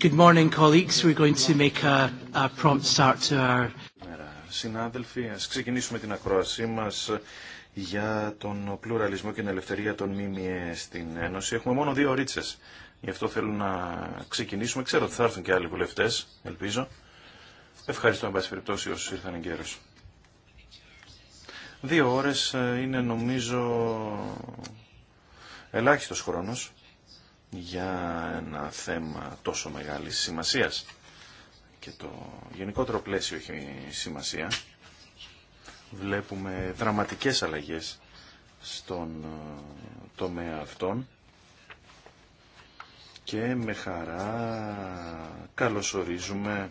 Good morning, Συνάδελφοι, ας ξεκινήσουμε την ακρόασή μας για τον πλουραλισμό και την ελευθερία των ΜΜΕ στην Ένωση. Έχουμε μόνο δύο ρίτσες. Γι' αυτό θέλω να ξεκινήσουμε. Ξέρω ότι θα έρθουν και άλλοι βουλευτέ, ελπίζω. Ευχαριστώ, εν πάση περιπτώσει, όσου ήρθαν εγκαίρω. Δύο ώρες ε, είναι νομίζω ελάχιστος χρόνος για ένα θέμα τόσο μεγάλης σημασίας και το γενικότερο πλαίσιο έχει σημασία. Βλέπουμε δραματικές αλλαγές στον ε, τομέα αυτών και με χαρά καλωσορίζουμε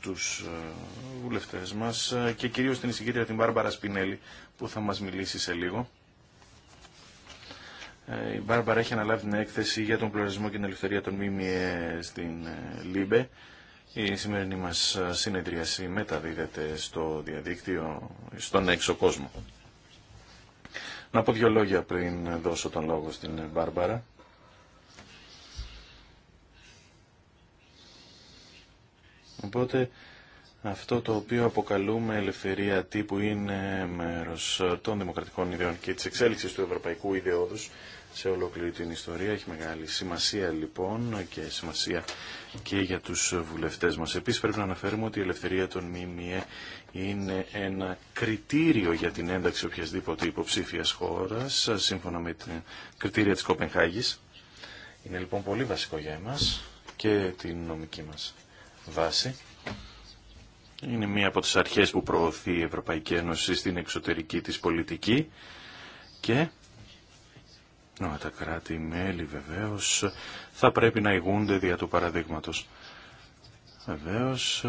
τους ε, βουλευτές μας ε, και κυρίως την εισηγήτρια την Μπάρμπαρα Σπινέλη που θα μας μιλήσει σε λίγο ε, η Μπάρμπαρα έχει αναλάβει την έκθεση για τον πλουραλισμό και την ελευθερία των ΜΜΕ στην ε, ΛΥΜΠΕ. Η σημερινή μας ε, συνεδρίαση μεταδίδεται στο διαδίκτυο, στον έξω κόσμο. Να πω δύο λόγια πριν δώσω τον λόγο στην Μπάρμπαρα. Οπότε αυτό το οποίο αποκαλούμε ελευθερία τύπου είναι μέρος των δημοκρατικών ιδεών και της εξέλιξης του ευρωπαϊκού ιδεώδους σε ολόκληρη την ιστορία. Έχει μεγάλη σημασία λοιπόν και σημασία και για τους βουλευτές μας. Επίσης πρέπει να αναφέρουμε ότι η ελευθερία των ΜΜΕ είναι ένα κριτήριο για την ένταξη οποιασδήποτε υποψήφιας χώρας, σύμφωνα με την κριτήρια της Κοπενχάγης. Είναι λοιπόν πολύ βασικό για εμάς και την νομική μας βάση. Είναι μία από τις αρχές που προωθεί η Ευρωπαϊκή Ένωση στην εξωτερική της πολιτική και ενώ τα κράτη-μέλη βεβαίως θα πρέπει να ηγούνται δια του παραδείγματος. Βεβαίως ε,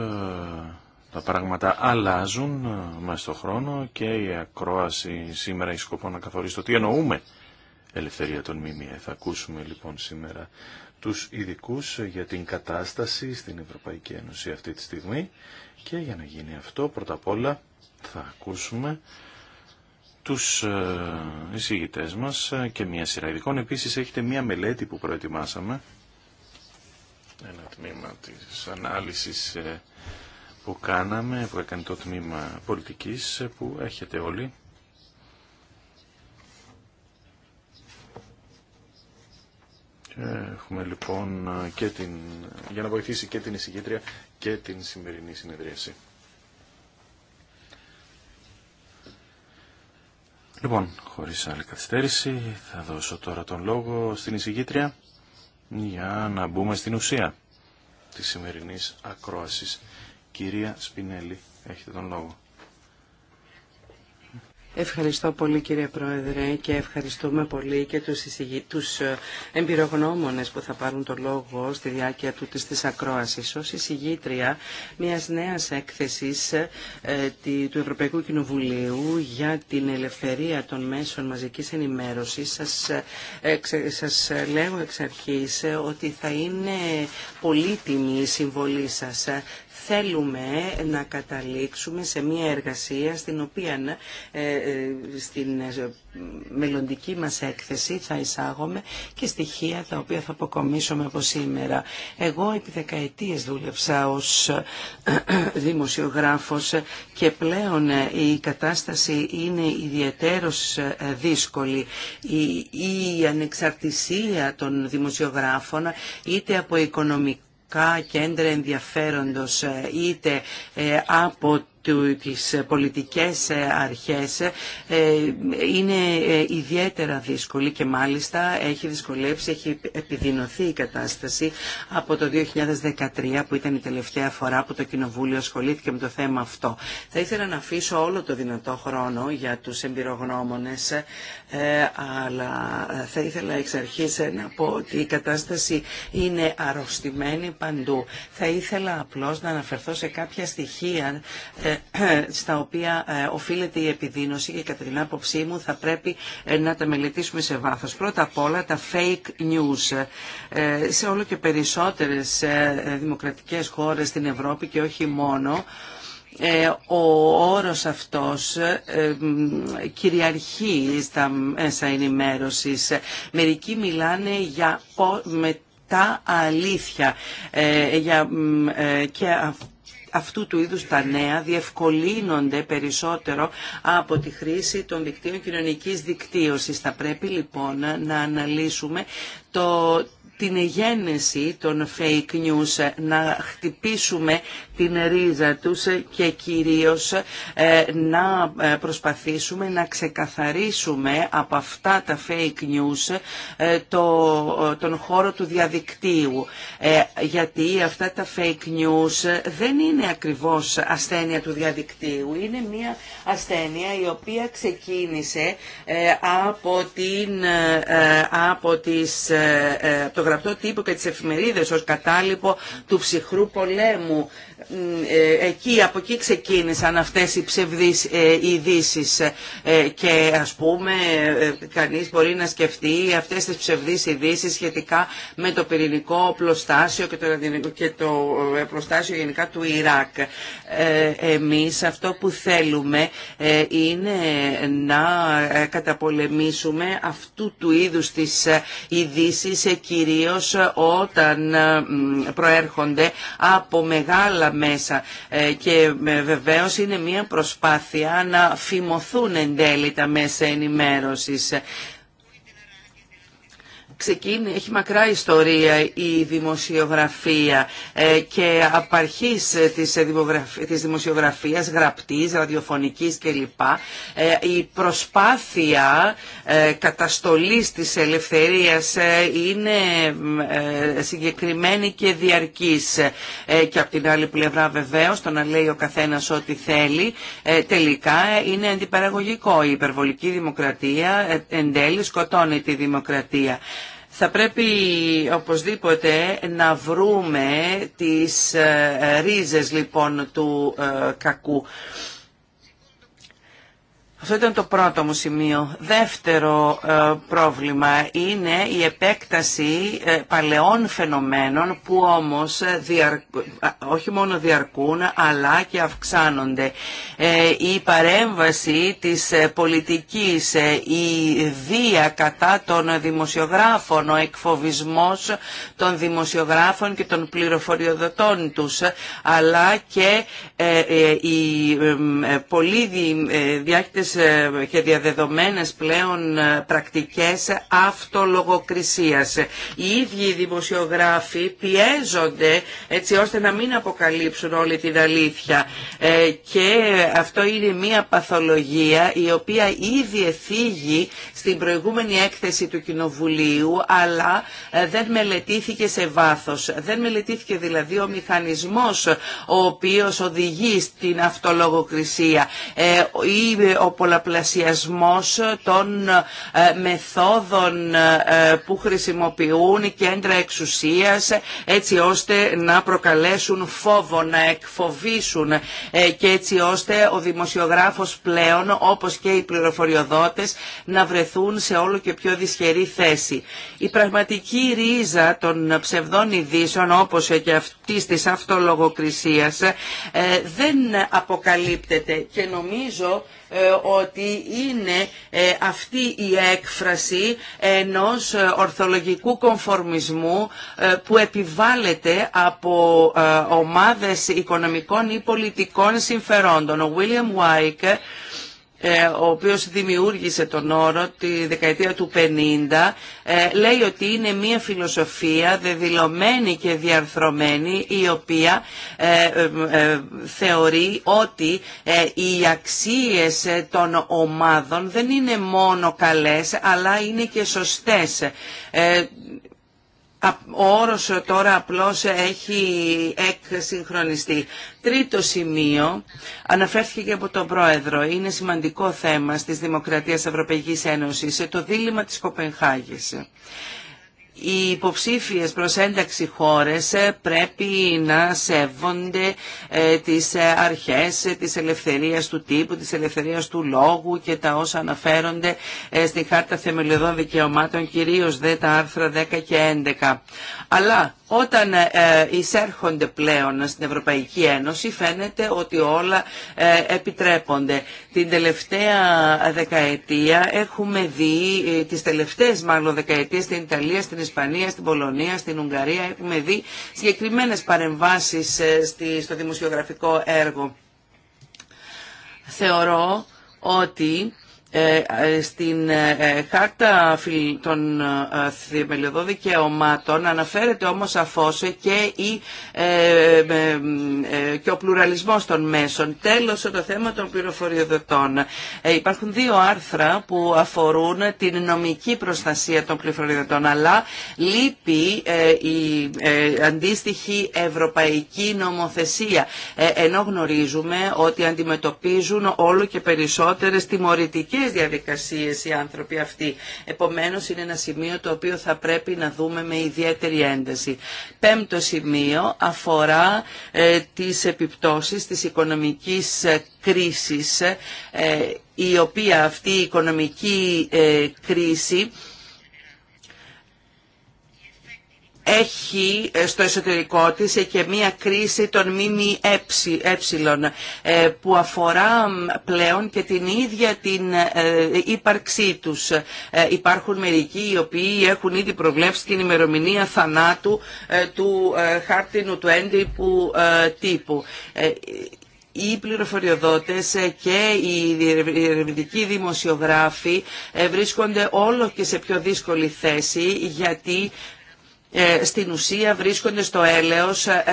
τα πράγματα αλλάζουν ε, μέσα στον χρόνο και η ακρόαση σήμερα έχει σκοπό να καθορίσει το τι εννοούμε ελευθερία των ΜΜΕ. Θα ακούσουμε λοιπόν σήμερα τους ειδικού για την κατάσταση στην Ευρωπαϊκή Ένωση αυτή τη στιγμή και για να γίνει αυτό πρώτα απ' όλα θα ακούσουμε τους ε, εισηγητές μας ε, και μια σειρά ειδικών. Επίσης έχετε μια μελέτη που προετοιμάσαμε, ένα τμήμα της ανάλυσης ε, που κάναμε, που έκανε το τμήμα πολιτικής, που έχετε όλοι. Έχουμε λοιπόν και την, για να βοηθήσει και την εισηγήτρια και την σημερινή συνεδρίαση. Λοιπόν, χωρίς άλλη καθυστέρηση, θα δώσω τώρα τον λόγο στην εισηγήτρια για να μπούμε στην ουσία τη σημερινής ακρόασης. Κυρία Σπινέλη, έχετε τον λόγο. Ευχαριστώ πολύ κύριε Πρόεδρε και ευχαριστούμε πολύ και τους, εισηγή, τους ε, εμπειρογνώμονες που θα πάρουν το λόγο στη διάρκεια του της, της ακρόασης. Ως εισηγήτρια μιας νέας έκθεσης ε, του Ευρωπαϊκού Κοινοβουλίου για την ελευθερία των μέσων μαζικής ενημέρωσης σας, ε, σας λέω εξ αρχής ε, ότι θα είναι πολύτιμη η συμβολή σας θέλουμε να καταλήξουμε σε μια εργασία στην οποία ε, ε, στην ε, μελλοντική μας έκθεση θα εισάγουμε και στοιχεία τα οποία θα αποκομίσουμε από σήμερα. Εγώ επί δεκαετίες δούλευσα ως δημοσιογράφος και πλέον η κατάσταση είναι ιδιαίτερος δύσκολη. Η, η ανεξαρτησία των δημοσιογράφων είτε από οικονομικό κέντρα ενδιαφέροντος ε, είτε ε, από τις ε, πολιτικές ε, αρχές ε, είναι ιδιαίτερα δύσκολη και μάλιστα έχει δυσκολέψει, έχει επιδεινωθεί η κατάσταση από το 2013 που ήταν η τελευταία φορά που το Κοινοβούλιο ασχολήθηκε με το θέμα αυτό. Θα ήθελα να αφήσω όλο το δυνατό χρόνο για τους εμπειρογνώμονες αλλά θα ήθελα εξ αρχής να πω ότι η κατάσταση είναι αρρωστημένη παντού. Θα ήθελα απλώς να αναφερθώ σε κάποια στοιχεία ε, στα οποία ε, οφείλεται η επιδείνωση και κατά την άποψή μου θα πρέπει ε, να τα μελετήσουμε σε βάθος. Πρώτα απ' όλα τα fake news. Σε όλο και περισσότερες δημοκρατικές χώρες στην Ευρώπη και όχι μόνο, ο όρος αυτός κυριαρχεί στα μέσα ενημέρωσης. Μερικοί μιλάνε για τα αλήθεια για, και αυτού του είδους τα νέα διευκολύνονται περισσότερο από τη χρήση των δικτύων κοινωνικής δικτύωσης. Θα πρέπει λοιπόν να αναλύσουμε το την γέννηση των fake news, να χτυπήσουμε την ρίζα τους και κυρίως ε, να ε, προσπαθήσουμε να ξεκαθαρίσουμε από αυτά τα fake news ε, τον χώρο του διαδικτύου. Γιατί αυτά τα fake news δεν είναι ακριβώς ασθένεια του διαδικτύου, είναι μια ασθένεια η οποία ξεκίνησε από, την, από τις, το γραπτό τύπο και τις εφημερίδες ως κατάλοιπο του ψυχρού πολέμου. Ε, εκεί, από εκεί ξεκίνησαν αυτές οι ψευδείς ε, ειδήσει ε, και ας πούμε κανείς μπορεί να σκεφτεί αυτές τις ψευδείς ειδήσει σχετικά με το πυρηνικό πλωστάσιο και το, και το προστάσιο γενικά του Ιράκ. Εμείς αυτό που θέλουμε είναι να καταπολεμήσουμε αυτού του είδους τις ειδήσει κυρίως κυρίως όταν προέρχονται από μεγάλα μέσα ε, και ε, βεβαίως είναι μια προσπάθεια να φημωθούν εν τέλει τα μέσα ενημέρωσης ξεκίνη, έχει μακρά ιστορία η δημοσιογραφία ε, και από αρχής ε, της, ε, της δημοσιογραφίας, γραπτής, ραδιοφωνικής κλπ. η προσπάθεια καταστολής της ελευθερίας είναι συγκεκριμένη και διαρκής. και από την άλλη πλευρά βεβαίως το να λέει ο καθένας ό,τι θέλει τελικά είναι αντιπαραγωγικό. Η υπερβολική δημοκρατία εν τέλει σκοτώνει τη δημοκρατία. Θα πρέπει οπωσδήποτε να βρούμε τις ε, ε, ρίζες λοιπόν του ε, κακού. Αυτό ήταν το πρώτο μου σημείο. Δεύτερο ε, πρόβλημα είναι η επέκταση ε, παλαιών φαινομένων που όμως ε, όχι μόνο διαρκούν αλλά και αυξάνονται. Η παρέμβαση της πολιτικής, η βία κατά των δημοσιογράφων, ο εκφοβισμός των δημοσιογράφων και των πληροφοριοδοτών τους αλλά και οι πολλοί διάχυτες τις ε, και διαδεδομένες πλέον ε, πρακτικές αυτολογοκρισίας. Οι ίδιοι οι δημοσιογράφοι πιέζονται έτσι ώστε να μην αποκαλύψουν όλη την αλήθεια ε, και αυτό είναι μια παθολογία η οποία ήδη εφήγει στην προηγούμενη έκθεση του Κοινοβουλίου αλλά δεν μελετήθηκε σε βάθος. Δεν μελετήθηκε δηλαδή ο μηχανισμός ο οποίος οδηγεί στην αυτολογοκρισία ή πολλαπλασιασμός των ε, μεθόδων ε, που χρησιμοποιούν οι κέντρα εξουσίας έτσι ώστε να προκαλέσουν φόβο, να εκφοβήσουν ε, και έτσι ώστε ο δημοσιογράφος πλέον όπως και οι πληροφοριοδότες να βρεθούν σε όλο και πιο δυσχερή θέση. Η πραγματική ρίζα των ψευδών ειδήσεων όπως και αυτή της αυτολογοκρισίας δεν αποκαλύπτεται και νομίζω ε, ότι είναι ε, αυτή η έκφραση ενός ε, ορθολογικού κομφορμισμού που επιβάλλεται από ομάδες οικονομικών ή πολιτικών συμφερόντων. Ο William ε, ο οποίος δημιούργησε τον όρο τη δεκαετία του 50, ε, λέει ότι είναι μια φιλοσοφία δεδηλωμένη και διαρθρωμένη η οποία ε, θεωρεί ότι οι αξίες των ομάδων δεν είναι μόνο καλές αλλά είναι και σωστές ο όρος τώρα απλώς έχει εκσυγχρονιστεί. Τρίτο σημείο, αναφέρθηκε και από τον Πρόεδρο, είναι σημαντικό θέμα στις Δημοκρατίες Ευρωπαϊκής Ένωσης, το δίλημα της Κοπενχάγης οι υποψήφιες προς ένταξη χώρες ε, πρέπει να σέβονται ε, τις ε, αρχές της ελευθερίας του τύπου, της ελευθερίας του λόγου και τα όσα αναφέρονται στην Χάρτα Θεμελιωδών Δικαιωμάτων, κυρίως δε τα άρθρα 10 και 11. Αλλά όταν εισέρχονται πλέον στην Ευρωπαϊκή Ένωση φαίνεται ότι όλα επιτρέπονται. Την τελευταία δεκαετία έχουμε δει, τις τελευταίες μάλλον δεκαετίες στην Ιταλία, στην Ισπανία, στην Πολωνία, στην Ουγγαρία. Έχουμε δει συγκεκριμένες παρεμβάσεις ε, στο δημοσιογραφικό έργο. Θεωρώ ότι ε, ε, στην ε, χάρτα των θεμελιωδών δικαιωμάτων αναφέρεται όμως αφώς και, η, και ο πλουραλισμός των μέσων. Τέλος το θέμα των πληροφοριοδοτών. υπάρχουν δύο άρθρα που αφορούν την νομική προστασία των πληροφοριοδοτών αλλά λείπει η αντίστοιχη ευρωπαϊκή νομοθεσία ενώ γνωρίζουμε ότι αντιμετωπίζουν όλο και περισσότερες τιμωρητικές μακρές διαδικασίε οι άνθρωποι αυτοί. Επομένως είναι ένα σημείο το οποίο θα πρέπει να δούμε με ιδιαίτερη ένταση. Πέμπτο σημείο αφορά ε, τις επιπτώσεις της οικονομικής ε, κρίσης ε, η οποία αυτή η οικονομική κρίση έχει ε, στο εσωτερικό της ε, και μία κρίση των μήνυ ε, ε που αφορά πλέον και την ίδια την ύπαρξή τους. Υπάρχουν μερικοί οι οποίοι έχουν ήδη προβλέψει την ημερομηνία θανάτου του χάρτινου του έντυπου τύπου οι πληροφοριοδότες και οι ερευνητικοί δημοσιογράφοι βρίσκονται όλο και σε πιο δύσκολη θέση γιατί ε, στην ουσία βρίσκονται στο έλεος ε,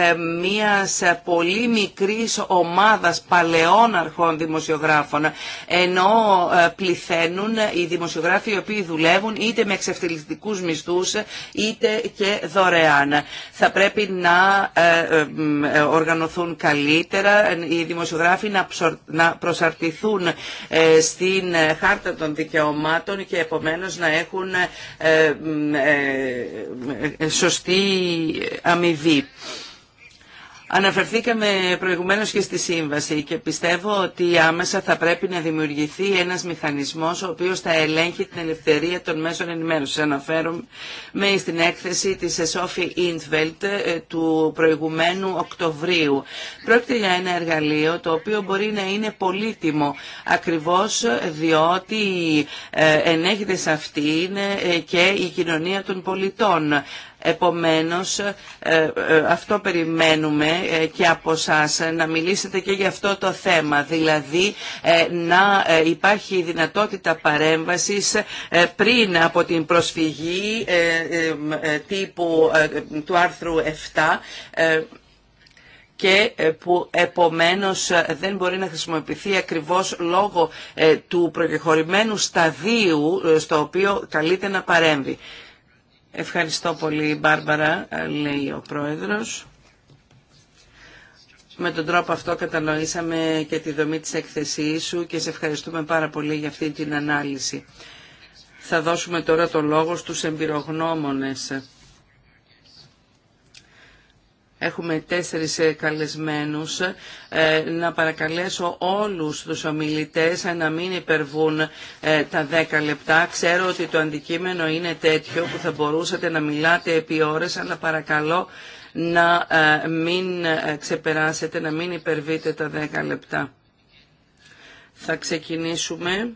μιας ε, πολύ μικρής ομάδας παλαιών αρχών δημοσιογράφων ενώ πληθαίνουν οι δημοσιογράφοι οι οποίοι δουλεύουν είτε με εξευθελιστικούς μισθούς είτε και δωρεάν. Θα πρέπει να οργανωθούν καλύτερα οι δημοσιογράφοι να προσαρτηθούν στην χάρτα των δικαιωμάτων και επομένως να έχουν σωστή αμοιβή. Αναφερθήκαμε προηγουμένως και στη σύμβαση και πιστεύω ότι άμεσα θα πρέπει να δημιουργηθεί ένας μηχανισμός ο οποίος θα ελέγχει την ελευθερία των μέσων ενημέρωσης. Αναφέρομαι στην έκθεση της Εσόφη Ίντβελτ του προηγουμένου Οκτωβρίου. Πρόκειται για ένα εργαλείο το οποίο μπορεί να είναι πολύτιμο ακριβώς διότι ε, ενέχεται σε αυτήν ε, και η κοινωνία των πολιτών. Επομένως, ε, ε, αυτό περιμένουμε ε, και από σας να μιλήσετε και για αυτό το θέμα, δηλαδή να υπάρχει η δυνατότητα παρέμβασης πριν από την προσφυγή τύπου του άρθρου 7 και που επομένως δεν μπορεί να χρησιμοποιηθεί ακριβώς λόγω του προκεχωρημένου σταδίου στο οποίο καλείται να παρέμβει. Ευχαριστώ πολύ Μπάρμπαρα, λέει ο Πρόεδρος. Με τον τρόπο αυτό κατανοήσαμε και τη δομή της έκθεσής σου και σε ευχαριστούμε πάρα πολύ για αυτή την ανάλυση. Θα δώσουμε τώρα το λόγο στους εμπειρογνώμονες. Έχουμε τέσσερις ε, καλεσμένους. Ε, να παρακαλέσω όλους τους ομιλητές ε, να μην υπερβούν τα δέκα λεπτά. Ξέρω ότι το αντικείμενο είναι τέτοιο που θα μπορούσατε να μιλάτε επί ώρες, αλλά παρακαλώ να μην ξεπεράσετε, να μην υπερβείτε τα δέκα λεπτά. Θα ξεκινήσουμε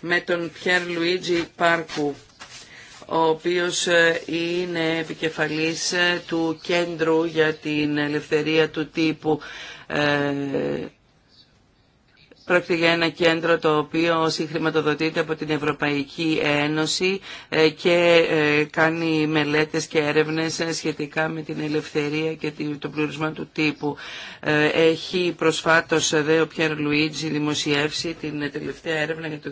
με τον Πιέρ Λουίτζι Πάρκου ο οποίος ε, είναι επικεφαλής ε, του Κέντρου για την Ελευθερία του Τύπου. Ε, πρόκειται για ένα κέντρο το οποίο συγχρηματοδοτείται από την Ευρωπαϊκή Ένωση και κάνει μελέτες και έρευνες σχετικά με την ελευθερία και το πλουρισμό του τύπου. Έχει προσφάτως δε ο Πιέρ Λουίτζι δημοσιεύσει την τελευταία έρευνα για το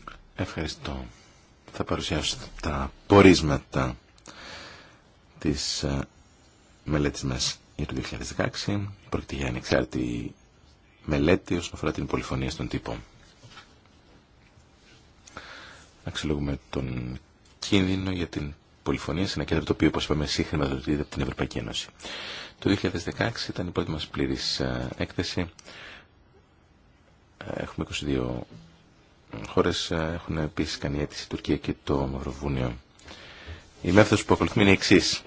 2016. Ευχαριστώ. Θα παρουσιάσω τα πορίσματα της ε, μελέτης μας για το 2016. Πρόκειται για ανεξάρτητη μελέτη όσον αφορά την πολυφωνία στον τύπο. Αξιολογούμε τον κίνδυνο για την πολυφωνία σε ένα κέντρο το οποίο, όπως είπαμε, συγχρηματοδοτείται από την Ευρωπαϊκή Ένωση. Το 2016 ήταν η πρώτη μας πλήρης ε, έκθεση. Ε, έχουμε 22 χώρες ε, έχουν επίση κάνει αίτηση, η Τουρκία και το Μαυροβούνιο. Η μέθοδος που ακολουθούμε είναι η εξή.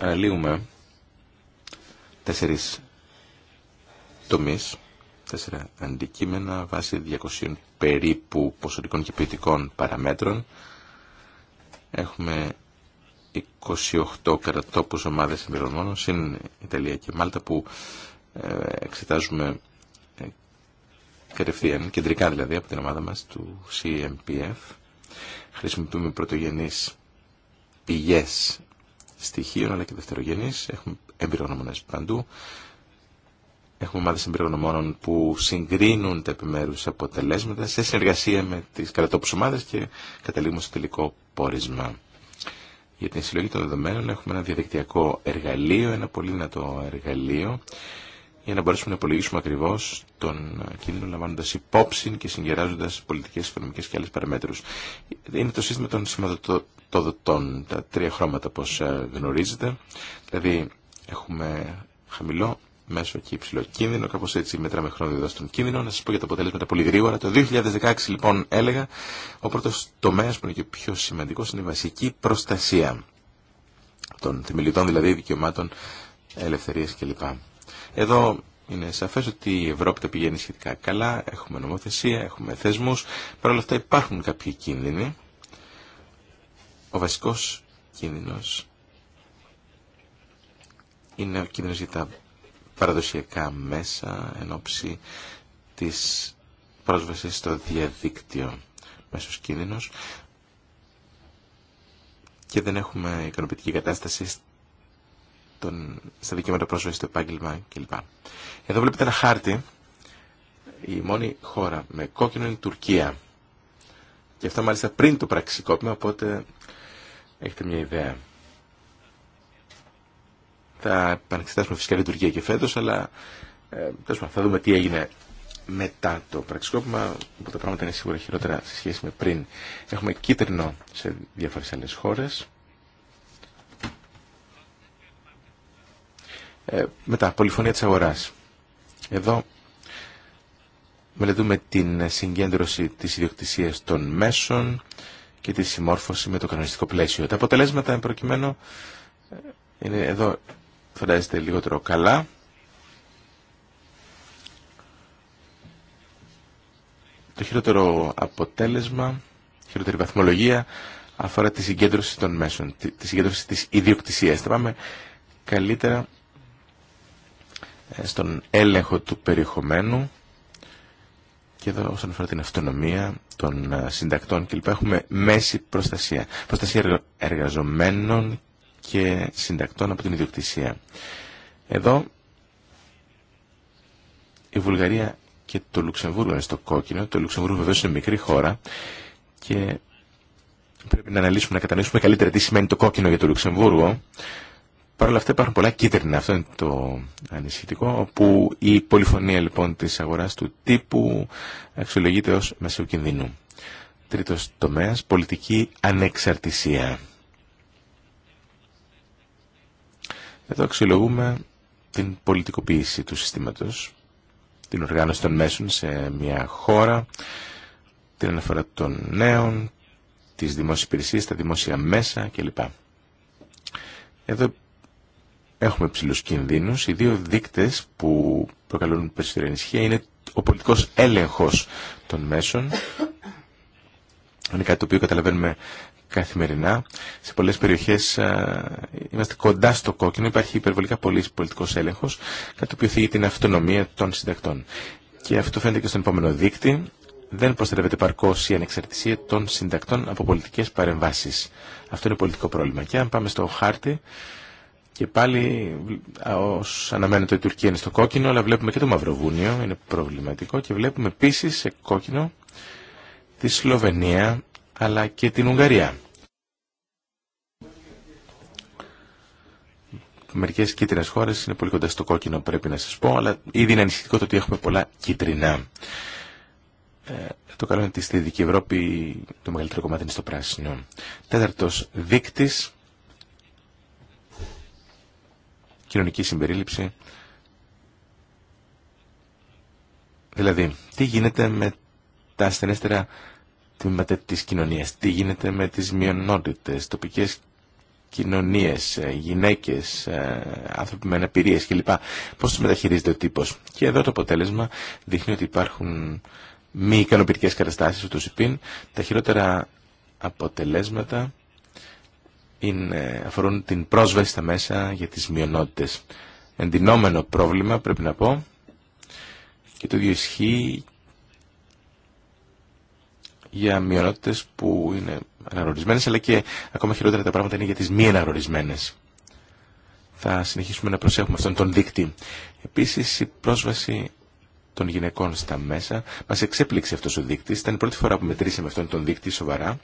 Αναλύουμε τέσσερις τομείς, τέσσερα αντικείμενα βάσει 200 περίπου ποσοτικών και ποιητικών παραμέτρων. Έχουμε 28 κρατόπους ομάδες εμπειρογνώμων, συν Ιταλία και Μάλτα που ε, εξετάζουμε κατευθείαν, κεντρικά δηλαδή από την ομάδα μας του CMPF. Χρησιμοποιούμε πρωτογενείς πηγές στοιχείων αλλά και δευτερογενείς. Έχουμε εμπειρογνωμονές παντού. Έχουμε ομάδες εμπειρογνωμόνων που συγκρίνουν τα επιμέρους αποτελέσματα σε συνεργασία με τις κρατόπους ομάδες και καταλήγουμε στο τελικό πόρισμα. Για την συλλογή των δεδομένων έχουμε ένα διαδικτυακό εργαλείο, ένα πολύ δυνατό εργαλείο για να μπορέσουμε να υπολογίσουμε ακριβώ τον κίνδυνο λαμβάνοντα υπόψη και συγκεράζοντα πολιτικέ, οικονομικέ και άλλε παραμέτρου. Είναι το σύστημα των σηματοδοτών, τα τρία χρώματα όπω ε, γνωρίζετε. Δηλαδή έχουμε χαμηλό, μέσο και υψηλό κίνδυνο, κάπω έτσι μετράμε χρόνο διδάσκοντα των κίνδυνο, Να σα πω για τα αποτελέσματα πολύ γρήγορα. Το 2016 λοιπόν έλεγα ο πρώτο τομέα που είναι και πιο σημαντικό είναι η βασική προστασία των θεμελιωτών, δηλαδή δικαιωμάτων ελευθερίας κλπ. Εδώ είναι σαφές ότι η Ευρώπη τα πηγαίνει σχετικά καλά, έχουμε νομοθεσία, έχουμε θεσμούς, παρ' όλα αυτά υπάρχουν κάποιοι κίνδυνοι. Ο βασικός κίνδυνος είναι ο κίνδυνος για τα παραδοσιακά μέσα εν ώψη της πρόσβασης στο διαδίκτυο μέσος κίνδυνος και δεν έχουμε ικανοποιητική κατάσταση στα δικαιώματα πρόσβαση στο επάγγελμα κλπ. Εδώ βλέπετε ένα χάρτη. Η μόνη χώρα με κόκκινο είναι η Τουρκία. Και αυτό μάλιστα πριν το πραξικόπημα, οπότε έχετε μια ιδέα. Θα επανεξετάσουμε φυσικά την Τουρκία και φέτο, αλλά ε, θα δούμε τι έγινε μετά το πραξικόπημα, όπου τα πράγματα είναι σίγουρα χειρότερα σε σχέση με πριν. Έχουμε κίτρινο σε διάφορε άλλε χώρε. Ε, μετά, πολυφωνία της αγοράς. Εδώ μελετούμε την συγκέντρωση της ιδιοκτησίας των μέσων και τη συμμόρφωση με το κανονιστικό πλαίσιο. Τα αποτελέσματα, εν προκειμένου, ε, είναι εδώ φαντάζεστε λιγότερο καλά. Το χειρότερο αποτέλεσμα, χειροτερή βαθμολογία, αφορά τη συγκέντρωση των μέσων, τη συγκέντρωση της ιδιοκτησίας. Θα πάμε καλύτερα ε, στον έλεγχο του περιεχομένου και εδώ όσον αφορά την αυτονομία των ε, συντακτών κλπ. Έχουμε μέση προστασία. Προστασία εργαζομένων και συντακτών από την ιδιοκτησία. Εδώ η Βουλγαρία και το Λουξεμβούργο είναι στο κόκκινο. Το Λουξεμβούργο βεβαίω είναι μικρή χώρα και πρέπει να αναλύσουμε, να κατανοήσουμε καλύτερα τι σημαίνει το κόκκινο για το Λουξεμβούργο. Παρ' όλα αυτά υπάρχουν πολλά κίτρινα, αυτό είναι το ανησυχητικό, όπου η πολυφωνία λοιπόν της αγοράς του τύπου αξιολογείται ως μέσο κινδύνου. Τρίτος τομέας, πολιτική ανεξαρτησία. Εδώ αξιολογούμε την πολιτικοποίηση του συστήματος, την οργάνωση των μέσων σε μια χώρα, την αναφορά των νέων, τις δημόσιες υπηρεσίες, τα δημόσια μέσα κλπ. Εδώ έχουμε ψηλού κινδύνου, Οι δύο δείκτε που προκαλούν περισσότερη ανησυχία είναι ο πολιτικό έλεγχο των μέσων. Είναι κάτι το οποίο καταλαβαίνουμε καθημερινά. Σε πολλέ περιοχέ είμαστε κοντά στο κόκκινο, υπάρχει υπερβολικά πολύ πολιτικό έλεγχο κάτι το οποίο θίγει την αυτονομία των συντακτών. Και αυτό φαίνεται και στον επόμενο δείκτη. Δεν προστατεύεται παρκώ η ανεξαρτησία των συντακτών από πολιτικέ παρεμβάσει. Αυτό είναι πολιτικό πρόβλημα. Και αν πάμε στο χάρτη, και πάλι ως αναμένεται η Τουρκία είναι στο κόκκινο, αλλά βλέπουμε και το Μαυροβούνιο, είναι προβληματικό και βλέπουμε επίσης σε κόκκινο τη Σλοβενία αλλά και την Ουγγαρία. Μερικέ κίτρινες χώρες είναι πολύ κοντά στο κόκκινο πρέπει να σας πω, αλλά ήδη είναι ανησυχητικό το ότι έχουμε πολλά κίτρινα. Ε, το καλό είναι ότι στη Δυτική Ευρώπη το μεγαλύτερο κομμάτι είναι στο πράσινο. Τεταρτο δείκτη, κοινωνική συμπερίληψη. Δηλαδή, τι γίνεται με τα ασθενέστερα τμήματα της κοινωνίας, τι γίνεται με τις μειονότητες, τοπικές κοινωνίες, ε, γυναίκες, ε, άνθρωποι με αναπηρίες κλπ. Πώς τους μεταχειρίζεται ο τύπος. Και εδώ το αποτέλεσμα δείχνει ότι υπάρχουν μη ικανοποιητικές καταστάσεις ούτως υπήν, Τα χειρότερα αποτελέσματα είναι, αφορούν την πρόσβαση στα μέσα για τις μειονότητες. Εντυνόμενο πρόβλημα πρέπει να πω και το ίδιο ισχύει για μειονότητες που είναι αναγνωρισμένες αλλά και ακόμα χειρότερα τα πράγματα είναι για τις μη αναγνωρισμένες. Θα συνεχίσουμε να προσέχουμε αυτόν τον δείκτη. Επίσης η πρόσβαση των γυναικών στα μέσα μας εξέπληξε αυτός ο δείκτης. Ήταν η πρώτη φορά που μετρήσαμε αυτόν τον δείκτη σοβαρά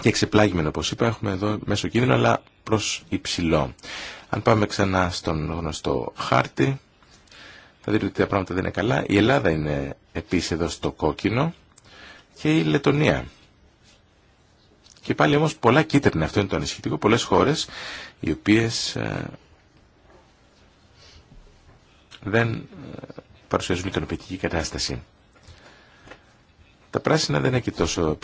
και εξεπλάγημενο όπω είπα έχουμε εδώ μέσο κίνδυνο αλλά προς υψηλό. Αν πάμε ξανά στον γνωστό χάρτη θα δείτε ότι τα πράγματα δεν είναι καλά. Η Ελλάδα είναι επίσης εδώ στο κόκκινο και η Λετωνία. Και πάλι όμως πολλά κίτρινα, αυτό είναι το ανησυχητικό, πολλές χώρες οι οποίες ε, δεν ε, παρουσιάζουν ικανοποιητική κατάσταση. Τα πράσινα δεν έχει τόσο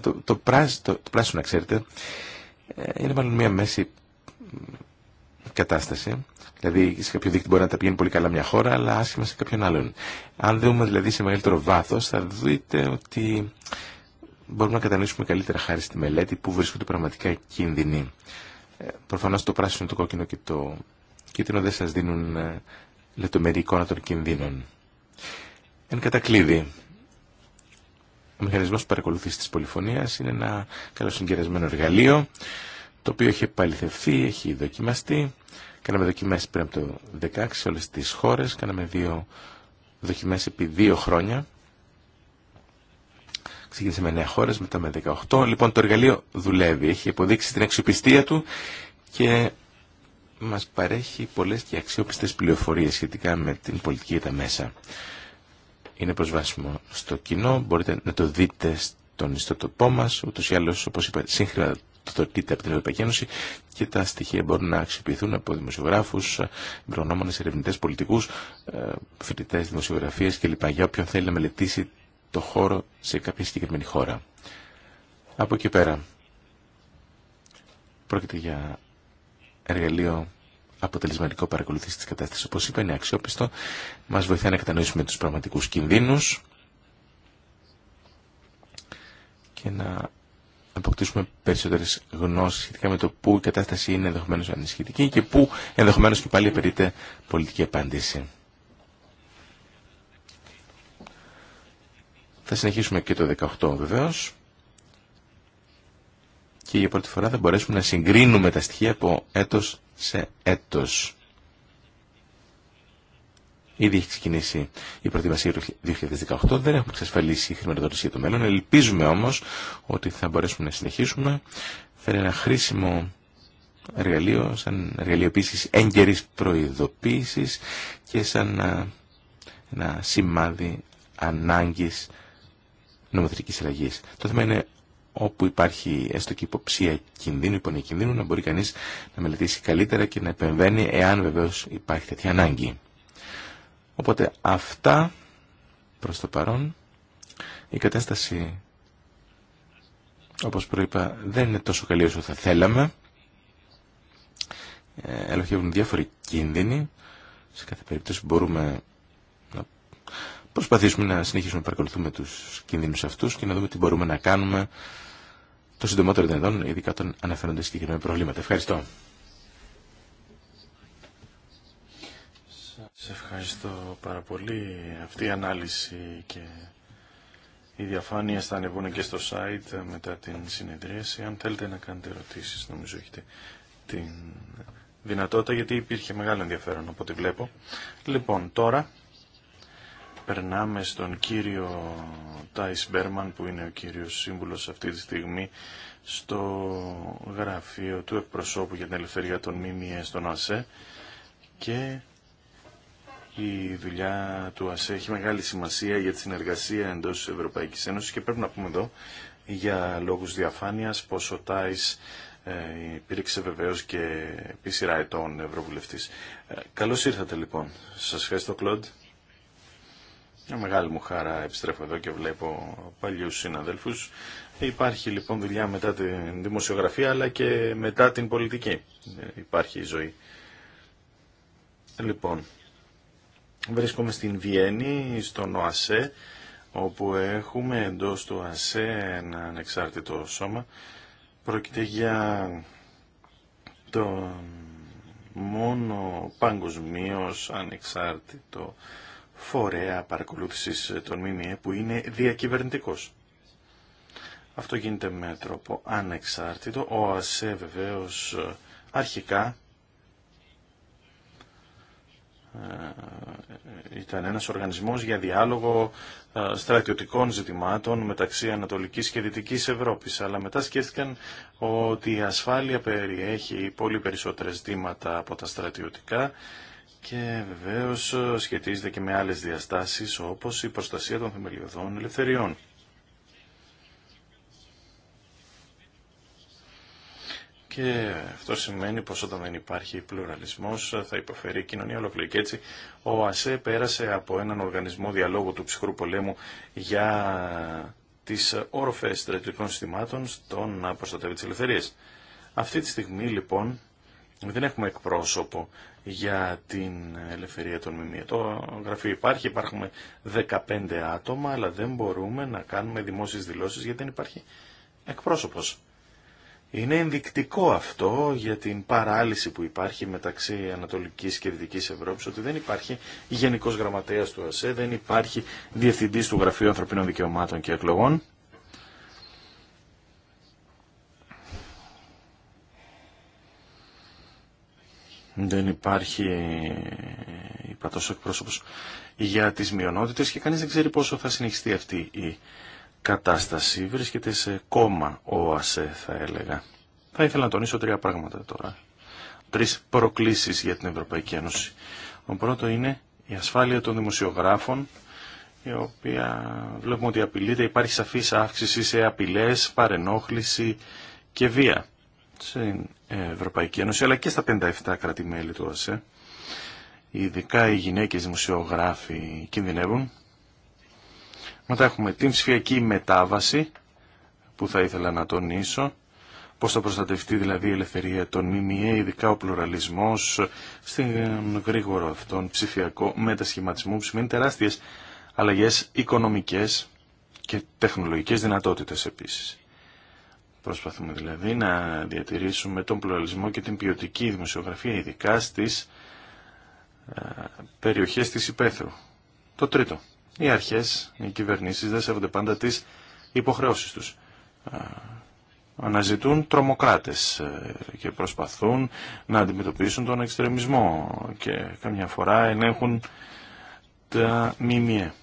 το, το, πράσι, το, το πράσινο, ξέρετε, ε, είναι μάλλον μια μέση κατάσταση. Δηλαδή, σε κάποιο δίκτυο μπορεί να τα πηγαίνει πολύ καλά μια χώρα, αλλά άσχημα σε κάποιον άλλον. Αν δούμε δηλαδή σε μεγαλύτερο βάθο, θα δείτε ότι μπορούμε να κατανοήσουμε καλύτερα χάρη στη μελέτη που βρίσκονται πραγματικά κίνδυνοι. Ε, Προφανώ το πράσινο, το κόκκινο και το κίτρινο δεν σα δίνουν ε, λεπτομερή εικόνα των κινδύνων. Εν κατακλείδη, ο μηχανισμός που παρακολουθεί της είναι ένα καλό εργαλείο το οποίο έχει επαληθευθεί, έχει δοκιμαστεί. Κάναμε δοκιμές πριν από το 2016 σε όλες τις χώρες. Κάναμε δύο δοκιμές επί δύο χρόνια. Ξεκίνησε με 9 χώρες, μετά με 18. Λοιπόν, το εργαλείο δουλεύει. Έχει αποδείξει την αξιοπιστία του και μας παρέχει πολλές και αξιόπιστες πληροφορίες σχετικά με την πολιτική και τα μέσα είναι προσβάσιμο στο κοινό, μπορείτε να το δείτε στον ιστοτοπό μας, ούτως ή άλλως, όπως είπα, σύγχρονα το δείτε από την Ευρωπαϊκή Ένωση και τα στοιχεία μπορούν να αξιοποιηθούν από δημοσιογράφου, εμπειρογνώμονες, ερευνητές, πολιτικούς, ε, φοιτητέ, δημοσιογραφίες κλπ. για όποιον θέλει να μελετήσει το χώρο σε κάποια συγκεκριμένη χώρα. Από εκεί πέρα, πρόκειται για εργαλείο αποτελεσματικό παρακολουθήσει τη κατάσταση. Όπω είπα, είναι αξιόπιστο. Μα βοηθάει να κατανοήσουμε του πραγματικού κινδύνου και να αποκτήσουμε περισσότερε γνώσει σχετικά με το πού η κατάσταση είναι ενδεχομένω ανησυχητική και πού ενδεχομένω και πάλι απαιτείται πολιτική απάντηση. Θα συνεχίσουμε και το 18 βεβαίω. Και για πρώτη φορά θα μπορέσουμε να συγκρίνουμε τα στοιχεία από έτος σε έτος. Ήδη έχει ξεκινήσει η προετοιμασία του 2018. Δεν έχουμε εξασφαλίσει η χρηματοδότηση για το μέλλον. Ελπίζουμε όμως ότι θα μπορέσουμε να συνεχίσουμε. Φέρει ένα χρήσιμο εργαλείο, σαν εργαλείο επίση έγκαιρη προειδοποίηση και σαν ένα σημάδι ανάγκη νομοθετική αλλαγή. Το θέμα είναι όπου υπάρχει έστω και υποψία κινδύνου, υπονοή κινδύνου, να μπορεί κανείς να μελετήσει καλύτερα και να επεμβαίνει εάν βεβαίως υπάρχει τέτοια ανάγκη. Οπότε αυτά προς το παρόν η κατάσταση όπως προείπα δεν είναι τόσο καλή όσο θα θέλαμε. Ε, ελοχεύουν διάφοροι κίνδυνοι. Σε κάθε περίπτωση μπορούμε να προσπαθήσουμε να συνεχίσουμε να παρακολουθούμε τους κινδύνους αυτούς και να δούμε τι μπορούμε να κάνουμε το συντομότερο δυνατόν, ειδικά όταν αναφέρονται συγκεκριμένα προβλήματα. Ευχαριστώ. Σας ευχαριστώ πάρα πολύ. Αυτή η ανάλυση και η διαφάνεια θα ανεβούν και στο site μετά την συνεδρίαση. Αν θέλετε να κάνετε ερωτήσεις, νομίζω έχετε την δυνατότητα, γιατί υπήρχε μεγάλο ενδιαφέρον από ό,τι βλέπω. Λοιπόν, τώρα περνάμε στον κύριο Τάις Μπέρμαν που είναι ο κύριος σύμβουλος αυτή τη στιγμή στο γραφείο του εκπροσώπου για την ελευθερία των ΜΜΕ στον ΑΣΕ και η δουλειά του ΑΣΕ έχει μεγάλη σημασία για τη συνεργασία εντός της Ευρωπαϊκής Ένωσης και πρέπει να πούμε εδώ για λόγους διαφάνειας πως ο Τάις ε, υπήρξε βεβαίω και επί σειρά ετών Ευρωβουλευτής. Ε, καλώς ήρθατε λοιπόν. Σας ευχαριστώ Κλοντ μεγάλη μου χαρά επιστρέφω εδώ και βλέπω παλιούς συναδέλφους. Υπάρχει λοιπόν δουλειά μετά την δημοσιογραφία αλλά και μετά την πολιτική. Ε, υπάρχει η ζωή. Λοιπόν, βρίσκομαι στην Βιέννη, στον ΟΑΣΕ, όπου έχουμε εντός του ΟΑΣΕ ένα ανεξάρτητο σώμα. Πρόκειται για το μόνο παγκοσμίω ανεξάρτητο φορέα παρακολούθησης των ΜΜΕ που είναι διακυβερνητικός. Αυτό γίνεται με τρόπο ανεξάρτητο. Ο ΑΣΕ βεβαίως ε, αρχικά ε, ήταν ένας οργανισμός για διάλογο ε, στρατιωτικών ζητημάτων μεταξύ Ανατολικής και Δυτικής Ευρώπης. Αλλά μετά σκέφτηκαν ότι η ασφάλεια περιέχει πολύ περισσότερα ζητήματα από τα στρατιωτικά και βεβαίω ε, σχετίζεται και με άλλες διαστάσεις όπως η προστασία των θεμελιωδών ελευθεριών. Και αυτό σημαίνει πως όταν δεν υπάρχει πλουραλισμός ε, θα υποφέρει η κοινωνία ολόκληρη. Και έτσι ο ΑΣΕ πέρασε από έναν οργανισμό διαλόγου του ψυχρού πολέμου για τις όροφες στρατιωτικών συστημάτων στο να προστατεύει τις ελευθερίες. Αυτή τη στιγμή λοιπόν δεν έχουμε εκπρόσωπο για την ελευθερία των ΜΜΕ. Το γραφείο υπάρχει, υπάρχουν 15 άτομα, αλλά δεν μπορούμε να κάνουμε δημόσιες δηλώσεις γιατί δεν υπάρχει εκπρόσωπος. Είναι ενδεικτικό αυτό για την παράλυση που υπάρχει μεταξύ Ανατολικής και Δυτικής Ευρώπης, ότι δεν υπάρχει Γενικός Γραμματέας του ΑΣΕ, δεν υπάρχει Διευθυντής του Γραφείου Ανθρωπίνων Δικαιωμάτων και Εκλογών δεν υπάρχει υπατός εκπρόσωπος για τις μειονότητες και κανείς δεν ξέρει πόσο θα συνεχιστεί αυτή η κατάσταση. Βρίσκεται σε κόμμα ο ΑΣΕ θα έλεγα. Θα ήθελα να τονίσω τρία πράγματα τώρα. Τρεις προκλήσεις για την Ευρωπαϊκή Ένωση. Το πρώτο είναι η ασφάλεια των δημοσιογράφων η οποία βλέπουμε ότι απειλείται, υπάρχει σαφής αύξηση σε απειλές, παρενόχληση και βία στην Ευρωπαϊκή Ένωση αλλά και στα 57 κράτη-μέλη του ΟΣΕ. Ειδικά οι γυναίκες δημοσιογράφοι κινδυνεύουν. Μετά έχουμε την ψηφιακή μετάβαση που θα ήθελα να τονίσω. Πώς θα προστατευτεί δηλαδή η ελευθερία των ΜΜΕ, ειδικά ο πλουραλισμό στην γρήγορο αυτόν ψηφιακό μετασχηματισμό που σημαίνει τεράστιε αλλαγέ, οικονομικέ και τεχνολογικέ δυνατότητε επίση. Προσπαθούμε δηλαδή να διατηρήσουμε τον πλουραλισμό και την ποιοτική δημοσιογραφία, ειδικά στις περιοχές της υπαίθρου. Το τρίτο. Οι αρχές, οι κυβερνήσεις δεν σέβονται πάντα τις υποχρεώσεις τους. Αναζητούν τρομοκράτες ε, και προσπαθούν να αντιμετωπίσουν τον εξτρεμισμό και καμιά φορά ενέχουν τα μήμια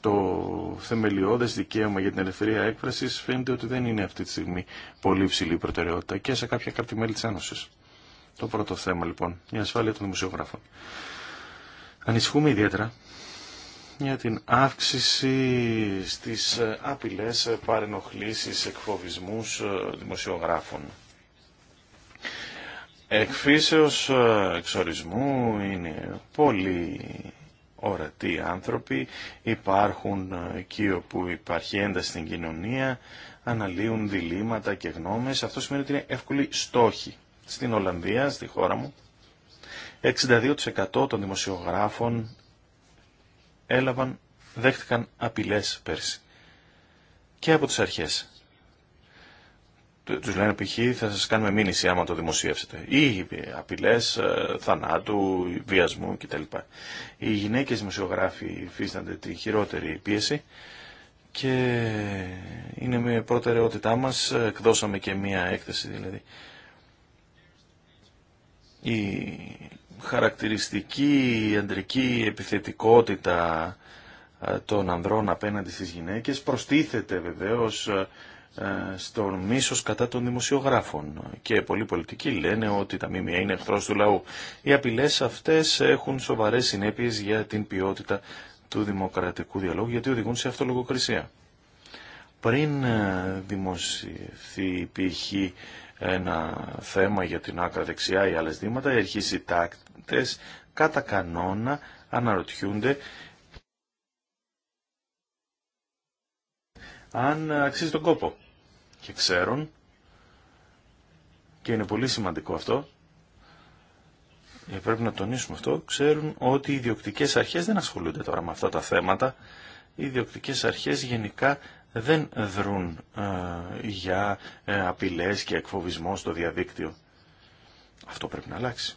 το θεμελιώδες δικαίωμα για την ελευθερία έκφρασης φαίνεται ότι δεν είναι αυτή τη στιγμή πολύ ψηλή προτεραιότητα και σε κάποια κάποια μέλη της Ένωσης. Το πρώτο θέμα λοιπόν, η ασφάλεια των δημοσιογράφων. Ανησυχούμε ιδιαίτερα για την αύξηση στις άπειλες ε, ε, παρενοχλήσεις, εκφοβισμούς ε, δημοσιογράφων. Εκφύσεως εξορισμού είναι πολύ ορατοί άνθρωποι, υπάρχουν εκεί όπου υπάρχει ένταση στην κοινωνία, αναλύουν διλήμματα και γνώμες. Αυτό σημαίνει ότι είναι εύκολη στόχη. Στην Ολλανδία, στη χώρα μου, 62% των δημοσιογράφων έλαβαν, δέχτηκαν απειλές πέρσι. Και από τις αρχές. Του λένε π.χ. θα σας κάνουμε μήνυση άμα το δημοσιεύσετε. Ή απειλές ε, θανάτου, βιασμού κτλ. Οι γυναίκε δημοσιογράφοι υφίστανται τη χειρότερη πίεση και είναι με προτεραιότητά μας. Ε, εκδώσαμε και μία έκθεση δηλαδή. Η χαρακτηριστική αντρική επιθετικότητα ε, των ανδρών απέναντι στις γυναίκες προστίθεται βεβαίως ε, στον μίσο κατά των δημοσιογράφων και πολλοί πολιτικοί λένε ότι τα ΜΜΕ είναι εχθρό του λαού. Οι απειλέ αυτές έχουν σοβαρέ συνέπειε για την ποιότητα του δημοκρατικού διαλόγου γιατί οδηγούν σε αυτολογοκρισία. Πριν ε, δημοσιευθεί π.χ. ένα θέμα για την άκρα δεξιά ή άλλες δήματα, οι αρχείς κατά κανόνα αναρωτιούνται αν αξίζει τον κόπο και ξέρουν και είναι πολύ σημαντικό αυτό Ε πρέπει να τονίσουμε αυτό ξέρουν ότι οι ιδιοκτικές αρχές δεν ασχολούνται τώρα με αυτά τα θέματα οι ιδιοκτικές αρχές γενικά δεν δρούν ε, για ε, απειλές και εκφοβισμό στο διαδίκτυο. Αυτό πρέπει να αλλάξει.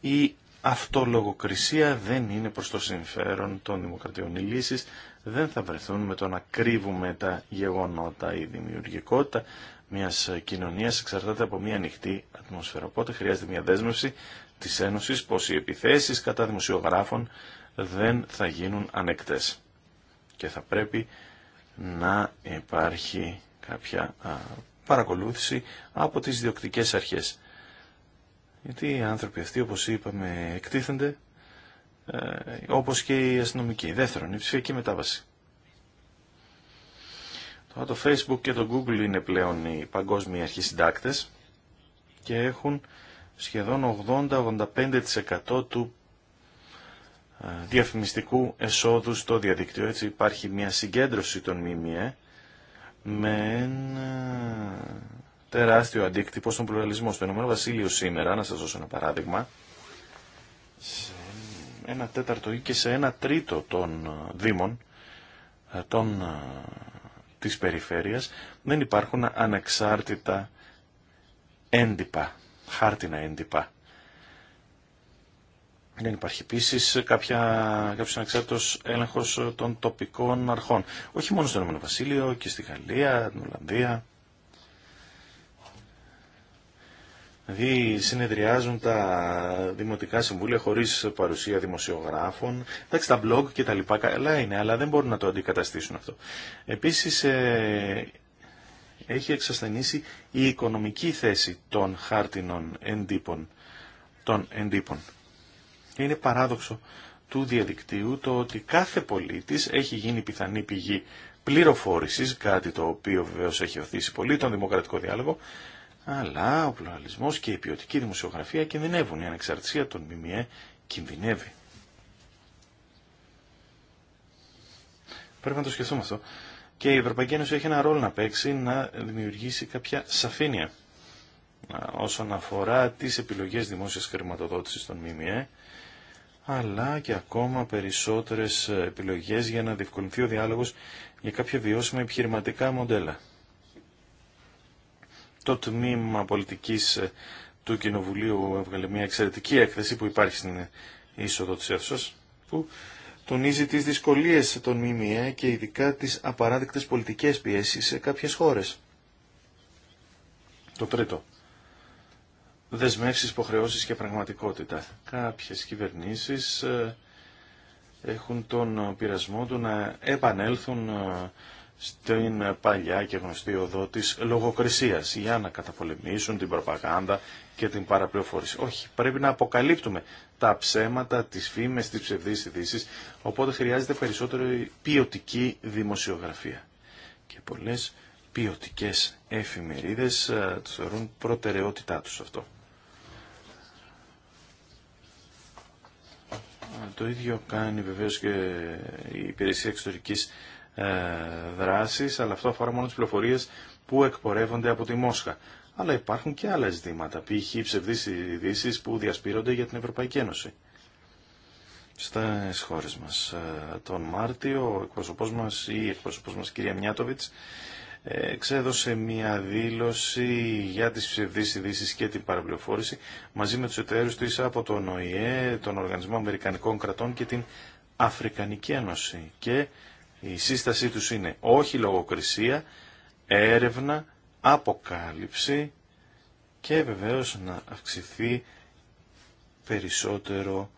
Η αυτολογοκρισία δεν είναι προς το συμφέρον των δημοκρατιών δεν θα βρεθούν με το να κρύβουμε τα γεγονότα. Η δημιουργικότητα μιας κοινωνίας εξαρτάται από μια ανοιχτή ατμόσφαιρα. Οπότε χρειάζεται μια δέσμευση της Ένωσης πως οι επιθέσεις κατά δημοσιογράφων δεν θα γίνουν ανεκτές. Και θα πρέπει να υπάρχει κάποια παρακολούθηση από τις διοκτικές αρχές. Γιατί οι άνθρωποι αυτοί, όπως είπαμε, εκτίθενται ε, όπως και η αστυνομική. Δεύτερον, η ψηφιακή μετάβαση. Το Facebook και το Google είναι πλέον οι παγκόσμιοι αρχισυντάκτες και έχουν σχεδόν 80-85% του ε, διαφημιστικού εσόδου στο διαδίκτυο. Έτσι υπάρχει μια συγκέντρωση των ΜΜΕ με ένα τεράστιο αντίκτυπο στον πλουραλισμό. Στο Ηνωμένο Βασίλειο σήμερα, να σας δώσω ένα παράδειγμα, σε ένα τέταρτο ή και σε ένα τρίτο των ε, δήμων ε, των, ε, της περιφέρειας δεν υπάρχουν ανεξάρτητα έντυπα, χάρτινα έντυπα. Δεν υπάρχει επίση κάποιο ανεξάρτητο έλεγχο των τοπικών αρχών. Όχι μόνο στον Ηνωμένο Βασίλειο και στη Γαλλία, την Ολλανδία. Δηλαδή συνεδριάζουν τα δημοτικά συμβούλια χωρίς παρουσία δημοσιογράφων, εντάξει τα blog και τα λοιπά καλά είναι, αλλά δεν μπορούν να το αντικαταστήσουν αυτό. Επίσης ε, έχει εξασθενήσει η οικονομική θέση των χάρτινων εντύπων, των εντύπων. Είναι παράδοξο του διαδικτύου το ότι κάθε πολίτης έχει γίνει πιθανή πηγή πληροφόρησης, κάτι το οποίο βεβαίως έχει οθήσει πολύ τον δημοκρατικό διάλογο, αλλά ο πλουραλισμό και η ποιοτική δημοσιογραφία κινδυνεύουν. Η ανεξαρτησία των ΜΜΕ κινδυνεύει. Πρέπει να το σκεφτούμε αυτό. Και η Ευρωπαϊκή Ένωση έχει ένα ρόλο να παίξει να δημιουργήσει κάποια σαφήνεια όσον αφορά τις επιλογές δημόσιας χρηματοδότησης των ΜΜΕ, αλλά και ακόμα περισσότερες επιλογές για να διευκολυνθεί ο διάλογος για κάποια βιώσιμα επιχειρηματικά μοντέλα το τμήμα πολιτικής ε, του Κοινοβουλίου έβγαλε μια εξαιρετική έκθεση που υπάρχει στην ε, είσοδο της αίθουσας που τονίζει τις δυσκολίες των ΜΜΕ και ειδικά τις απαράδεκτες πολιτικές πιέσεις σε κάποιες χώρες. Το τρίτο. Δεσμεύσεις, υποχρεώσει και πραγματικότητα. Κάποιες κυβερνήσεις ε, έχουν τον πειρασμό του να επανέλθουν στην παλιά και γνωστή οδό της λογοκρισίας για να καταπολεμήσουν την προπαγάνδα και την παραπληροφόρηση. Όχι, πρέπει να αποκαλύπτουμε τα ψέματα, τις φήμες, τις ψευδεί ειδήσει, οπότε χρειάζεται περισσότερο ποιοτική δημοσιογραφία. Και πολλές ποιοτικέ εφημερίδες ε, του θεωρούν προτεραιότητά του αυτό. Το ίδιο κάνει βεβαίως και η υπηρεσία εξωτερικής ε, δράσει, αλλά αυτό αφορά μόνο τι πληροφορίε που εκπορεύονται από τη Μόσχα. Αλλά υπάρχουν και άλλα ζητήματα, π.χ. ψευδέι ειδήσει που διασπείρονται για την Ευρωπαϊκή Ένωση. Στα χώρε μα. Ε, τον Μάρτιο, ο εκπρόσωπό μα η η μα μας κυρία Μιάτοβιτς ε, εξέδωσε μια δήλωση για τις ψευδείς ειδήσει και την παραπληροφόρηση μαζί με τους εταίρους της από τον ΟΗΕ, τον Οργανισμό Αμερικανικών Κρατών και την Αφρικανική Ένωση. Και η σύστασή τους είναι όχι λογοκρισία, έρευνα, αποκάλυψη και βεβαίως να αυξηθεί περισσότερο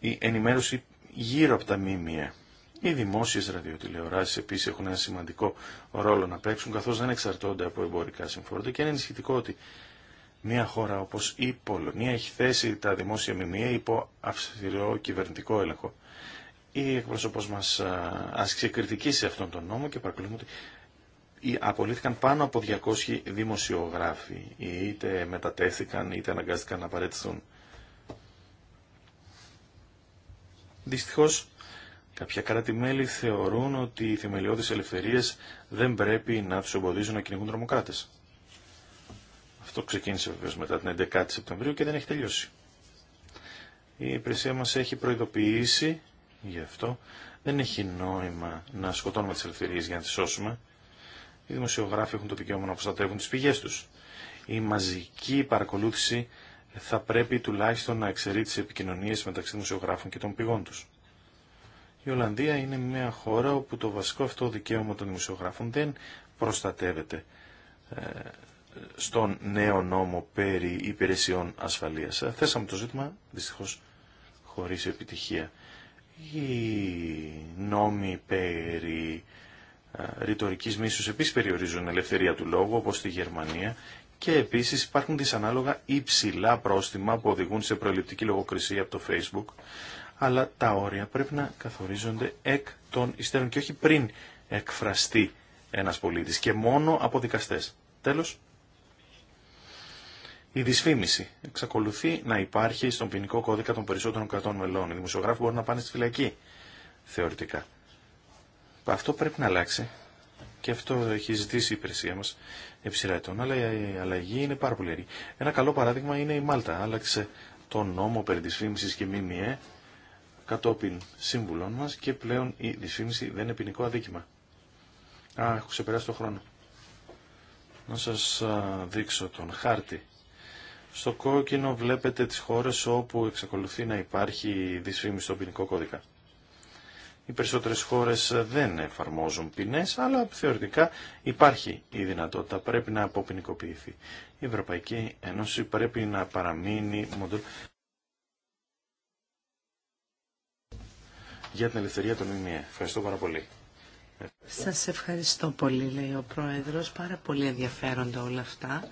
η ενημέρωση γύρω από τα μήμια. Οι δημόσιες ραδιοτηλεοράσεις επίσης έχουν ένα σημαντικό ρόλο να παίξουν καθώς δεν εξαρτώνται από εμπορικά συμφόρτα και είναι ενισχυτικό ότι μια χώρα όπως η Πολωνία έχει θέσει τα δημόσια μημία υπό αυστηρό κυβερνητικό έλεγχο η εκπρόσωπος μας ε, άσκησε κριτική σε αυτόν τον νόμο και παρακολουθούμε ότι απολύθηκαν πάνω από 200 δημοσιογράφοι είτε μετατέθηκαν είτε αναγκάστηκαν να παρέτηθούν. Δυστυχώς κάποια κράτη-μέλη θεωρούν ότι οι θεμελιώδεις ελευθερίες δεν πρέπει να τους εμποδίζουν να κυνηγούν τρομοκράτες. Αυτό ξεκίνησε βεβαίως μετά την 11η Σεπτεμβρίου και δεν έχει τελειώσει. Η υπηρεσία μας έχει προειδοποιήσει γι' αυτό. Δεν έχει νόημα να σκοτώνουμε τι ελευθερίε για να τι σώσουμε. Οι δημοσιογράφοι έχουν το δικαίωμα να προστατεύουν τι πηγέ του. Η μαζική παρακολούθηση θα πρέπει τουλάχιστον να εξαιρεί τι επικοινωνίε μεταξύ δημοσιογράφων και των πηγών του. Η Ολλανδία είναι μια χώρα όπου το βασικό αυτό δικαίωμα των δημοσιογράφων δεν προστατεύεται ε, στον νέο νόμο περί υπηρεσιών ασφαλείας. Ε, θέσαμε το ζήτημα, δυστυχώς χωρίς επιτυχία. Οι νόμοι περί ρητορικής μίσους επίσης περιορίζουν ελευθερία του λόγου, όπως στη Γερμανία, και επίσης υπάρχουν δυσανάλογα υψηλά πρόστιμα που οδηγούν σε προληπτική λογοκρισία από το Facebook, αλλά τα όρια πρέπει να καθορίζονται εκ των υστέρων και όχι πριν εκφραστεί ένας πολίτης και μόνο από δικαστές. Τέλος, η δυσφήμιση εξακολουθεί να υπάρχει στον ποινικό κώδικα των περισσότερων κρατών μελών. Οι δημοσιογράφοι μπορούν να πάνε στη φυλακή, θεωρητικά. Αυτό πρέπει να αλλάξει και αυτό έχει ζητήσει η υπηρεσία μα επί σειρά ετών, αλλά η αλλαγή είναι πάρα πολύ αργή. Ένα καλό παράδειγμα είναι η Μάλτα. Άλλαξε τον νόμο περί δυσφήμιση και ΜΜΕ κατόπιν σύμβουλων μα και πλέον η δυσφήμιση δεν είναι ποινικό αδίκημα. Α, έχω ξεπεράσει το χρόνο. Να σα δείξω τον χάρτη στο κόκκινο βλέπετε τις χώρες όπου εξακολουθεί να υπάρχει δυσφήμιση στον ποινικό κώδικα. Οι περισσότερες χώρες δεν εφαρμόζουν ποινές, αλλά θεωρητικά υπάρχει η δυνατότητα, πρέπει να αποποινικοποιηθεί. Η Ευρωπαϊκή Ένωση πρέπει να παραμείνει μοντέλο για την ελευθερία των ΜΜΕ. Ευχαριστώ πάρα πολύ. Σας ευχαριστώ πολύ, λέει ο Πρόεδρος. Πάρα πολύ ενδιαφέροντα όλα αυτά.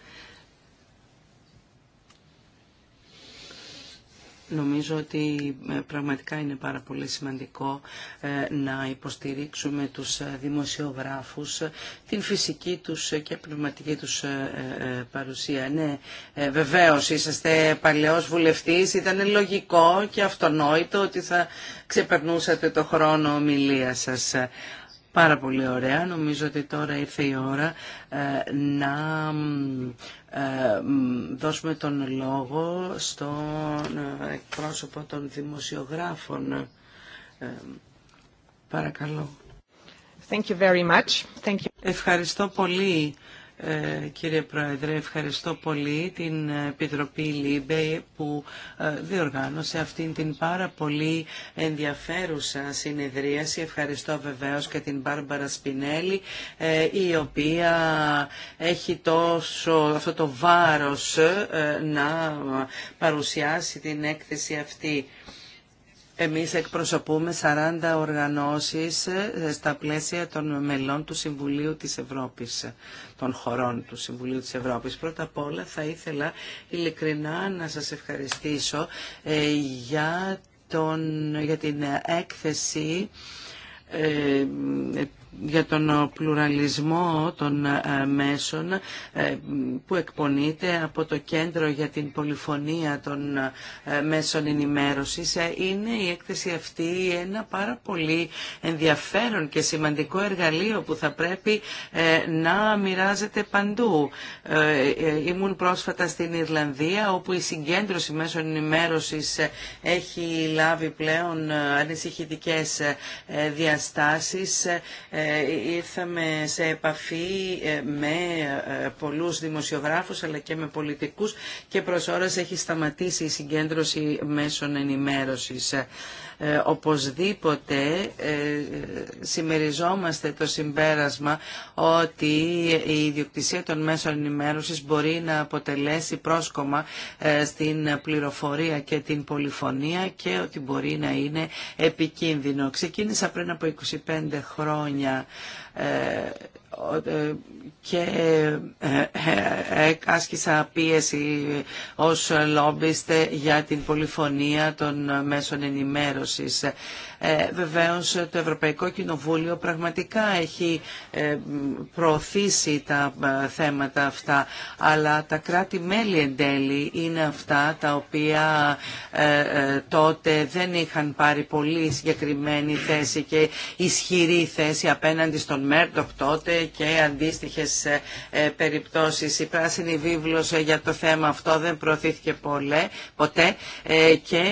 Νομίζω ότι ε, πραγματικά είναι πάρα πολύ σημαντικό ε, να υποστηρίξουμε τους ε, δημοσιογράφους, την φυσική τους και πνευματική τους παρουσία. Ναι, βεβαίως είσαστε παλαιός βουλευτής, ήταν λογικό και αυτονόητο ότι θα ξεπερνούσατε το χρόνο ομιλία σας. Πάρα πολύ ωραία. Νομίζω ότι τώρα ήρθε η ώρα ε, να ε, δώσουμε τον λόγο στον ε, εκπρόσωπο των δημοσιογράφων. Παρακαλώ. Thank you very much. Thank Ευχαριστώ πολύ. Ε, κύριε Πρόεδρε, ευχαριστώ πολύ την Επιτροπή Λίμπε που ε, διοργάνωσε αυτήν την πάρα πολύ ενδιαφέρουσα συνεδρίαση. Ευχαριστώ βεβαίως και την Μπάρμπαρα Σπινέλη ε, η οποία έχει τόσο αυτό το βάρος να παρουσιάσει την έκθεση αυτή. Εμείς εκπροσωπούμε 40 οργανώσεις ε, στα πλαίσια των μελών του Συμβουλίου της Ευρώπης, ε, των χωρών του Συμβουλίου της Ευρώπης. Πρώτα απ' όλα θα ήθελα ειλικρινά να σας ευχαριστήσω ε, για, τον, για την έκθεση για τον ε, πλουραλισμό των ε, μέσων ε, που εκπονείται από το Κέντρο για την Πολυφωνία των Μέσων Ενημέρωσης. Είναι η έκθεση αυτή ένα πάρα πολύ ενδιαφέρον και σημαντικό εργαλείο που θα πρέπει να μοιράζεται παντού. Ήμουν πρόσφατα στην Ιρλανδία όπου η συγκέντρωση μέσων ενημέρωσης έχει λάβει πλέον ανησυχητικές διαστάσεις ήρθαμε σε επαφή ε, με ε, πολλούς δημοσιογράφους αλλά και με πολιτικούς και προς ώρας έχει σταματήσει η συγκέντρωση μέσων ενημέρωσης. Ε, οπωσδήποτε ε, συμμεριζόμαστε το συμπέρασμα ότι η ιδιοκτησία των μέσων ενημέρωσης μπορεί να αποτελέσει πρόσκομα ε, στην πληροφορία και την πολυφωνία και ότι μπορεί να είναι επικίνδυνο. Ξεκίνησα πριν από 25 χρόνια και ε, ε, άσκησα πίεση ως λόμπιστε για την πολυφωνία των μέσων ενημέρωσης. Ε, βεβαίως το Ευρωπαϊκό Κοινοβούλιο πραγματικά έχει προωθήσει τα θέματα αυτά, αλλά τα κράτη-μέλη εν τέλει είναι αυτά τα οποία τότε δεν είχαν πάρει πολύ συγκεκριμένη θέση και ισχυρή θέση απέναντι στο τον τότε και αντίστοιχες ε, ε, περιπτώσεις. Η πράσινη βίβλος ε, για το θέμα αυτό δεν προωθήθηκε πολλέ, ποτέ και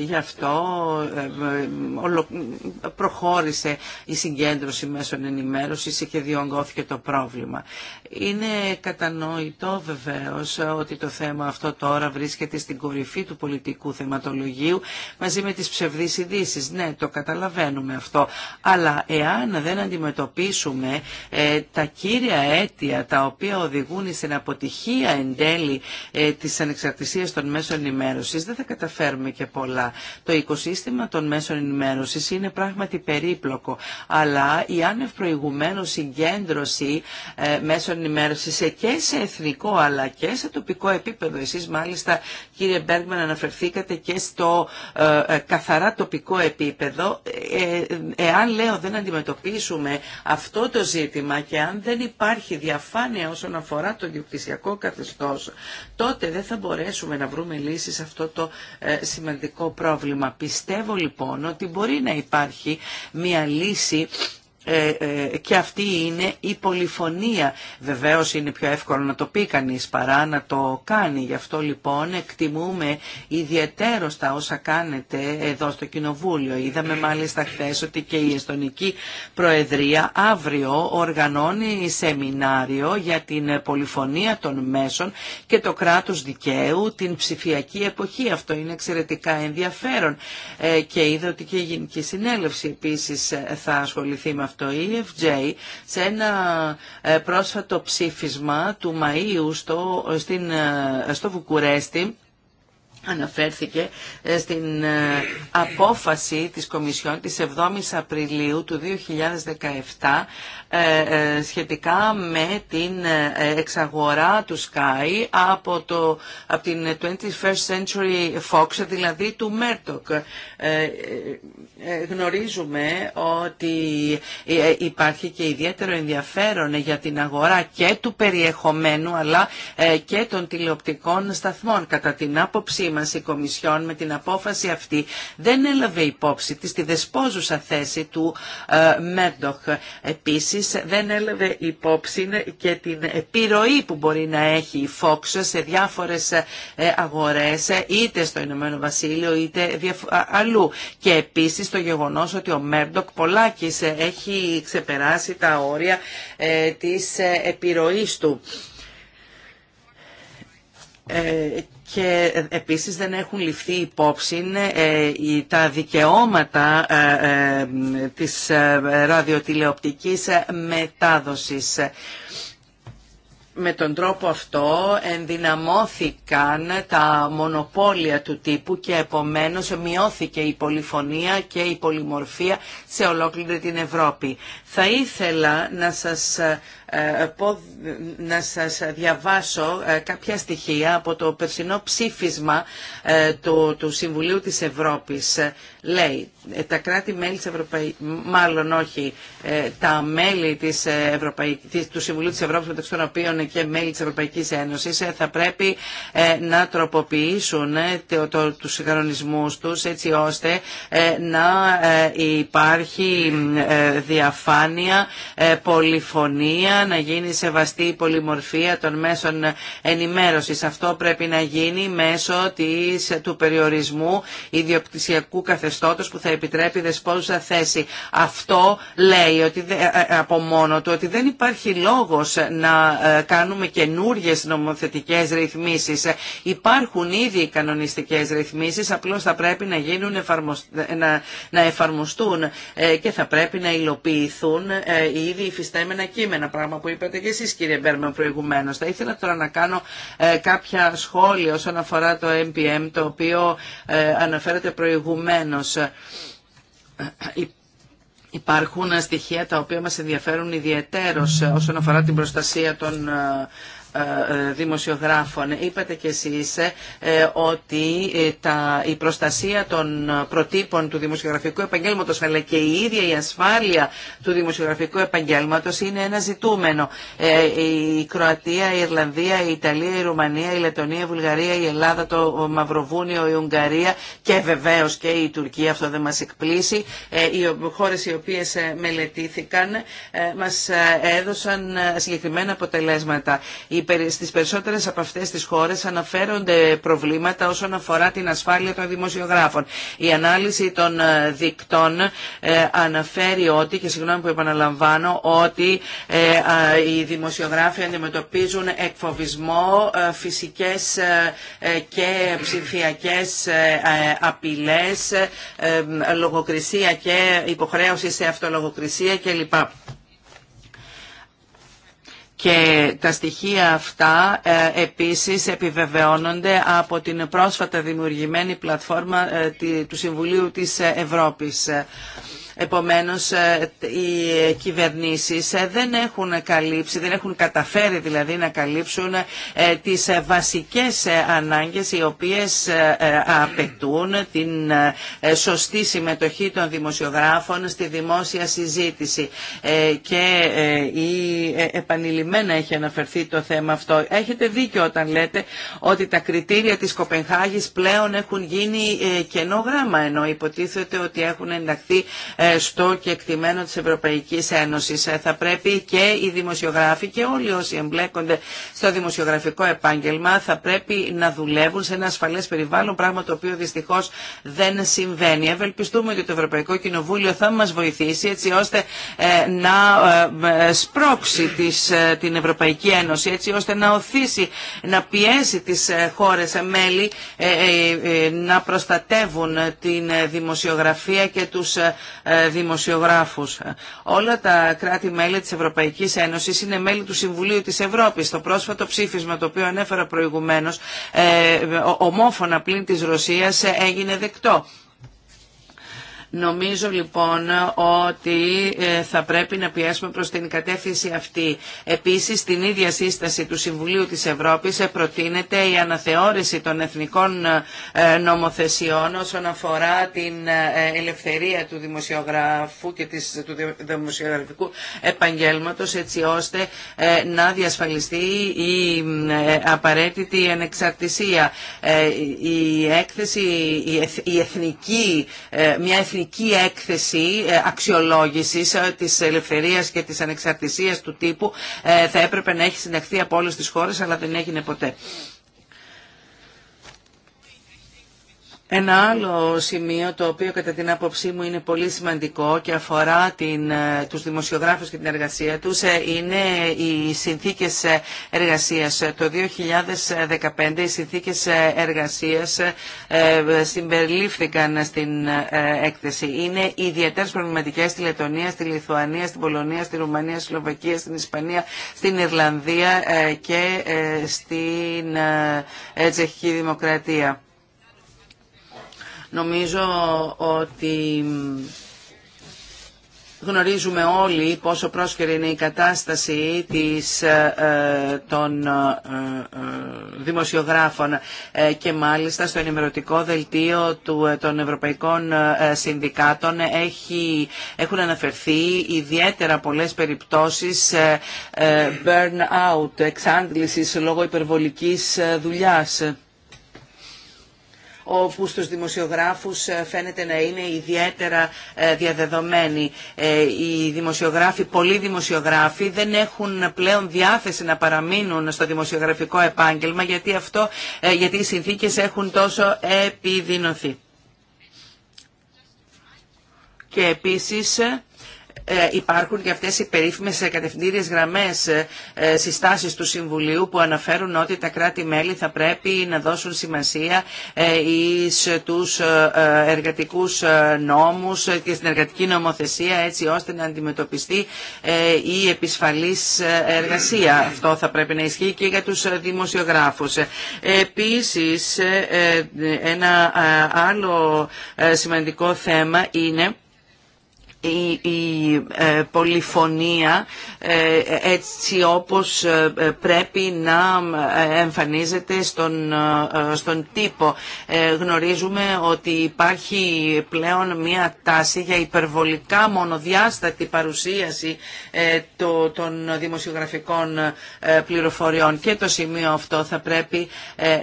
γι' αυτό προχώρησε η συγκέντρωση μέσων ενημέρωσης και διονγκώθηκε το πρόβλημα. Είναι κατανοητό βεβαίως ότι το θέμα αυτό τώρα βρίσκεται στην κορυφή του πολιτικού θεματολογίου μαζί με τις ψευδείς ειδήσει. Ναι, το καταλαβαίνουμε αυτό. Αλλά εάν δεν αντιμετωπίσουμε αντιμετωπίσουμε ε, τα κύρια αίτια τα οποία οδηγούν στην αποτυχία εν τέλει ε, της ανεξαρτησίας των μέσων ενημέρωσης δεν θα καταφέρουμε και πολλά. Το οικοσύστημα των μέσων ενημέρωσης είναι πράγματι περίπλοκο, αλλά η άνευ προηγουμένου συγκέντρωση ε, μέσων ενημέρωσης και σε εθνικό αλλά και σε τοπικό επίπεδο. Εσείς μάλιστα κύριε Μπέργμαν αναφερθήκατε και στο καθαρά τοπικό επίπεδο. Εάν λέω δεν αντιμετωπίσουμε αυτό το ζήτημα και αν δεν υπάρχει διαφάνεια όσον αφορά το διοκτησιακό καθεστώς, τότε δεν θα μπορέσουμε να βρούμε λύση σε αυτό το ε, σημαντικό πρόβλημα. Πιστεύω λοιπόν ότι μπορεί να υπάρχει μια λύση ε, ε, και αυτή είναι η πολυφωνία. Βεβαίως είναι πιο εύκολο να το πει κανείς παρά να το κάνει. Γι' αυτό λοιπόν εκτιμούμε ιδιαίτερο τα όσα κάνετε εδώ στο Κοινοβούλιο. Είδαμε μάλιστα χθε ότι και η Εστονική Προεδρία αύριο οργανώνει σεμινάριο για την πολυφωνία των μέσων και το κράτος δικαίου την ψηφιακή εποχή. Αυτό είναι εξαιρετικά ενδιαφέρον ε, και είδα ότι και η Γενική Συνέλευση επίσης θα ασχοληθεί με αυτό το EFJ σε ένα ε, πρόσφατο ψήφισμα του Μαΐου στο, στην, ε, στο Βουκουρέστι αναφέρθηκε ε, στην απόφαση της Κομισιόν της 7ης Απριλίου του 2017 ε, ε, σχετικά με την ε, εξαγορά του Sky από, το, από την 21st Century Fox, δηλαδή του Mertok. Γνωρίζουμε ότι υπάρχει και ιδιαίτερο ενδιαφέρον για την αγορά και του περιεχομένου αλλά και των τηλεοπτικών σταθμών. Κατά την άποψή μας η Κομισιόν με την απόφαση αυτή δεν έλαβε υπόψη της τη δεσπόζουσα θέση του Murdoch Επίσης επίσης δεν έλαβε υπόψη και την επιρροή που μπορεί να έχει η Fox σε διάφορες ε, αγορές είτε στο Ηνωμένο Βασίλειο είτε αλλού. Και επίσης το γεγονός ότι ο Μέρντοκ Πολάκης έχει ξεπεράσει τα όρια ε, της ε, επιρροής του και ε, επίσης δεν έχουν ληφθεί υπόψη ε, τα δικαιώματα ε, της ραδιοτηλεοπτικής μετάδοσης. Με τον τρόπο αυτό ενδυναμώθηκαν τα μονοπόλια του τύπου και επομένως μειώθηκε η πολυφωνία και η πολυμορφία σε ολόκληρη την Ευρώπη. Θα ήθελα να σας, ε, να σας διαβάσω ε, κάποια στοιχεία από το περσινό ψήφισμα ε, του, του Συμβουλίου της Ευρώπης. Λέει, τα κράτη-μέλη της Ευρωπαϊκής, μάλλον όχι, τα μέλη της Ευρωπαϊκής, του Συμβουλίου της Ευρώπης μεταξύ των οποίων και μέλη της Ευρωπαϊκής Ένωσης θα πρέπει να τροποποιήσουν το, το, τους τους έτσι ώστε να υπάρχει διαφάνεια ε, πολυφωνία, να γίνει σεβαστή η πολυμορφία των μέσων ενημέρωσης. Αυτό πρέπει να γίνει μέσω της, του περιορισμού ιδιοκτησιακού καθεστώτος που θα επιτρέπει δεσπόζουσα θέση. Αυτό λέει ότι, ε, ε, από μόνο του ότι δεν υπάρχει λόγος να κάνουμε καινούριε νομοθετικές ρυθμίσεις. Υπάρχουν ήδη οι κανονιστικές ρυθμίσεις, απλώς θα πρέπει να, γίνουν, να εφαρμοστούν και θα πρέπει να υλοποιηθούν Υπάρχουν ε, ήδη υφιστάμενα κείμενα, πράγμα που είπατε και εσείς κύριε Μπέρμαν προηγουμένως. Θα ήθελα τώρα να κάνω ε, κάποια σχόλια όσον αφορά το MPM, το οποίο ε, αναφέρεται προηγουμένως. Υπάρχουν στοιχεία τα οποία μας ενδιαφέρουν ιδιαίτερως όσον αφορά την προστασία των ε, ε, δημοσιογράφων. Είπατε κι εσείς ε, ότι τα, η προστασία των προτύπων του δημοσιογραφικού επαγγέλματος αλλά και η ίδια η ασφάλεια του δημοσιογραφικού επαγγέλματος είναι ένα ζητούμενο. Η Κροατία, η Ιρλανδία, η Ιταλία, η Ρουμανία, η Λετωνία, η Βουλγαρία, η Ελλάδα, το Μαυροβούνιο, η Ουγγαρία και βεβαίως και η Τουρκία, αυτό δεν μας εκπλήσει. Οι χώρες οι οποίες μελετήθηκαν μας έδωσαν συγκεκριμένα αποτελέσματα. Η στις περισσότερες από αυτές τις χώρες αναφέρονται προβλήματα όσον αφορά την ασφάλεια των δημοσιογράφων. Η ανάλυση των ε, δικτών ε, αναφέρει ότι, και συγγνώμη που επαναλαμβάνω, ότι ε, οι δημοσιογράφοι αντιμετωπίζουν εκφοβισμό, φυσικές και ψηφιακές απειλές, λογοκρισία και υποχρέωση σε αυτολογοκρισία κλπ. Και τα στοιχεία αυτά ε, επίσης επιβεβαιώνονται από την πρόσφατα δημιουργημένη πλατφόρμα ε, του Συμβουλίου της Ευρώπης. Επομένως, ε, οι κυβερνήσεις ε, δεν έχουν καλύψει, δεν έχουν καταφέρει δηλαδή να καλύψουν ε, τις βασικές ανάγκες οι οποίες απαιτούν την σωστή συμμετοχή των δημοσιογράφων στη δημόσια συζήτηση. Και η επανειλημμένα έχει αναφερθεί το θέμα αυτό. Έχετε δίκιο όταν λέτε ότι τα κριτήρια της Κοπενχάγης πλέον έχουν γίνει κενό γράμμα, ενώ υποτίθεται ότι έχουν ενταχθεί στο κεκτημένο της Ευρωπαϊκής Ένωσης. Ε, θα πρέπει και οι δημοσιογράφοι και όλοι όσοι εμπλέκονται στο δημοσιογραφικό επάγγελμα θα πρέπει να δουλεύουν σε ένα ασφαλές περιβάλλον, πράγμα το οποίο δυστυχώς δεν συμβαίνει. Ευελπιστούμε ότι το Ευρωπαϊκό Κοινοβούλιο θα μας βοηθήσει έτσι ώστε ε, να ε, σπρώξει την Ευρωπαϊκή Ένωση, έτσι ώστε να οθήσει, να πιέσει τις χώρες μέλη να προστατεύουν την δημοσιογραφία και τους ε, δημοσιογράφους. Ε, όλα τα κράτη-μέλη της Ευρωπαϊκής Ένωσης είναι μέλη του Συμβουλίου της Ευρώπης. Το πρόσφατο ψήφισμα το οποίο ανέφερα προηγουμένως, ε, ομόφωνα πλην της Ρωσίας, έγινε δεκτό. Νομίζω λοιπόν ότι ε, θα πρέπει να πιέσουμε προς την κατεύθυνση αυτή. Επίσης, στην ίδια σύσταση του Συμβουλίου της Ευρώπης ε, προτείνεται η αναθεώρηση των εθνικών ε, νομοθεσιών όσον αφορά την ελευθερία του δημοσιογράφου και της, του δημοσιογραφικού επαγγέλματος έτσι ώστε να διασφαλιστεί η απαραίτητη ανεξαρτησία. Η έκθεση, η εθνική, μια εθνική γενική έκθεση ε, αξιολόγησης ε, της ελευθερίας και της ανεξαρτησίας του τύπου ε, θα έπρεπε να έχει συνεχθεί από όλες τις χώρες αλλά δεν έγινε ποτέ. Ένα άλλο σημείο το οποίο κατά την άποψή μου είναι πολύ σημαντικό και αφορά την, ε, τους δημοσιογράφους και την εργασία τους ε, είναι οι συνθήκες ε, εργασίας. Το 2015 οι συνθήκες εργασίας συμπεριλήφθηκαν στην έκθεση. Είναι ιδιαίτερε προβληματικές στη Λετωνία, στη Λιθουανία, στην Πολωνία, στη Ρουμανία, στη Σλοβακία, στην Ισπανία, στην Ιρλανδία και στην Τσεχική Δημοκρατία. Νομίζω ότι γνωρίζουμε όλοι πόσο πρόσκαιρη είναι η κατάσταση της, ε, ε, των ε, δημοσιογράφων και μάλιστα στο ενημερωτικό δελτίο του, των Ευρωπαϊκών Συνδικάτων έχει, έχουν αναφερθεί ιδιαίτερα πολλές περιπτώσεις burn-out, εξάντλησης λόγω υπερβολικής δουλειάς όπου στους δημοσιογράφους ε, φαίνεται να είναι ιδιαίτερα ε, διαδεδομένοι. Ε, οι δημοσιογράφοι, πολλοί δημοσιογράφοι δεν έχουν πλέον διάθεση να παραμείνουν στο δημοσιογραφικό επάγγελμα γιατί, αυτό, γιατί οι συνθήκες έχουν τόσο επιδεινωθεί. Και επίσης ε, υπάρχουν και αυτές οι περίφημες κατευθυντήριες γραμμές ε, ε, συστάσεις του Συμβουλίου που αναφέρουν ότι τα κράτη-μέλη θα πρέπει να δώσουν σημασία εις τους εργατικούς νόμους και στην εργατική νομοθεσία έτσι ώστε να αντιμετωπιστεί η επισφαλής εργασία. Αυτό θα πρέπει να ισχύει και για τους δημοσιογράφους. Επίσης, ένα άλλο σημαντικό θέμα είναι η, ε, πολυφωνία ε, έτσι όπως ε, πρέπει να εμφανίζεται στον, στον τύπο. Γνωρίζουμε ότι υπάρχει πλέον μία τάση για υπερβολικά μονοδιάστατη παρουσίαση το, των δημοσιογραφικών πληροφοριών και το σημείο αυτό θα πρέπει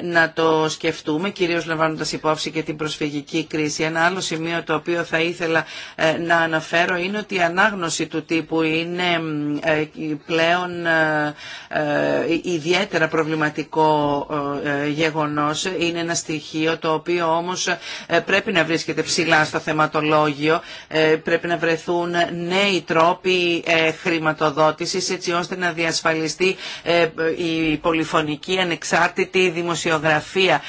να το σκεφτούμε, κυρίως λαμβάνοντας υπόψη και την προσφυγική κρίση. Ένα άλλο σημείο το οποίο θα ήθελα να αναφέρω αναφέρω είναι ότι η ανάγνωση του τύπου είναι ε, πλέον ε, ε, ιδιαίτερα προβληματικό γεγονός. Είναι ένα στοιχείο το οποίο όμως πρέπει να βρίσκεται ψηλά στο θεματολόγιο. Πρέπει να βρεθούν νέοι τρόποι χρηματοδότησης έτσι ώστε να διασφαλιστεί η πολυφωνική ανεξάρτητη δημοσιογραφία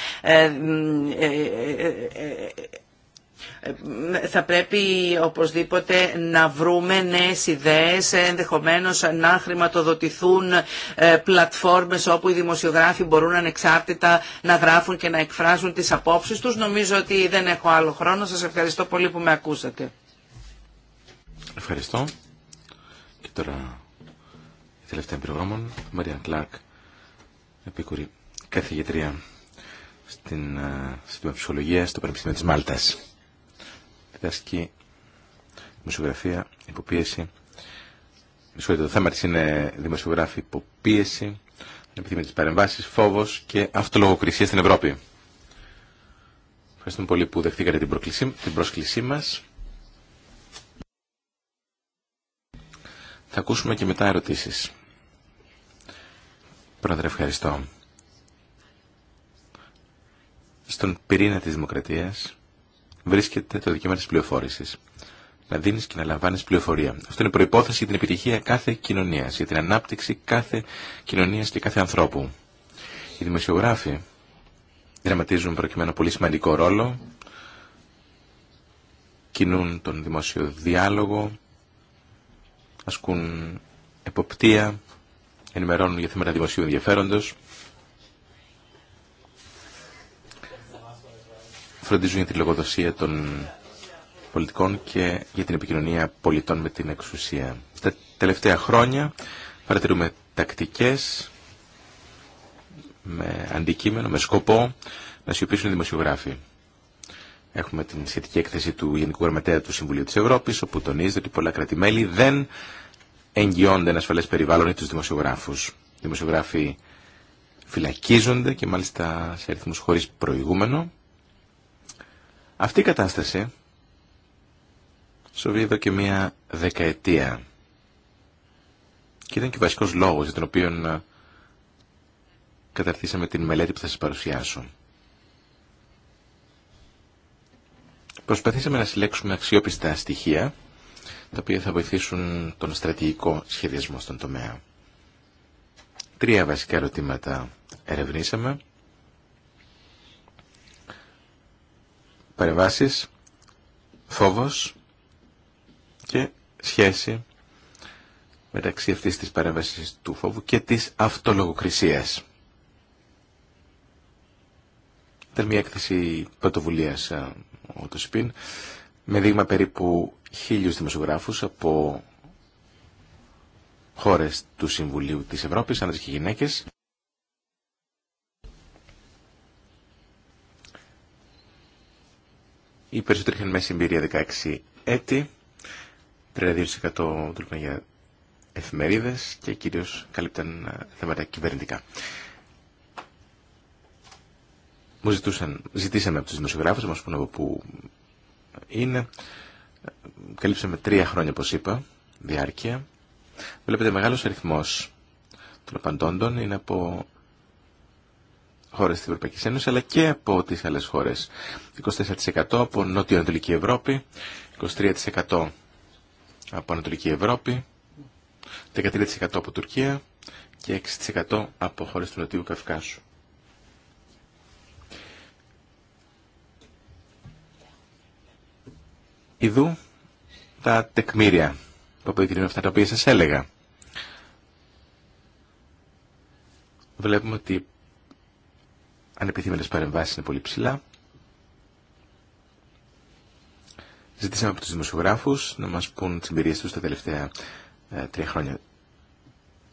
θα πρέπει οπωσδήποτε να βρούμε νέες ιδέες, ενδεχομένως να χρηματοδοτηθούν ε, πλατφόρμες όπου οι δημοσιογράφοι μπορούν ανεξάρτητα να γράφουν και να εκφράζουν τις απόψεις τους. Νομίζω ότι δεν έχω άλλο χρόνο. Σας ευχαριστώ πολύ που με ακούσατε. Ευχαριστώ. Και τώρα η τελευταία εμπειρογνώμων, Μαρία Κλάρκ, επίκουρη καθηγητρία στην, ε, στην ψυχολογία στο Πανεπιστήμιο της Μάλτας ασκεί δημοσιογραφία υποπίεση. Συγχωρείτε, το θέμα της είναι δημοσιογράφη υποπίεση, τις παρεμβάσεις, φόβος και αυτολογοκρισία στην Ευρώπη. Ευχαριστούμε πολύ που δεχτήκατε την, την πρόσκλησή μας. Θα ακούσουμε και μετά ερωτήσεις. Πρόεδρε, ευχαριστώ. Στον πυρήνα της δημοκρατίας βρίσκεται το δικαίωμα της πληροφόρησης. Να δίνεις και να λαμβάνεις πληροφορία. Αυτό είναι προϋπόθεση για την επιτυχία κάθε κοινωνίας, για την ανάπτυξη κάθε κοινωνίας και κάθε ανθρώπου. Οι δημοσιογράφοι δραματίζουν προκειμένου πολύ σημαντικό ρόλο, κινούν τον δημόσιο διάλογο, ασκούν εποπτεία, ενημερώνουν για θέματα δημοσίου ενδιαφέροντος, φροντίζουν για τη λογοδοσία των πολιτικών και για την επικοινωνία πολιτών με την εξουσία. Στα τελευταία χρόνια παρατηρούμε τακτικές με αντικείμενο, με σκοπό να σιωπήσουν οι δημοσιογράφοι. Έχουμε την σχετική έκθεση του Γενικού Γραμματέα του Συμβουλίου της Ευρώπης, όπου τονίζεται ότι πολλά κρατημέλη δεν εγγυώνται ένα ασφαλές περιβάλλον για τους δημοσιογράφους. Οι δημοσιογράφοι φυλακίζονται και μάλιστα σε αριθμούς χωρίς προηγούμενο. Αυτή η κατάσταση σοβεί εδώ και μία δεκαετία. Και ήταν και ο βασικός λόγος για τον οποίο ε, καταρτήσαμε την μελέτη που θα σας παρουσιάσω. Προσπαθήσαμε να συλλέξουμε αξιόπιστα στοιχεία, τα οποία θα βοηθήσουν τον στρατηγικό σχεδιασμό στον τομέα. Τρία βασικά ερωτήματα ερευνήσαμε. παρεμβάσεις, φόβος και σχέση μεταξύ αυτής της παρέμβασης του φόβου και της αυτολογοκρισίας. Ήταν μια έκθεση πρωτοβουλία ε, ο Τοσπίν με δείγμα περίπου χίλιους δημοσιογράφους από χώρες του Συμβουλίου της Ευρώπης, άντρες και γυναίκες, Οι περισσότεροι είχαν μέση εμπειρία 16 έτη, 32% δούλευαν για εφημερίδες και κυρίως καλύπταν ε, θέματα κυβερνητικά. Μου ζητούσαν, ζητήσαμε από τους δημοσιογράφους μα μας από πού είναι. Καλύψαμε τρία χρόνια, όπως είπα, διάρκεια. Βλέπετε, μεγάλος αριθμός των απαντώντων είναι από χώρες της Ευρωπαϊκής Ένωσης αλλά και από τις άλλες χώρες. 24% από Νότιο-Ανατολική Ευρώπη, 23% από Ανατολική Ευρώπη, 13% από Τουρκία και 6% από χώρες του Νοτιού Καυκάσου. Ιδού τα τεκμήρια που αποδεικνύουν αυτά τα οποία σας έλεγα. Βλέπουμε ότι Ανεπιθύμενες παρεμβάσεις είναι πολύ ψηλά. Ζητήσαμε από τους δημοσιογράφους να μας πούν τις εμπειρίες τους τα τελευταία ε, τρία χρόνια.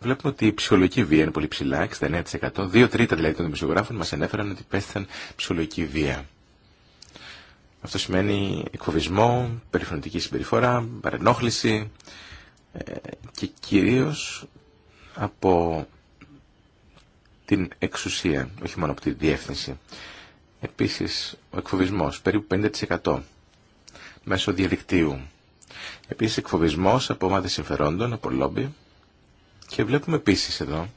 Βλέπουμε ότι η ψυχολογική βία είναι πολύ ψηλά, 69%. Δύο τρίτα δηλαδή των δημοσιογράφων μας ενέφεραν ότι πέθαν ψυχολογική βία. Αυτό σημαίνει εκφοβισμό, περιφρονητική συμπεριφορά, παρενόχληση ε, και κυρίως από την εξουσία, όχι μόνο από τη διεύθυνση. Επίσης, ο εκφοβισμός, περίπου 50% μέσω διαδικτύου. Επίσης, εκφοβισμός από ομάδες συμφερόντων, από λόμπι. Και βλέπουμε επίσης εδώ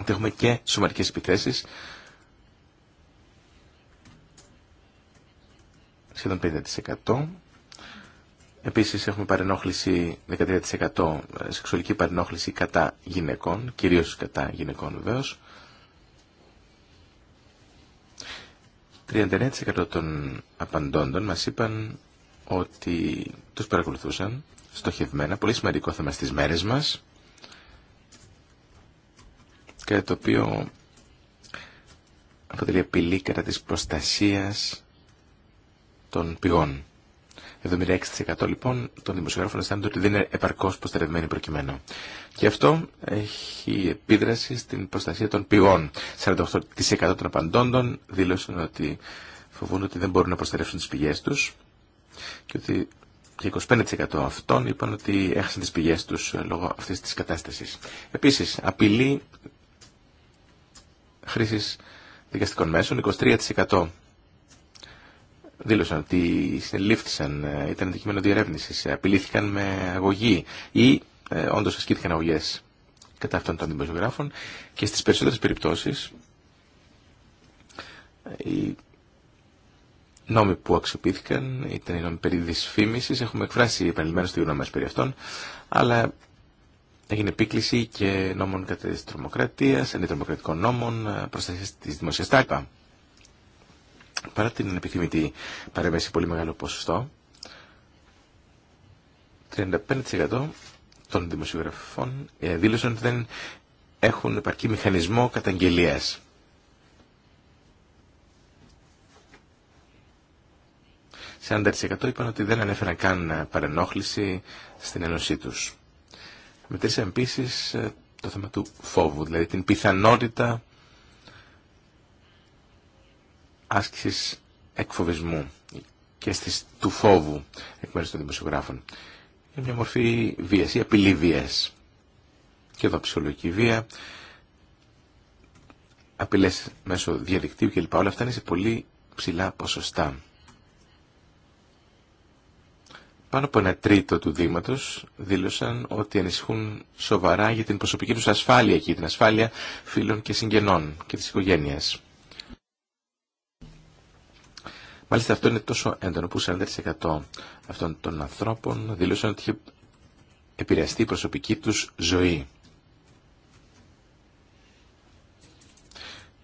ότι έχουμε και σωματικές επιθέσεις, σχεδόν 50%. Επίσης έχουμε παρενόχληση 13% ε, σεξουαλική παρενόχληση κατά γυναικών, κυρίως κατά γυναικών βεβαίως. 39% των απαντώντων μας είπαν ότι τους παρακολουθούσαν στοχευμένα, πολύ σημαντικό θέμα στις μέρες μας, και το οποίο αποτελεί απειλή κατά της προστασίας των πηγών. 76% λοιπόν των δημοσιογράφων αισθάνονται ότι δεν είναι επαρκώ προστατευμένοι προκειμένου. Και αυτό έχει επίδραση στην προστασία των πηγών. 48% των απαντώντων δήλωσαν ότι φοβούν ότι δεν μπορούν να προστατεύσουν τι πηγές τους και ότι 25% αυτών είπαν ότι έχασαν τις πηγές τους λόγω αυτής τη κατάσταση. Επίση, απειλή χρήση δικαστικών μέσων, 23% δήλωσαν ότι συνελήφθησαν, ε, ήταν αντικείμενο διερεύνηση, ε, απειλήθηκαν με αγωγή ή ε, όντω ασκήθηκαν αγωγέ κατά αυτών των δημοσιογράφων και στι περισσότερε περιπτώσει ε, οι νόμοι που αξιοποιήθηκαν ήταν οι νόμοι περί δυσφήμισης. Έχουμε εκφράσει επανειλημμένω τη γνώμη μα περί αυτών, αλλά έγινε επίκληση και νόμων κατά τη τρομοκρατία, αντιτρομοκρατικών νόμων, προστασία τη δημοσία παρά την ανεπιθυμητή παρέμβαση πολύ μεγάλο ποσοστό, 35% των δημοσιογραφών ε, δήλωσαν ότι δεν έχουν επαρκή μηχανισμό καταγγελίας. Σε 40% είπαν ότι δεν ανέφεραν καν παρενόχληση στην ένωσή τους. Μετρήσαμε επίση ε, το θέμα του φόβου, δηλαδή την πιθανότητα άσκησης εκφοβισμού και στις, του φόβου εκ μέρους των δημοσιογράφων. Είναι μια μορφή βίας ή απειλή βίας. Και εδώ ψυχολογική βία, απειλές μέσω διαδικτύου κλπ. Όλα αυτά είναι σε πολύ ψηλά ποσοστά. Πάνω από ένα τρίτο του Δήματος δήλωσαν ότι ανησυχούν σοβαρά για την προσωπική τους ασφάλεια και την ασφάλεια φίλων και συγγενών και της οικογένειας. Μάλιστα αυτό είναι τόσο έντονο που 40% αυτών των ανθρώπων δήλωσαν ότι είχε επηρεαστεί η προσωπική τους ζωή.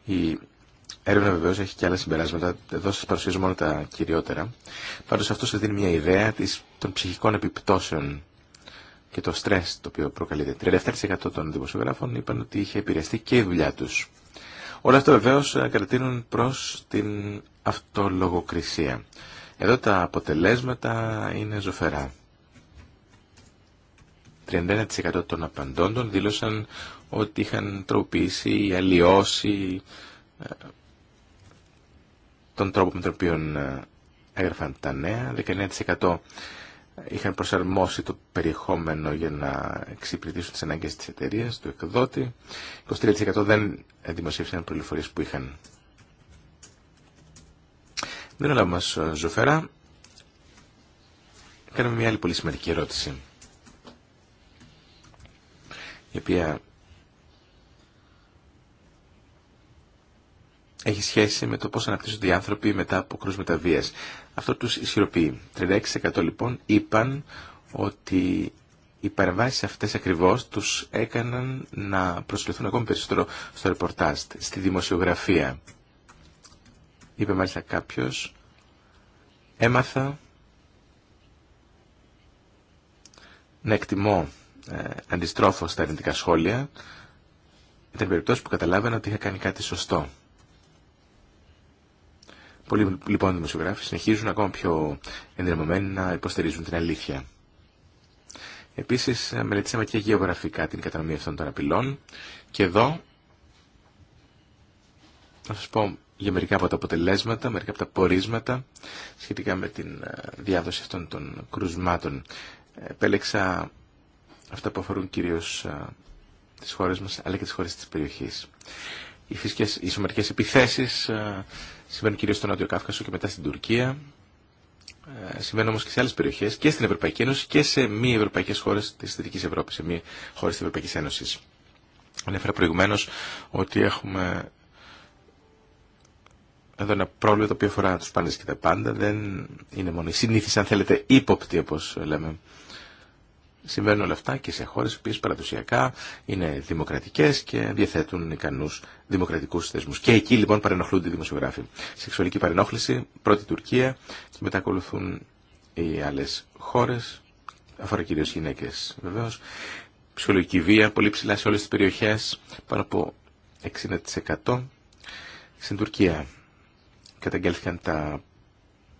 Η έρευνα βεβαίως έχει και άλλα συμπεράσματα. Εδώ σας παρουσιάζω μόνο τα κυριότερα. Πάντως αυτό σας δίνει μια ιδέα των ψυχικών επιπτώσεων και το στρες το οποίο προκαλείται. 37% των δημοσιογράφων είπαν ότι είχε επηρεαστεί και η δουλειά τους. Όλα αυτά βεβαίως ε, κατατείνουν προς την λογοκρισία. Εδώ τα αποτελέσματα είναι ζωφερά. 31% των απαντώντων δήλωσαν ότι είχαν τροποποιήσει ή αλλοιώσει ε, τον τρόπο με τον οποίο ε, έγραφαν τα νέα. 19% είχαν προσαρμόσει το περιεχόμενο για να εξυπηρετήσουν τις ανάγκες της εταιρείας, του εκδότη. 23% δεν δημοσίευσαν πληροφορίε που είχαν. Δεν έλαβα μας ζωφέρα. Κάναμε μια άλλη πολύ σημαντική ερώτηση. Η οποία έχει σχέση με το πώς αναπτύσσονται οι άνθρωποι μετά από κρούσματα βίας. Αυτό τους ισχυροποιεί. 36% λοιπόν είπαν ότι οι παρεμβάσεις αυτές ακριβώς τους έκαναν να προσκληθούν ακόμη περισσότερο στο ρεπορτάζ, στη δημοσιογραφία. Είπε μάλιστα κάποιος, έμαθα να εκτιμώ ε, αντιστρόφως τα αρνητικά σχόλια. Ήταν περιπτώσει που καταλάβαινα ότι είχα κάνει κάτι σωστό. Πολλοί λοιπόν δημοσιογράφοι συνεχίζουν ακόμα πιο ενδυναμωμένοι να υποστηρίζουν την αλήθεια. Επίσης ε, μελετήσαμε και γεωγραφικά την κατανομή αυτών των απειλών και εδώ θα σας πω για μερικά από τα αποτελέσματα, μερικά από τα πορίσματα σχετικά με την ε, διάδοση αυτών των κρουσμάτων. Επέλεξα αυτά που αφορούν κυρίως ε, τις χώρες μας αλλά και τις χώρες της περιοχής. Οι, φυσικές, οι σωματικές επιθέσεις ε, συμβαίνουν κυρίως στον Νότιο Κάφκασο και μετά στην Τουρκία. Συμβαίνουν όμως και σε άλλες περιοχές και στην Ευρωπαϊκή Ένωση και σε μη ευρωπαϊκές χώρες της Δυτικής Ευρώπης, σε μη χώρες της Ευρωπαϊκής Ένωσης. Ανέφερα προηγουμένω ότι έχουμε εδώ ένα πρόβλημα το οποίο αφορά τους πάντες και τα πάντα δεν είναι μόνο η συνήθιση, αν θέλετε, ύποπτη όπως λέμε. Συμβαίνουν όλα αυτά και σε χώρες που παραδοσιακά είναι δημοκρατικές και διαθέτουν ικανούς δημοκρατικούς θεσμούς. Και εκεί λοιπόν παρενοχλούνται οι δημοσιογράφοι. Σεξουαλική παρενόχληση, πρώτη Τουρκία και μετά ακολουθούν οι άλλες χώρες, αφορά κυρίως γυναίκες βεβαίως. Ψυχολογική βία, πολύ ψηλά σε όλες τις περιοχές, πάνω από 60% στην Τουρκία καταγγέλθηκαν τα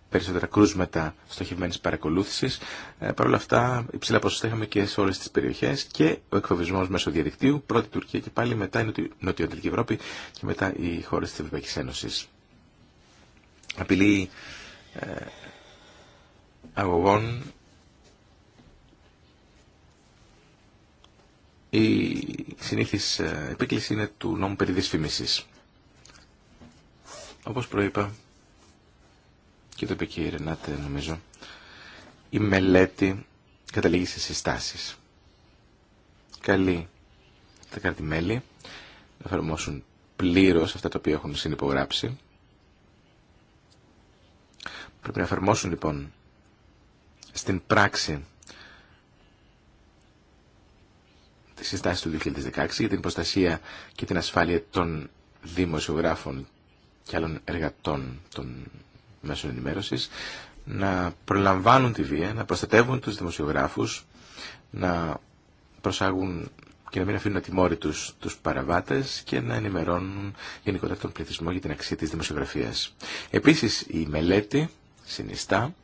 περισσότερα κρούσματα στοχευμένης παρακολούθησης. Ε, Παρ' όλα αυτά, υψηλά ποσοστά είχαμε και σε όλες τις περιοχές και ο εκφοβισμός μέσω διαδικτύου, πρώτη Τουρκία και πάλι μετά η Νοτιοανατολική Ευρώπη και μετά οι χώρες της Ευρωπαϊκής Ένωσης. Απειλή ε, αγωγών η συνήθις ε, επίκληση είναι του νόμου περί δυσφήμισης. Όπως προείπα και το είπε και η Ρενάτε νομίζω, η μελέτη καταλήγει σε συστάσεις. Καλή τα κράτη-μέλη να εφαρμόσουν πλήρως αυτά τα οποία έχουν συνυπογράψει. Πρέπει να εφαρμόσουν λοιπόν στην πράξη τη συστάσεις του 2016 για την προστασία και την ασφάλεια των δημοσιογράφων και άλλων εργατών των μέσων ενημέρωσης να προλαμβάνουν τη βία, να προστατεύουν τους δημοσιογράφους, να προσάγουν και να μην αφήνουν τους τους παραβάτες και να ενημερώνουν γενικότερα τον πληθυσμό για την αξία της δημοσιογραφίας. Επίσης η μελέτη συνιστά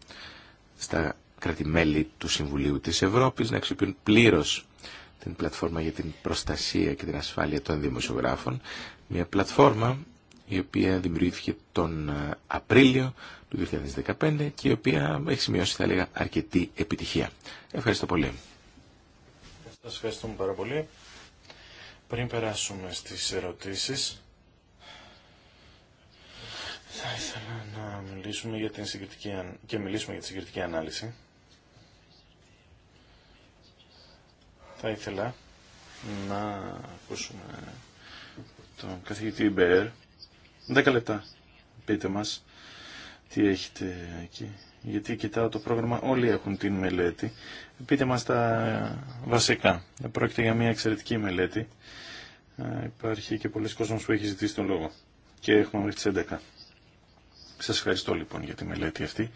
στα κρατημέλη του Συμβουλίου της Ευρώπης να αξιοποιούν πλήρω την πλατφόρμα για την προστασία και την ασφάλεια των δημοσιογράφων, μια πλατφόρμα η οποία δημιουργήθηκε τον ε, Απρίλιο του 2015 και η οποία έχει σημειώσει, θα έλεγα, αρκετή επιτυχία. Ευχαριστώ πολύ. Σας ευχαριστούμε πάρα πολύ. Πριν περάσουμε στις ερωτήσεις, θα ήθελα να μιλήσουμε για την συγκριτική, και μιλήσουμε για τη συγκριτική ανάλυση. Θα ήθελα να ακούσουμε τον καθηγητή Μπέρ Δέκα λεπτά πείτε μας τι έχετε εκεί. Γιατί κοιτάω το πρόγραμμα, όλοι έχουν την μελέτη. Πείτε μας τα βασικά. Πρόκειται για μια εξαιρετική μελέτη. Υπάρχει και πολλοί κόσμος που έχει ζητήσει τον λόγο. Και έχουμε μέχρι τις 11. Σας ευχαριστώ λοιπόν για τη μελέτη αυτή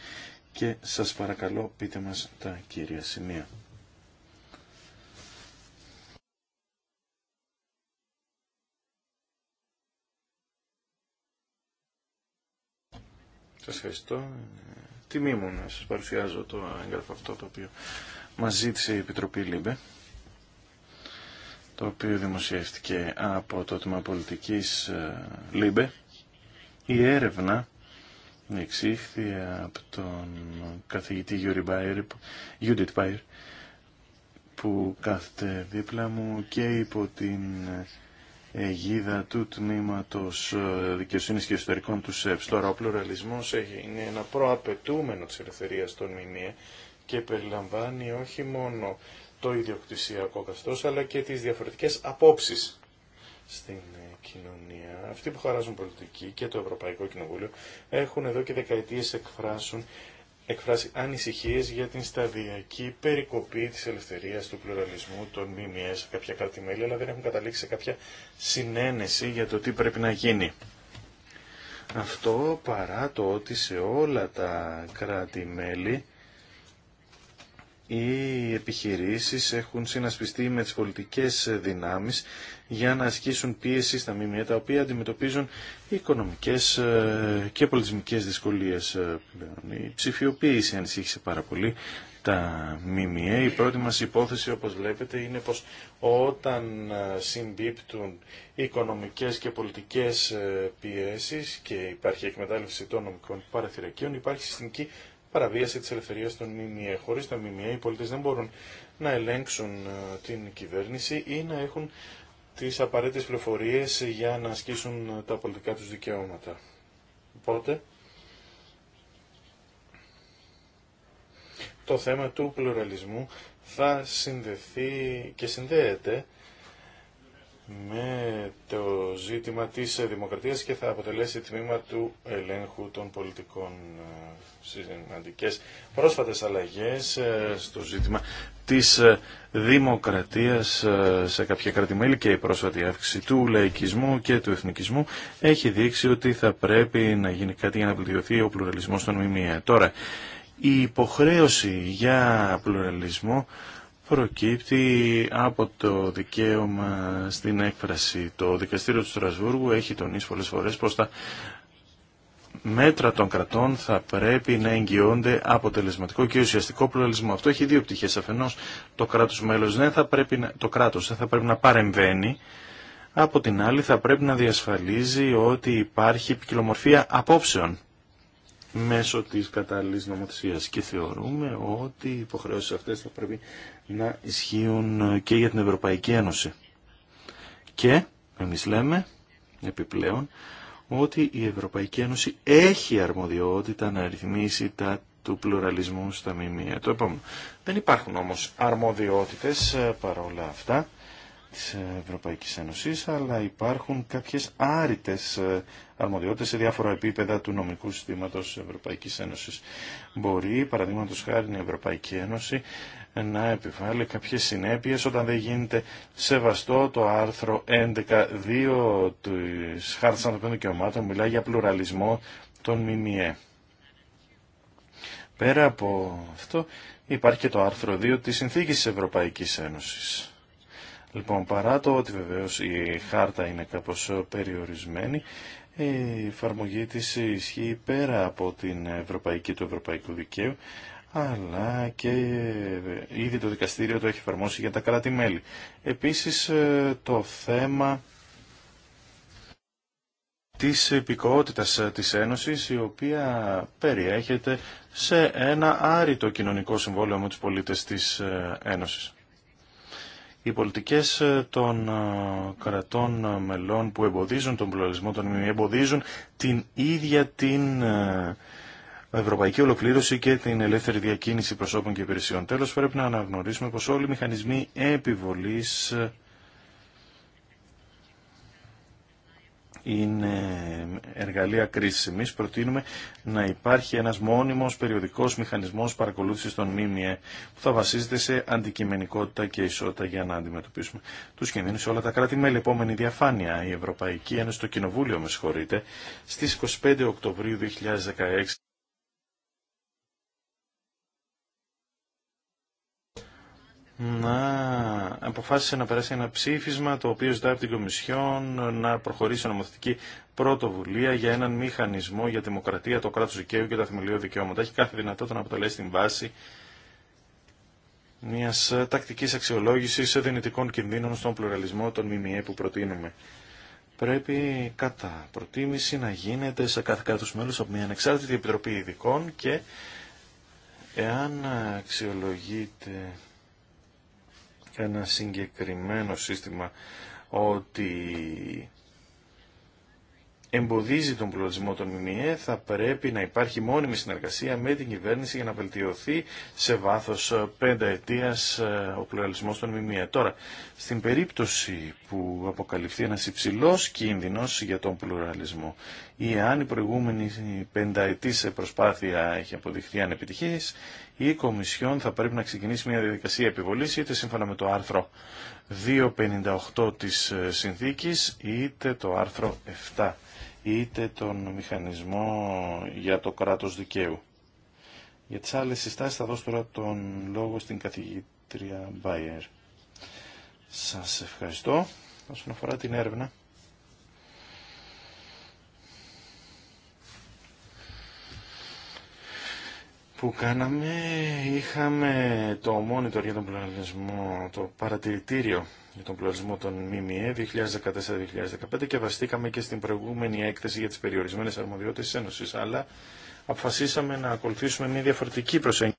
και σας παρακαλώ πείτε μας τα κύρια σημεία. Σας ευχαριστώ. Τιμή μου να σας παρουσιάζω το έγγραφο αυτό το οποίο μας ζήτησε η Επιτροπή ΛΥΜΠΕ το οποίο δημοσιεύτηκε από το Τμήμα Πολιτικής ε, Λίμπε. η έρευνα εξήχθη από τον καθηγητή Γιούρι Μπάιρ, Judith Μπάιρ, που κάθεται δίπλα μου και υπό την αιγίδα του τμήματος ε, δικαιοσύνης και ιστορικών του ΣΕΠΣ. Τώρα ο πλουραλισμός είναι ένα προαπαιτούμενο της ελευθερίας των ΜΜΕ και περιλαμβάνει όχι μόνο το ιδιοκτησιακό καθεστώς αλλά και τις διαφορετικές απόψεις στην κοινωνία. Αυτοί που χαράζουν πολιτική και το Ευρωπαϊκό Κοινοβούλιο έχουν εδώ και δεκαετίες εκφράσουν εκφράσει ανησυχίες για την σταδιακή περικοπή της ελευθερίας του πλουραλισμού των ΜΜΕ σε κάποια κράτη-μέλη, αλλά δεν έχουν καταλήξει σε κάποια συνένεση για το τι πρέπει να γίνει. Αυτό παρά το ότι σε όλα τα κράτη-μέλη οι επιχειρήσεις έχουν συνασπιστεί με τις πολιτικές δυνάμεις για να ασκήσουν πίεση στα ΜΜΕ τα οποία αντιμετωπίζουν οικονομικές ε, και πολιτισμικές δυσκολίες ε, Η ψηφιοποίηση ανησύχησε πάρα πολύ τα ΜΜΕ. Η πρώτη μας υπόθεση όπως βλέπετε είναι πως όταν ε, συμπίπτουν οικονομικές και πολιτικές πιέσεις και υπάρχει εκμετάλλευση των νομικών παραθυρακίων υπάρχει συστημική παραβίαση τη ελευθερία των ΜΜΕ. Χωρί τα ΜΜΕ οι πολίτες δεν μπορούν να ελέγξουν ε, την κυβέρνηση ή να έχουν τι απαραίτητε πληροφορίε για να ασκήσουν ε, τα πολιτικά τους δικαιώματα. Οπότε, το θέμα του πλουραλισμού θα συνδεθεί και συνδέεται με το ζήτημα της δημοκρατίας και θα αποτελέσει τμήμα του ελέγχου των πολιτικών ε, συναντικές πρόσφατες αλλαγές ε, στο ζήτημα της ε, δημοκρατίας σε κάποια κρατημέλη και η πρόσφατη αύξηση του λαϊκισμού και του εθνικισμού έχει δείξει ότι θα πρέπει να γίνει κάτι για να βελτιωθεί ο πλουραλισμός των ΜΜΕ. Τώρα, η υποχρέωση για πλουραλισμό προκύπτει από το δικαίωμα στην έκφραση. Το Δικαστήριο του Στρασβούργου έχει τονίσει πολλές φορές πως τα μέτρα των κρατών θα πρέπει να εγγυώνται αποτελεσματικό και ουσιαστικό πλουραλισμό. Αυτό έχει δύο πτυχές. Αφενός το κράτος μέλος δεν θα πρέπει να, το κράτος δεν θα πρέπει να παρεμβαίνει από την άλλη θα πρέπει να διασφαλίζει ότι υπάρχει ποικιλομορφία απόψεων μέσω της κατάλληλης νομοθεσίας και θεωρούμε ότι οι υποχρεώσεις αυτές θα πρέπει να ισχύουν και για την Ευρωπαϊκή Ένωση. Και εμείς λέμε επιπλέον ότι η Ευρωπαϊκή Ένωση έχει αρμοδιότητα να ρυθμίσει τα του πλουραλισμού στα μημία. Το επόμενο. Δεν υπάρχουν όμως αρμοδιότητες ε, παρόλα αυτά της Ευρωπαϊκής Ένωσης, αλλά υπάρχουν κάποιες άρρητες ε, αρμοδιότητες σε διάφορα επίπεδα του νομικού συστήματος Ευρωπαϊκής Ένωσης. Μπορεί, παραδείγματο χάρη, η Ευρωπαϊκή Ένωση να επιβάλλει κάποιες συνέπειες όταν δεν γίνεται σεβαστό το άρθρο 11.2 της Χάρτας Ανθρωπίνων Δικαιωμάτων μιλάει για πλουραλισμό των ΜΜΕ. Πέρα από αυτό υπάρχει και το άρθρο 2 της Συνθήκης της Ευρωπαϊκής Ένωσης. Λοιπόν, παρά το ότι βεβαίως η χάρτα είναι κάπως περιορισμένη, η εφαρμογή της ισχύει πέρα από την ευρωπαϊκή του ευρωπαϊκού δικαίου αλλά και ήδη το δικαστήριο το έχει εφαρμόσει για τα κράτη-μέλη. Επίσης ε, το θέμα της επικότητας ε, της Ένωσης, η οποία περιέχεται σε ένα άρρητο κοινωνικό συμβόλαιο με τους πολίτες της ε, Ένωσης. Οι πολιτικές των κρατών μελών που εμποδίζουν τον πλουραλισμό των εμποδίζουν την ίδια την ευρωπαϊκή ολοκλήρωση και την ελεύθερη διακίνηση προσώπων και υπηρεσιών. τέλο πρέπει να αναγνωρίσουμε πω όλοι οι μηχανισμοί επιβολή είναι εργαλεία κρίσης. Εμείς προτείνουμε να υπάρχει ένας μόνιμος περιοδικός μηχανισμός παρακολούθησης των ΜΜΕ που θα βασίζεται σε αντικειμενικότητα και ισότητα για να αντιμετωπίσουμε τους κινδύνους σε όλα τα κρατη Με λεπόμενη διαφάνεια, η Ευρωπαϊκή Ένωση, το Κοινοβούλιο, με συγχωρείτε, στις 25 Οκτωβρίου 2016 να αποφάσισε να περάσει ένα ψήφισμα το οποίο ζητάει από την Κομισιόν να προχωρήσει νομοθετική πρωτοβουλία για έναν μηχανισμό για δημοκρατία, το κράτος δικαίου και τα θεμελιώδη δικαιώματα. Έχει κάθε δυνατότητα να αποτελέσει την βάση μιας τακτικής αξιολόγησης δυνητικών κινδύνων στον πλουραλισμό των ΜΜΕ που προτείνουμε. Πρέπει κατά προτίμηση να γίνεται σε κάθε κράτος μέλος από μια ανεξάρτητη επιτροπή ειδικών και εάν αξιολογείται ένα συγκεκριμένο σύστημα ότι εμποδίζει τον πλουραλισμό των ΜΜΕ, θα πρέπει να υπάρχει μόνιμη συνεργασία με την κυβέρνηση για να βελτιωθεί σε βάθος πέντε ετίας ε, ο πλουραλισμός των ΜΜΕ. Τώρα, στην περίπτωση που αποκαλυφθεί ένας υψηλός κίνδυνος για τον πλουραλισμό ή αν η προηγούμενη πενταετής προσπάθεια έχει αποδειχθεί ανεπιτυχής, η Κομισιόν θα πρέπει να ξεκινήσει μια διαδικασία επιβολή είτε σύμφωνα με το άρθρο 258 της ε, συνθήκης είτε το άρθρο 7 είτε τον μηχανισμό για το κράτος δικαίου. Για τις άλλες συστάσεις θα δώσω τώρα τον λόγο στην καθηγήτρια Μπάιερ. Σας ευχαριστώ. Όσον αφορά την έρευνα, που κάναμε είχαμε το monitor για τον πλουραλισμό, το παρατηρητήριο για τον πλουραλισμό των ΜΜΕ 2014-2015 και βαστήκαμε και στην προηγούμενη έκθεση για τις περιορισμένες αρμοδιότητες της Ένωσης, αλλά αποφασίσαμε να ακολουθήσουμε μια διαφορετική προσέγγιση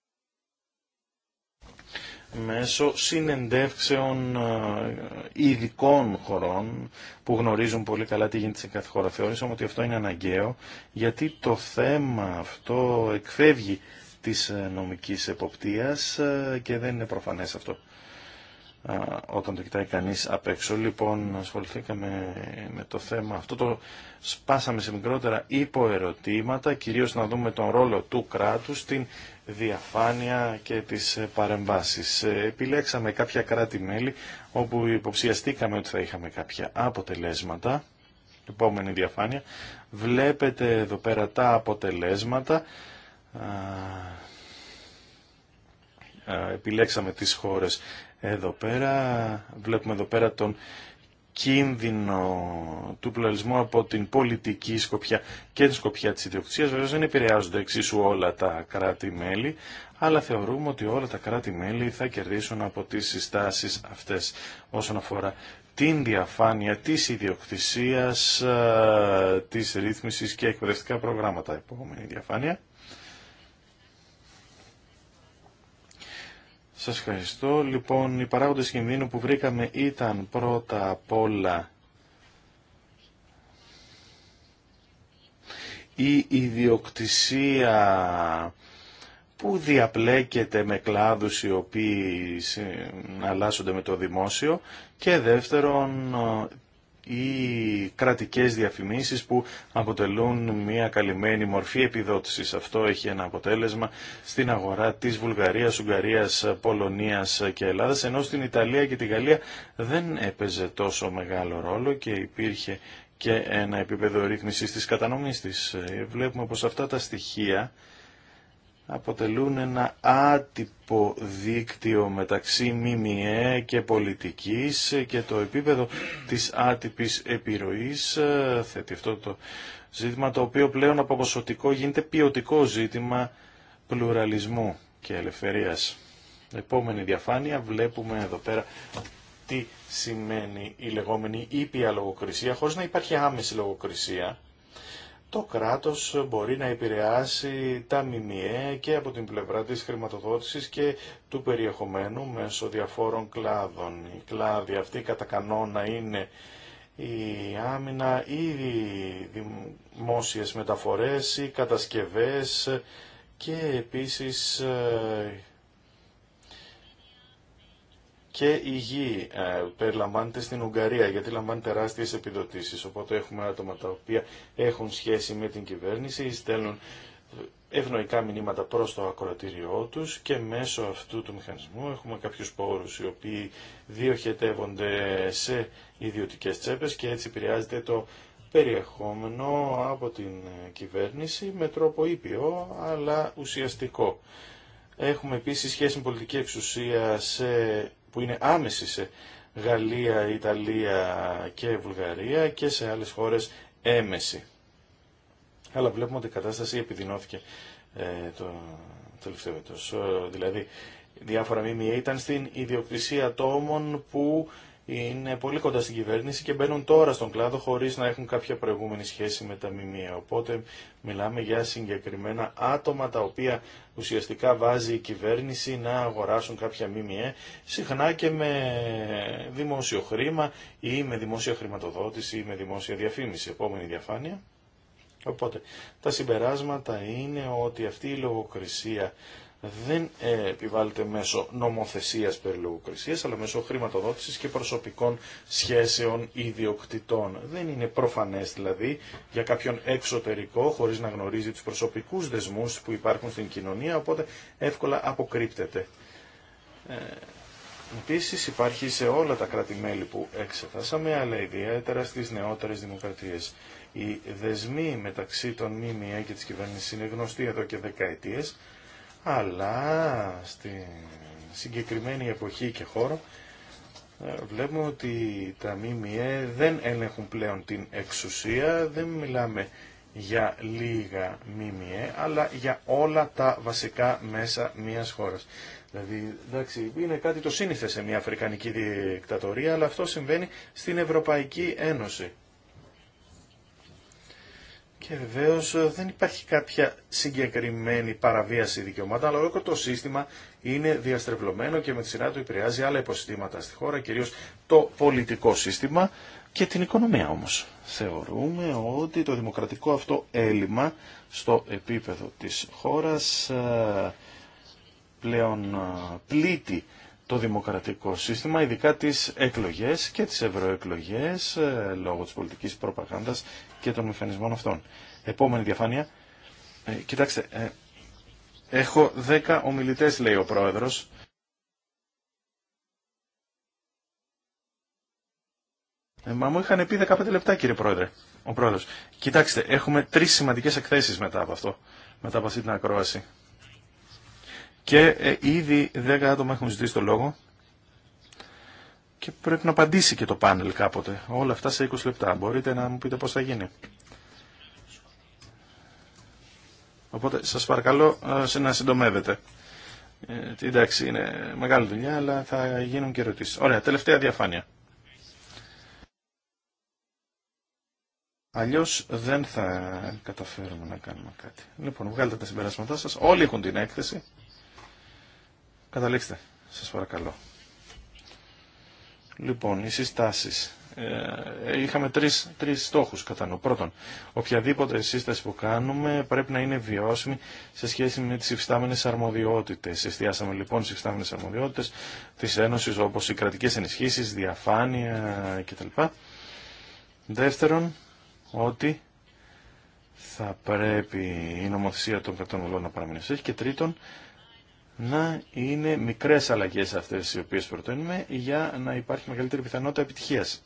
μέσω συνεντεύξεων ε, ειδικών χωρών που γνωρίζουν πολύ καλά τι γίνεται σε κάθε χώρα. Θεώρησαμε ότι αυτό είναι αναγκαίο γιατί το θέμα αυτό εκφεύγει της ε, νομικής εποπτείας ε, και δεν είναι προφανές αυτό όταν το κοιτάει κανείς απ' έξω. Λοιπόν, ασχοληθήκαμε με το θέμα αυτό, το σπάσαμε σε μικρότερα υποερωτήματα, κυρίως να δούμε τον ρόλο του κράτους, την διαφάνεια και τις ε, παρεμβάσεις. Επιλέξαμε κάποια κράτη-μέλη όπου υποψιαστήκαμε ότι θα είχαμε κάποια αποτελέσματα. Επόμενη διαφάνεια. Βλέπετε εδώ πέρα τα αποτελέσματα επιλέξαμε τις χώρες εδώ πέρα. Βλέπουμε εδώ πέρα τον κίνδυνο του πλουραλισμού από την πολιτική σκοπιά και την σκοπιά της ιδιοκτησίας. βέβαια δεν επηρεάζονται εξίσου όλα τα κράτη-μέλη, αλλά θεωρούμε ότι όλα τα κράτη-μέλη θα κερδίσουν από τις συστάσεις αυτές όσον αφορά την διαφάνεια της ιδιοκτησίας, της ρύθμισης και εκπαιδευτικά προγράμματα. Επόμενη διαφάνεια. Σας ευχαριστώ. Λοιπόν, οι παράγοντες κινδύνου που βρήκαμε ήταν πρώτα απ' όλα η ιδιοκτησία που διαπλέκεται με κλάδους οι οποίοι αλλάσσονται με το δημόσιο και δεύτερον ή κρατικές διαφημίσεις που αποτελούν μια καλυμμένη μορφή επιδότησης. Αυτό έχει ένα αποτέλεσμα στην αγορά της Βουλγαρίας, Ουγγαρίας, Πολωνίας και Ελλάδας, ενώ στην Ιταλία και τη Γαλλία δεν έπαιζε τόσο μεγάλο ρόλο και υπήρχε και ένα επίπεδο ρύθμισης της κατανομής της. Ε, βλέπουμε πως αυτά τα στοιχεία αποτελούν ένα άτυπο δίκτυο μεταξύ ΜΜΕ και πολιτικής και το επίπεδο της άτυπης επιρροής ε, θέτει αυτό το ζήτημα το οποίο πλέον από ποσοτικό γίνεται ποιοτικό ζήτημα πλουραλισμού και ελευθερίας. Επόμενη διαφάνεια βλέπουμε εδώ πέρα τι σημαίνει η λεγόμενη ήπια λογοκρισία χωρίς να υπάρχει άμεση λογοκρισία το κράτος μπορεί να επηρεάσει τα ΜΜΕ και από την πλευρά της χρηματοδότησης και του περιεχομένου μέσω διαφόρων κλάδων. Οι κλάδοι αυτή κατά κανόνα είναι η άμυνα ή οι δημόσιες μεταφορές, οι κατασκευές και επίσης ε, και η γη ε, περιλαμβάνεται στην Ουγγαρία γιατί λαμβάνει τεράστιε επιδοτήσει. Οπότε έχουμε άτομα τα οποία έχουν σχέση με την κυβέρνηση, στέλνουν ε, ευνοϊκά μηνύματα προς το ακροατήριό τους και μέσω αυτού του μηχανισμού έχουμε κάποιους πόρους οι οποίοι διοχετεύονται σε ιδιωτικές τσέπες και έτσι επηρεάζεται το περιεχόμενο από την ε, κυβέρνηση με τρόπο ήπιο αλλά ουσιαστικό. Έχουμε επίσης σχέση με πολιτική εξουσία σε που είναι άμεση σε Γαλλία, Ιταλία και Βουλγαρία και σε άλλες χώρες έμεση. Αλλά βλέπουμε ότι η κατάσταση επιδεινώθηκε ε, το τελευταίο έτος. Ε, δηλαδή διάφορα μήμοι ήταν στην ιδιοκτησία ατόμων που είναι πολύ κοντά στην κυβέρνηση και μπαίνουν τώρα στον κλάδο χωρίς να έχουν κάποια προηγούμενη σχέση με τα ΜΜΕ. Οπότε μιλάμε για συγκεκριμένα άτομα τα οποία ουσιαστικά βάζει η κυβέρνηση να αγοράσουν κάποια ΜΜΕ, συχνά και με δημόσιο χρήμα ή με δημόσια χρηματοδότηση ή με δημόσια διαφήμιση. Επόμενη διαφάνεια. Οπότε τα συμπεράσματα είναι ότι αυτή η λογοκρισία δεν ε, επιβάλλεται μέσω νομοθεσίας περί λογοκρισίας, αλλά μέσω χρηματοδότησης και προσωπικών σχέσεων ιδιοκτητών. Δεν είναι προφανές δηλαδή για κάποιον εξωτερικό, χωρίς να γνωρίζει τους προσωπικούς δεσμούς που υπάρχουν στην κοινωνία, οπότε εύκολα αποκρύπτεται. Ε, Επίση υπάρχει σε όλα τα κράτη-μέλη που εξετάσαμε, αλλά ιδιαίτερα στις νεότερες δημοκρατίες. Οι δεσμοί μεταξύ των ΜΜΕ και της κυβέρνησης είναι γνωστοί εδώ και δεκαετίες, αλλά στη συγκεκριμένη εποχή και χώρο ε, βλέπουμε ότι τα ΜΜΕ δεν ελέγχουν πλέον την εξουσία, δεν μιλάμε για λίγα ΜΜΕ, αλλά για όλα τα βασικά μέσα μιας χώρας. Δηλαδή, εντάξει, είναι κάτι το σύνηθε σε μια Αφρικανική δικτατορία, αλλά αυτό συμβαίνει στην Ευρωπαϊκή Ένωση. Και βεβαίω ε, δεν υπάρχει κάποια συγκεκριμένη παραβίαση δικαιωμάτων, αλλά όλο το σύστημα είναι διαστρεβλωμένο και με τη σειρά του επηρεάζει άλλα υποσυστήματα στη χώρα, κυρίω το πολιτικό σύστημα και την οικονομία όμω. Θεωρούμε ότι το δημοκρατικό αυτό έλλειμμα στο επίπεδο τη χώρα ε, πλέον ε, πλήττει το δημοκρατικό σύστημα, ειδικά τις εκλογές και τις ευρωεκλογές ε, λόγω της πολιτικής προπαγάνδας και των μηχανισμών αυτών. Επόμενη διαφάνεια. Ε, κοιτάξτε, ε, έχω δέκα ομιλητές λέει ο πρόεδρος. Ε, μα μου είχαν πει 15 λεπτά κύριε πρόεδρε. Ο πρόεδρος. Κοιτάξτε, έχουμε τρεις σημαντικές εκθέσεις μετά από αυτό, μετά από αυτή την ακρόαση. Και ε, ήδη 10 άτομα έχουν ζητήσει το λόγο και πρέπει να απαντήσει και το πάνελ κάποτε. Όλα αυτά σε 20 λεπτά. Μπορείτε να μου πείτε πώς θα γίνει. Οπότε σας παρακαλώ ε, σε να συντομεύετε. Ε, εντάξει, είναι μεγάλη δουλειά, αλλά θα γίνουν και ερωτήσεις. Ωραία, τελευταία διαφάνεια. Αλλιώς δεν θα καταφέρουμε να κάνουμε κάτι. Λοιπόν, βγάλετε τα συμπεράσματά σας. Όλοι έχουν την έκθεση. Καταλήξτε, σας παρακαλώ. Λοιπόν, οι συστάσεις. Ε, είχαμε τρεις, τρεις στόχους κατά νου. Πρώτον, οποιαδήποτε σύσταση που κάνουμε πρέπει να είναι βιώσιμη σε σχέση με τις υφιστάμενες αρμοδιότητες. Εστιάσαμε λοιπόν τις υφιστάμενες αρμοδιότητες της Ένωσης όπως οι κρατικές ενισχύσεις, διαφάνεια κτλ. Δεύτερον, ότι θα πρέπει η νομοθεσία των κρατών μελών να παραμείνει. Και τρίτον, να είναι μικρές αλλαγές αυτές οι οποίες προτείνουμε για να υπάρχει μεγαλύτερη πιθανότητα επιτυχίας.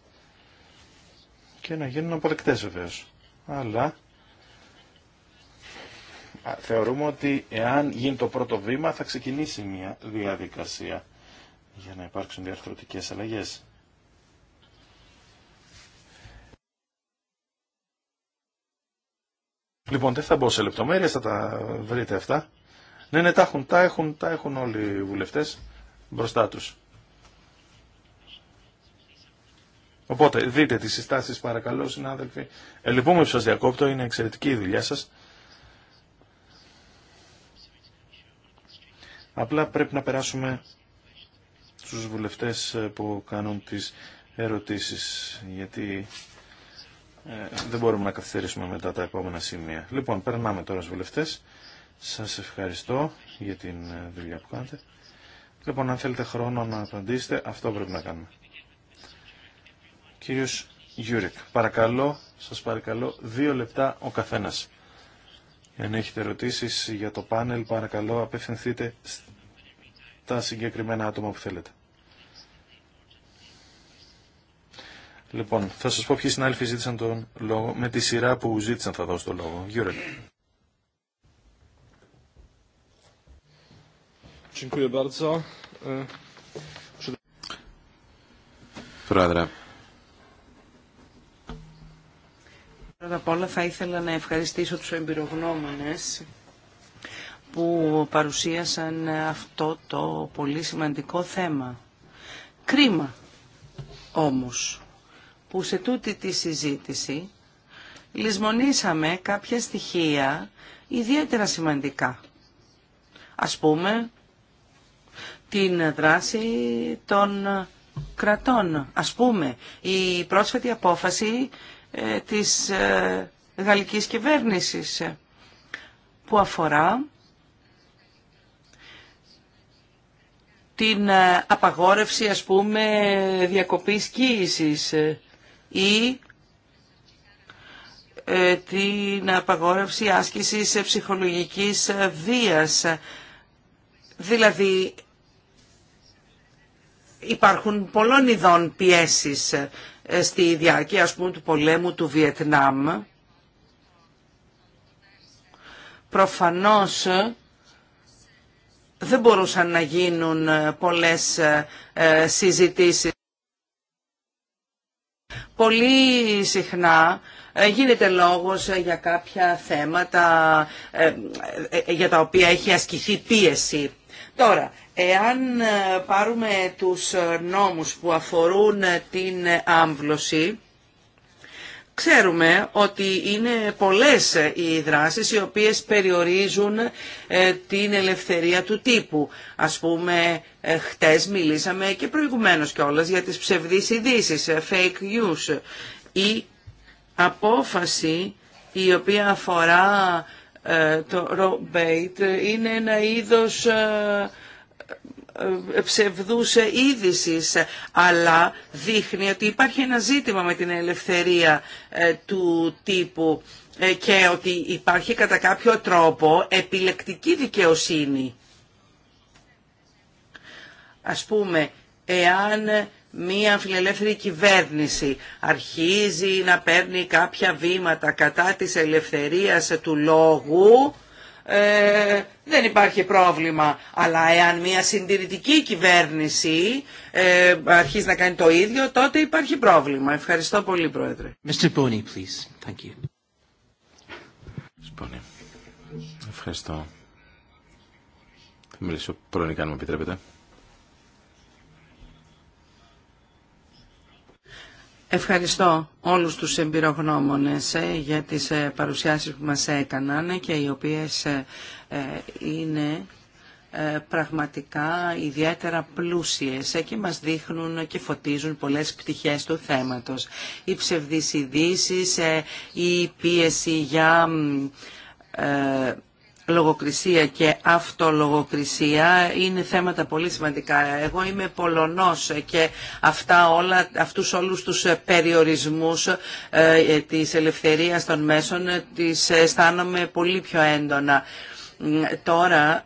Και να γίνουν αποδεκτές βεβαίω. Αλλά θεωρούμε ότι εάν γίνει το πρώτο βήμα θα ξεκινήσει μια διαδικασία για να υπάρξουν διαρθρωτικές αλλαγές. Λοιπόν, δεν θα μπω σε λεπτομέρειες, θα τα βρείτε αυτά. Ναι, ναι, τα έχουν, τα έχουν, όλοι οι βουλευτές μπροστά τους. Οπότε, δείτε τις συστάσεις παρακαλώ, συνάδελφοι. Ε, που σας διακόπτω, είναι εξαιρετική η δουλειά σας. Απλά πρέπει να περάσουμε στους βουλευτές ε, που κάνουν τις ερωτήσεις, γιατί ε, δεν μπορούμε να καθυστερήσουμε μετά τα επόμενα σημεία. Λοιπόν, περνάμε τώρα στους βουλευτές. Σας ευχαριστώ για την ε, δουλειά που κάνετε. Λοιπόν, αν θέλετε χρόνο να απαντήσετε, αυτό πρέπει να κάνουμε. Κύριος Γιούρικ, παρακαλώ, σας παρακαλώ, δύο λεπτά ο καθένας. Αν έχετε ερωτήσεις για το πάνελ, παρακαλώ, απευθυνθείτε στα συγκεκριμένα άτομα που θέλετε. Λοιπόν, θα σας πω ποιοι συνάδελφοι ζήτησαν τον λόγο. Με τη σειρά που ζήτησαν θα δώσω τον λόγο. Γιούρικ. Πρόεδρε. Πρώτα απ' όλα θα ήθελα να ευχαριστήσω τους εμπειρογνώμονες που παρουσίασαν αυτό το πολύ σημαντικό θέμα. Κρίμα όμως που σε τούτη τη συζήτηση λησμονήσαμε κάποια στοιχεία ιδιαίτερα σημαντικά. Ας πούμε την δράση των κρατών. Ας πούμε, η πρόσφατη απόφαση ε, της ε, γαλλικής κυβέρνησης ε, που αφορά την απαγόρευση, ας πούμε, διακοπής κοίησης ή την απαγόρευση άσκησης ψυχολογικής βίας. Δηλαδή, υπάρχουν πολλών ειδών πιέσεις ε, στη διάρκεια ας πούμε του πολέμου του Βιετνάμ. Προφανώς ε, δεν μπορούσαν να γίνουν ε, πολλές συζητήσεις. Πολύ συχνά γίνεται λόγος για κάποια θέματα για τα οποία έχει ασκηθεί πίεση. Τώρα, Εάν ε, πάρουμε τους ε, νόμους που αφορούν ε, την άμβλωση, Ξέρουμε ότι είναι πολλές οι δράσεις οι οποίες περιορίζουν την ελευθερία του τύπου. Ας πούμε, χτες μιλήσαμε και προηγουμένως κιόλας για τις ψευδείς ειδήσει, fake news. Η απόφαση η οποία αφορά το ρομπέιτ είναι ένα είδος ψευδούς είδηση, αλλά δείχνει ότι υπάρχει ένα ζήτημα με την ελευθερία ε, του τύπου ε, και ότι υπάρχει κατά κάποιο τρόπο επιλεκτική δικαιοσύνη. Ας πούμε, εάν μία φιλελεύθερη κυβέρνηση αρχίζει να παίρνει κάποια βήματα κατά της ελευθερίας του λόγου, ε, δεν υπάρχει πρόβλημα. Αλλά εάν μια συντηρητική κυβέρνηση ε, αρχίζει να κάνει το ίδιο, τότε υπάρχει πρόβλημα. Ευχαριστώ πολύ, Πρόεδρε. Mr. Boney, please. Thank you. Boney. Ευχαριστώ. Θα μιλήσω πρώην αν μου επιτρέπετε. Ευχαριστώ όλους τους εμπειρογνώμονες ε, για τις ε, παρουσιάσεις που μας έκαναν και οι οποίες ε, είναι πραγματικά ιδιαίτερα πλούσιες και μας δείχνουν και φωτίζουν πολλές πτυχές του θέματος. Οι ψευδείς ειδήσει, η πίεση για λογοκρισία και αυτολογοκρισία είναι θέματα πολύ σημαντικά. Εγώ είμαι Πολωνός και αυτά όλα, αυτούς όλους τους περιορισμούς ε, της ελευθερίας των μέσων ε, τις αισθάνομαι πολύ πιο έντονα. Τώρα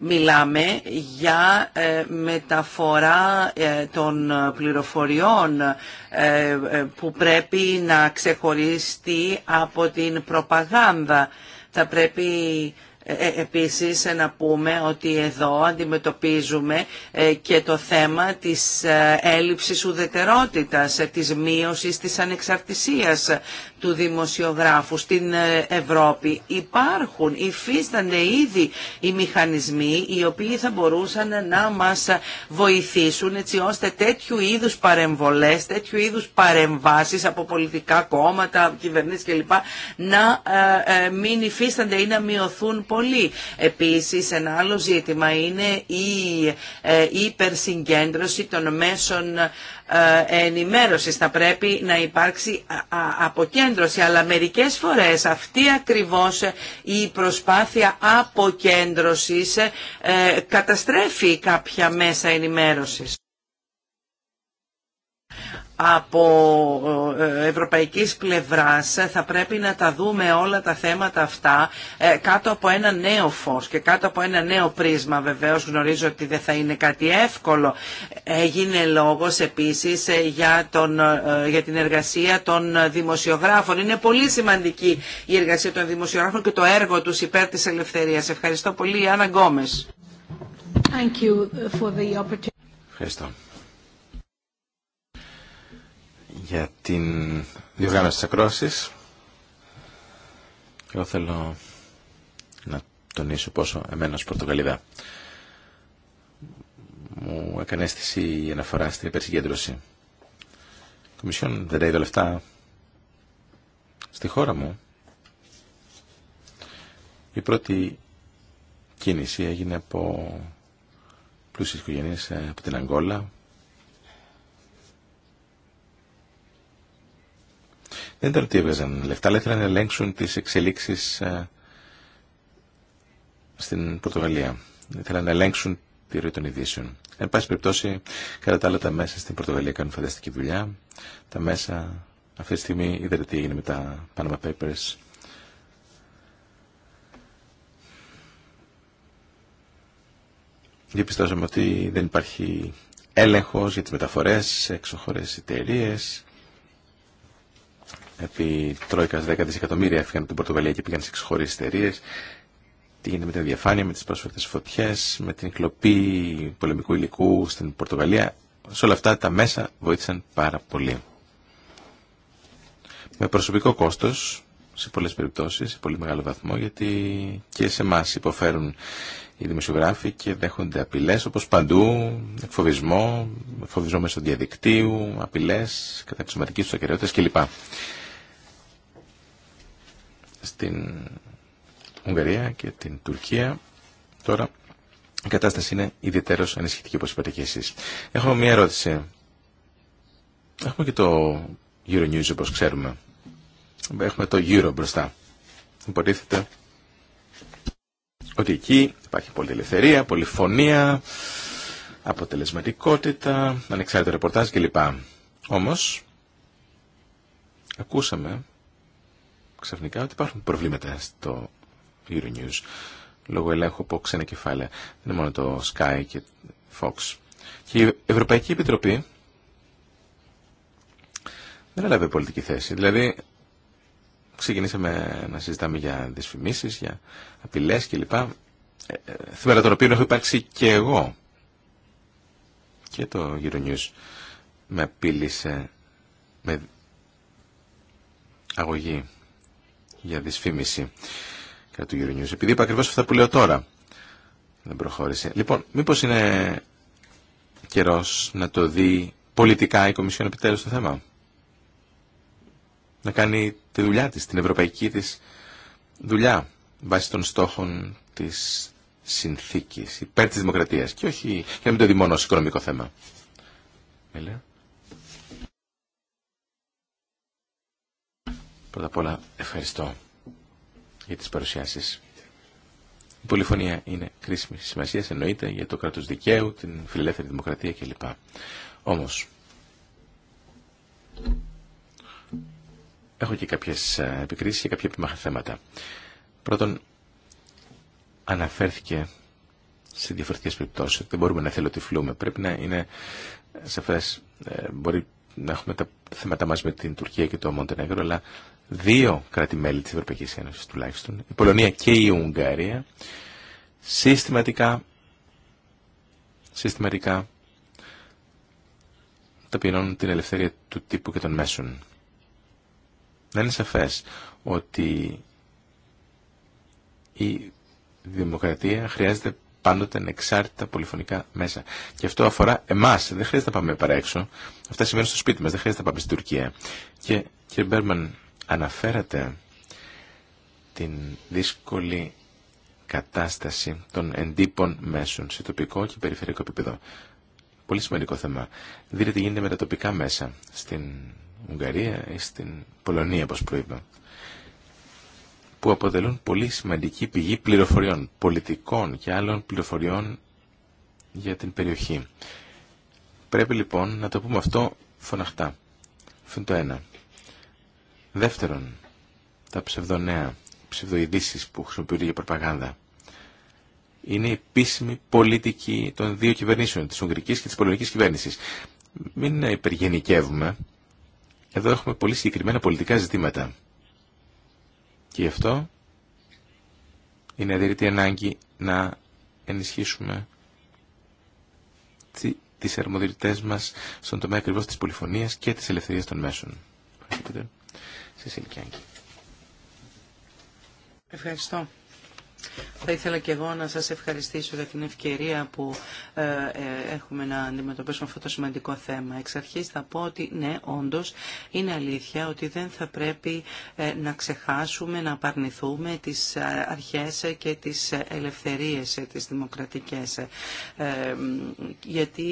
Μιλάμε για ε, μεταφορά των πληροφοριών που πρέπει να ξεχωριστεί από την προπαγάνδα. Θα πρέπει ε, ε, επίσης να πούμε ότι εδώ αντιμετωπίζουμε ε, και το θέμα της έλλειψης ουδετερότητας, της μείωσης της ανεξαρτησίας του δημοσιογράφου στην ε, Ευρώπη υπάρχουν, υφίστανται ήδη οι μηχανισμοί οι οποίοι θα μπορούσαν να μας βοηθήσουν έτσι ώστε τέτοιου είδους παρεμβολές, τέτοιου είδους παρεμβάσεις από πολιτικά κόμματα, κυβερνήσεις κλπ. να ε, ε, μην υφίστανται ή να μειωθούν πολύ. Επίσης ένα άλλο ζήτημα είναι η υπερσυγκέντρωση των μέσων ε, ενημέρωσης. Θα πρέπει να υπάρξει αποκέντρωση, αλλά μερικές φορές αυτή ακριβώς ε, η προσπάθεια αποκέντρωσης ε, καταστρέφει κάποια μέσα ενημέρωσης από ε, ευρωπαϊκής πλευράς θα πρέπει να τα δούμε όλα τα θέματα αυτά ε, κάτω από ένα νέο φως και κάτω από ένα νέο πρίσμα βεβαίως γνωρίζω ότι δεν θα είναι κάτι εύκολο έγινε λόγος επίσης ε, για, τον, για την εργασία των δημοσιογράφων είναι πολύ σημαντική η εργασία των δημοσιογράφων και το έργο τους υπέρ της ελευθερίας ευχαριστώ πολύ Άννα Γκόμες Ευχαριστώ για την διοργάνωση της ακρόασης. Εγώ θέλω να τονίσω πόσο εμένα ως Πορτογαλίδα μου έκανε αίσθηση η αναφορά στην υπερσυγκέντρωση. Η Κομισιόν δεν τα λεφτά στη χώρα μου. Η πρώτη κίνηση έγινε από πλούσιες οικογένειες από την Αγγόλα Δεν ήταν ότι έβγαζαν λεφτά, αλλά ήθελαν να ελέγξουν τις εξελίξεις ε, στην Πορτογαλία. Ήθελαν να ελέγξουν τη ροή των ειδήσεων. Εν πάση περιπτώσει, κατά τα άλλα τα μέσα στην Πορτογαλία κάνουν φανταστική δουλειά. Τα μέσα, αυτή τη στιγμή είδατε τι έγινε με τα Panama Papers. Διαπιστώσαμε ότι δεν υπάρχει έλεγχος για τις μεταφορές σε εξωχωρές εταιρείε επί τρόικα 10 δισεκατομμύρια έφυγαν από την Πορτογαλία και πήγαν σε ξεχωρίες εταιρείε. Τι γίνεται με την διαφάνεια, με τι πρόσφατε φωτιέ, με την κλοπή πολεμικού υλικού στην Πορτογαλία. Σε όλα αυτά τα μέσα βοήθησαν πάρα πολύ. Με προσωπικό κόστο, σε πολλέ περιπτώσει, σε πολύ μεγάλο βαθμό, γιατί και σε εμά υποφέρουν οι δημοσιογράφοι και δέχονται απειλέ, όπω παντού, εκφοβισμό, εκφοβισμό μέσω διαδικτύου, τη σωματική του ακεραιότητα κλπ την Ουγγαρία και την Τουρκία. Τώρα η κατάσταση είναι ιδιαίτερω ανησυχητική, όπω είπατε και εσεί. Έχω μία ερώτηση. Έχουμε και το Euronews, όπω ξέρουμε. Έχουμε το Euro μπροστά. Υποτίθεται ότι εκεί υπάρχει πολλή ελευθερία, αποτελεσματικότητα, ανεξάρτητο ρεπορτάζ κλπ. Όμως, ακούσαμε ξαφνικά ότι υπάρχουν προβλήματα στο Euronews λόγω ελέγχου από ξένα κεφάλαια. Δεν είναι μόνο το Sky και Fox. Και η Ευρωπαϊκή Επιτροπή δεν έλαβε πολιτική θέση. Δηλαδή, ξεκινήσαμε να συζητάμε για δυσφημίσεις, για απειλές κλπ. Ε, ε, Θυμάρα των οποίων έχω υπάρξει και εγώ. Και το Euronews με απείλησε με αγωγή για δυσφήμιση κατά του Euronews. Επειδή είπα ακριβώ αυτά που λέω τώρα, δεν προχώρησε. Λοιπόν, μήπως είναι καιρό να το δει πολιτικά η Κομισιόν επιτέλου το θέμα. Να κάνει τη δουλειά της, την ευρωπαϊκή της δουλειά βάσει των στόχων της συνθήκης υπέρ της δημοκρατίας και όχι για να μην το δει μόνο ως οικονομικό θέμα. Πρώτα απ' όλα ευχαριστώ για τις παρουσιάσεις. Η πολυφωνία είναι κρίσιμη σημασία, εννοείται, για το κράτος δικαίου, την φιλελεύθερη δημοκρατία κλπ. Όμως, έχω και κάποιες ε, επικρίσεις και κάποια επιμάχα θέματα. Πρώτον, αναφέρθηκε σε διαφορετικές περιπτώσεις. Δεν μπορούμε να θέλω φλούμε. Πρέπει να είναι σαφές. Ε, μπορεί να έχουμε τα θέματα μας με την Τουρκία και το Μοντενέγρο, αλλά δύο κράτη-μέλη της Ευρωπαϊκής Ένωσης τουλάχιστον, η Πολωνία και η Ουγγαρία, συστηματικά, συστηματικά ταπεινώνουν την ελευθερία του τύπου και των μέσων. Δεν είναι σαφές ότι η δημοκρατία χρειάζεται πάντοτε ανεξάρτητα πολυφωνικά μέσα. Και αυτό αφορά εμάς. Δεν χρειάζεται να πάμε παρέξω. Αυτά σημαίνουν στο σπίτι μα. Δεν χρειάζεται να πάμε στην Τουρκία. Και κύριε Μπέρμαν, Αναφέρατε την δύσκολη κατάσταση των εντύπων μέσων σε τοπικό και περιφερειακό επίπεδο. Πολύ σημαντικό θέμα. Δείτε τι γίνεται με τα τοπικά μέσα στην Ουγγαρία ή στην Πολωνία, όπως προείπα, που αποτελούν πολύ σημαντική πηγή πληροφοριών, πολιτικών και άλλων πληροφοριών για την περιοχή. Πρέπει λοιπόν να το πούμε αυτό φωναχτά. Αυτό είναι ένα. Δεύτερον, τα ψευδονέα, ψευδοειδήσεις που χρησιμοποιούνται για προπαγάνδα είναι η επίσημη πολιτική των δύο κυβερνήσεων, της Ουγγρικής και της Πολωνικής κυβέρνησης. Μην υπεργενικεύουμε. Εδώ έχουμε πολύ συγκεκριμένα πολιτικά ζητήματα. Και γι' αυτό είναι αδερήτη ανάγκη να ενισχύσουμε τις αρμοδιότητές μας στον τομέα ακριβώς της πολυφωνίας και της ελευθερίας των μέσων. Βασιλικιάκη. Ευχαριστώ. Θα ήθελα και εγώ να σας ευχαριστήσω για την ευκαιρία που ε, ε, έχουμε να αντιμετωπίσουμε αυτό το σημαντικό θέμα. Εξ αρχής θα πω ότι ναι, όντως είναι αλήθεια ότι δεν θα πρέπει ε, να ξεχάσουμε, να απαρνηθούμε τις αρχές και τις ελευθερίες τις δημοκρατικές. Γιατί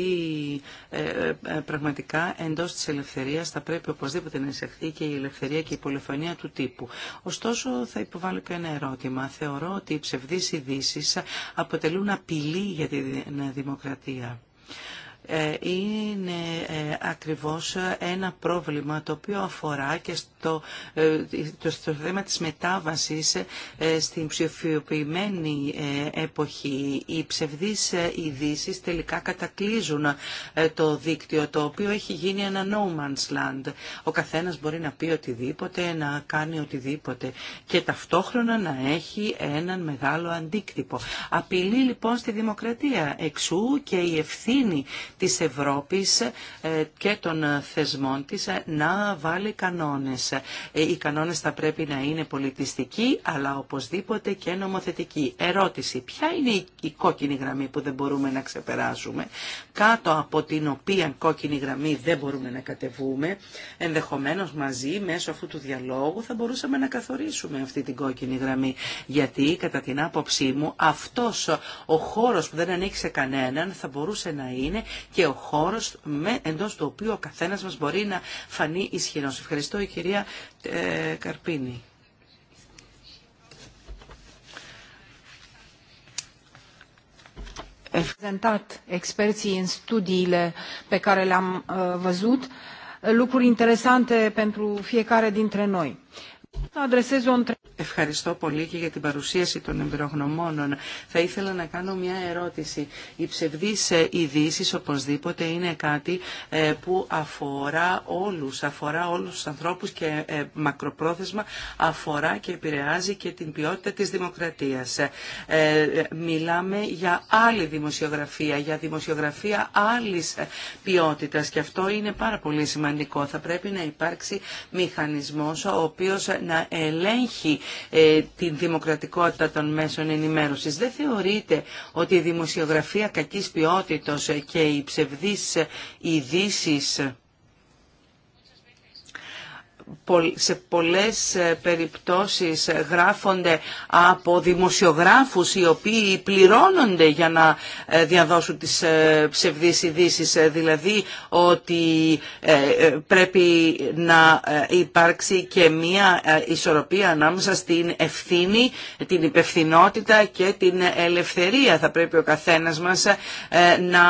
πραγματικά εντός της ελευθερίας θα πρέπει οπωσδήποτε να εισαχθεί και η ελευθερία και η πολυφωνία του τύπου. Ωστόσο θα υποβάλω και ένα ερώτημα. Θεωρώ ότι οι ψευδείς ειδήσει αποτελούν απειλή για τη δημοκρατία. Ε, είναι ε, ακριβώς ένα πρόβλημα το οποίο αφορά και στο, ε, στο θέμα της μετάβασης στην ψηφιοποιημένη εποχή. Οι ψευδείς ειδήσει τελικά κατακλείζουν το δίκτυο το οποίο έχει γίνει ένα no man's land. Ο καθένας μπορεί να πει οτιδήποτε, να κάνει οτιδήποτε και ταυτόχρονα να έχει έναν μεγάλο αντίκτυπο. Απειλεί λοιπόν στη δημοκρατία εξού και η ευθύνη της Ευρώπης ε, και των θεσμών της ε, να βάλει κανόνες. Ε, οι κανόνες θα πρέπει να είναι πολιτιστικοί αλλά οπωσδήποτε και νομοθετικοί. Ερώτηση, ποια είναι η κόκκινη γραμμή που δεν μπορούμε να ξεπεράσουμε, κάτω από την οποία κόκκινη γραμμή δεν μπορούμε να κατεβούμε, ενδεχομένως μαζί μέσω αυτού του διαλόγου θα μπορούσαμε να καθορίσουμε αυτή την κόκκινη γραμμή. Γιατί κατά την άποψή μου αυτός ο χώρος που δεν ανοίξει κανέναν θα μπορούσε να είναι και ο χώρο με, εντός του οποίου ο καθένα μα μπορεί να φανεί ισχυρό. Ευχαριστώ η κυρία ε, Καρπίνη. prezentat experții în studiile pe care le-am uh, văzut, lucruri interesante pentru fiecare dintre noi. Adresez o întrebare. Ευχαριστώ πολύ και για την παρουσίαση των εμπειρογνωμόνων. Θα ήθελα να κάνω μια ερώτηση. Οι ψευδείς ε, ειδήσει οπωσδήποτε είναι κάτι ε, που αφορά όλους, αφορά όλους τους ανθρώπους και ε, μακροπρόθεσμα αφορά και επηρεάζει και την ποιότητα της δημοκρατίας. Μιλάμε για άλλη δημοσιογραφία, για δημοσιογραφία άλλης ποιότητας και αυτό είναι πάρα πολύ σημαντικό. Θα πρέπει να υπάρξει μηχανισμός ο οποίος να ελέγχει ε, την δημοκρατικότητα των μέσων ενημέρωσης. Δεν θεωρείτε ότι η δημοσιογραφία κακής ποιότητος και οι ψευδείς ειδήσει σε πολλές ε, περιπτώσεις ε, γράφονται από δημοσιογράφους οι οποίοι πληρώνονται για να ε, διαδώσουν τις ψευδείς ειδήσει, δηλαδή ότι πρέπει να υπάρξει και μία ισορροπία ανάμεσα στην ευθύνη, την υπευθυνότητα και την ελευθερία. Θα πρέπει ο καθένας μας να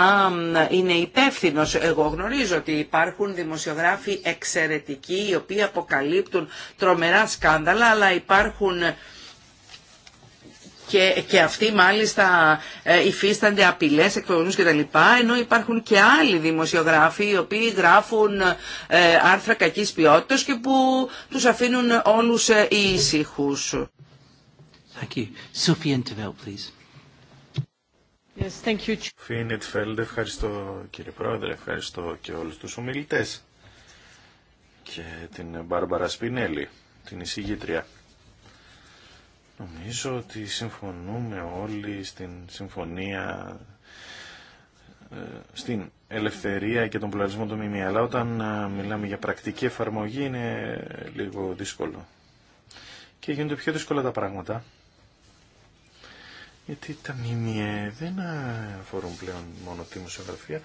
είναι υπεύθυνος. Εγώ γνωρίζω ότι υπάρχουν δημοσιογράφοι εξαιρετικοί οι οποίοι αποκαλύπτουν τρομερά σκάνδαλα, αλλά υπάρχουν και, και αυτοί μάλιστα ε, υφίστανται απειλές, εκτονούς κτλ. ενώ υπάρχουν και άλλοι δημοσιογράφοι οι οποίοι γράφουν ε, άρθρα κακής ποιότητας και που τους αφήνουν όλους ε, ήσυχους. Thank you. Sophie Ευχαριστώ κύριε Πρόεδρε, ευχαριστώ και όλους τους ομιλητές και την Μπάρμπαρα Σπινέλη, την εισηγήτρια. Νομίζω ότι συμφωνούμε όλοι στην συμφωνία ε, στην ελευθερία και τον πλουραλισμό του ΜΜΕ, αλλά όταν ε, μιλάμε για πρακτική εφαρμογή είναι λίγο δύσκολο. Και γίνονται πιο δύσκολα τα πράγματα. Γιατί τα ΜΜΕ δεν αφορούν πλέον μόνο τη μουσιογραφία,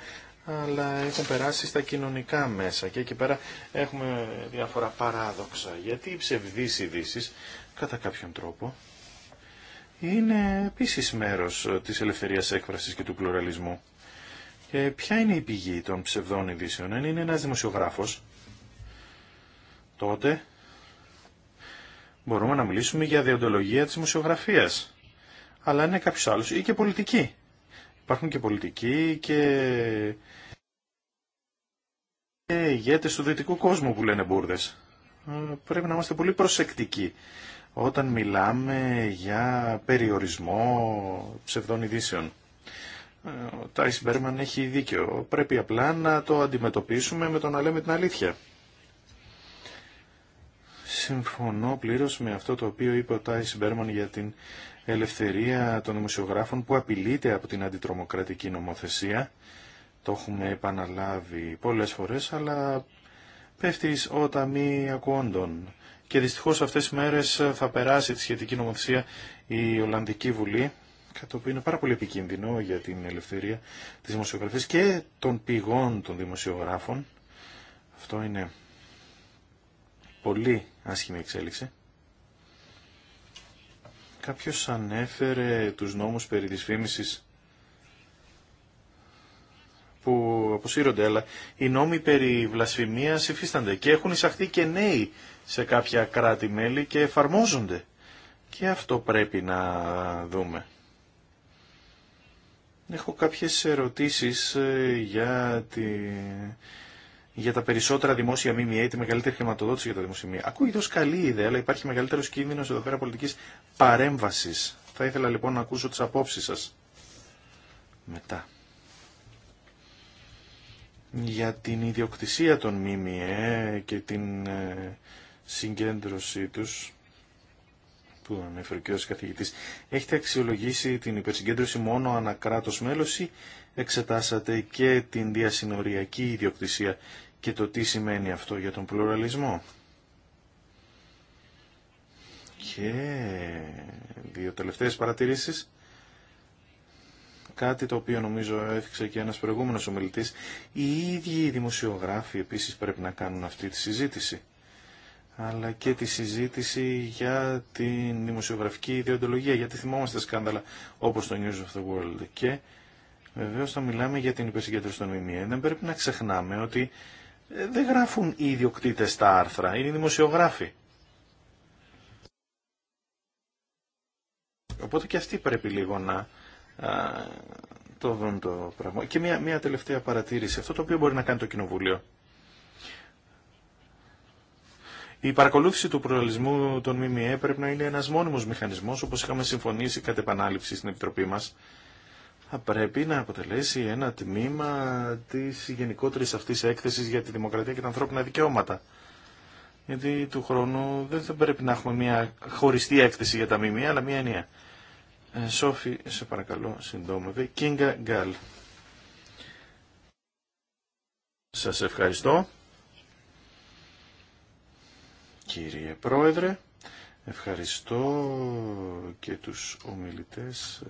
αλλά έχουν περάσει στα κοινωνικά μέσα και εκεί πέρα έχουμε διάφορα παράδοξα γιατί οι ψευδείς ειδήσει κατά κάποιον τρόπο είναι επίσης μέρος της ελευθερίας έκφρασης και του πλουραλισμού. Και ποια είναι η πηγή των ψευδών ειδήσεων, αν είναι ένας δημοσιογράφος, τότε μπορούμε να μιλήσουμε για διοντολογία της δημοσιογραφίας. Αλλά είναι κάποιος άλλος ή και πολιτική. Υπάρχουν και πολιτικοί και... και ηγέτες του δυτικού κόσμου που λένε μπούρδε. Ε, πρέπει να είμαστε πολύ προσεκτικοί όταν μιλάμε για περιορισμό ψευδών ειδήσεων. Ε, ο Τάις Μπέρμαν έχει δίκιο. Πρέπει απλά να το αντιμετωπίσουμε με το να λέμε την αλήθεια. Συμφωνώ πλήρως με αυτό το οποίο είπε ο Τάις Μπέρμαν για την ελευθερία των δημοσιογράφων που απειλείται από την αντιτρομοκρατική νομοθεσία. Το έχουμε επαναλάβει πολλές φορές, αλλά πέφτει όταν μη ακουόντων. Και δυστυχώς αυτές τις μέρες θα περάσει τη σχετική νομοθεσία η Ολλανδική Βουλή, κάτι που είναι πάρα πολύ επικίνδυνο για την ελευθερία της δημοσιογραφίας και των πηγών των δημοσιογράφων. Αυτό είναι πολύ άσχημη εξέλιξη. Κάποιος ανέφερε τους νόμους περί φήμησης που αποσύρονται, αλλά οι νόμοι περί βλασφημίας υφίστανται και έχουν εισαχθεί και νέοι σε κάποια κράτη-μέλη και εφαρμόζονται. Και αυτό πρέπει να δούμε. Έχω κάποιες ερωτήσεις ε, για τη για τα περισσότερα δημόσια ΜΜΕ, τη μεγαλύτερη χρηματοδότηση για τα δημόσια ΜΜΕ. Ακούγεται καλή ιδέα, αλλά υπάρχει μεγαλύτερο κίνδυνο εδώ πέρα πολιτική παρέμβαση. Θα ήθελα λοιπόν να ακούσω τι απόψει σα μετά. Για την ιδιοκτησία των ΜΜΕ και την ε, συγκέντρωσή τους που ανέφερε ο κ. καθηγητής. Έχετε αξιολογήσει την υπερσυγκέντρωση μόνο ανά κράτο ή εξετάσατε και την διασυνοριακή ιδιοκτησία και το τι σημαίνει αυτό για τον πλουραλισμό. Και δύο τελευταίες παρατηρήσεις. Κάτι το οποίο νομίζω έθιξε και ένας προηγούμενος ομιλητής. Οι ίδιοι οι δημοσιογράφοι επίσης πρέπει να κάνουν αυτή τη συζήτηση αλλά και τη συζήτηση για την δημοσιογραφική ιδεοντολογία, γιατί θυμόμαστε σκάνδαλα όπως το News of the World. Και βεβαίω θα μιλάμε για την υπερσυγκέντρωση των ΜΜΕ. Δεν πρέπει να ξεχνάμε ότι ε, δεν γράφουν οι ιδιοκτήτες τα άρθρα, είναι οι δημοσιογράφοι. Οπότε και αυτοί πρέπει λίγο να α, το δουν το πράγμα. Και μια, μια τελευταία παρατήρηση. Αυτό το οποίο μπορεί να κάνει το Κοινοβούλιο η παρακολούθηση του προελισμού των ΜΜΕ πρέπει να είναι ένας μόνιμος μηχανισμός, όπως είχαμε συμφωνήσει κατ' επανάληψη στην Επιτροπή μας. Θα πρέπει να αποτελέσει ένα τμήμα τη γενικότερη αυτή έκθεσης για τη δημοκρατία και τα ανθρώπινα δικαιώματα. Γιατί του χρόνου δεν θα πρέπει να έχουμε μια χωριστή έκθεση για τα ΜΜΕ, αλλά μια ενία. Ε, Σόφι, σε παρακαλώ, συντόμευε. Κίνγκα Γκάλ. Σας ευχαριστώ κύριε Πρόεδρε. Ευχαριστώ και τους ομιλητές ε,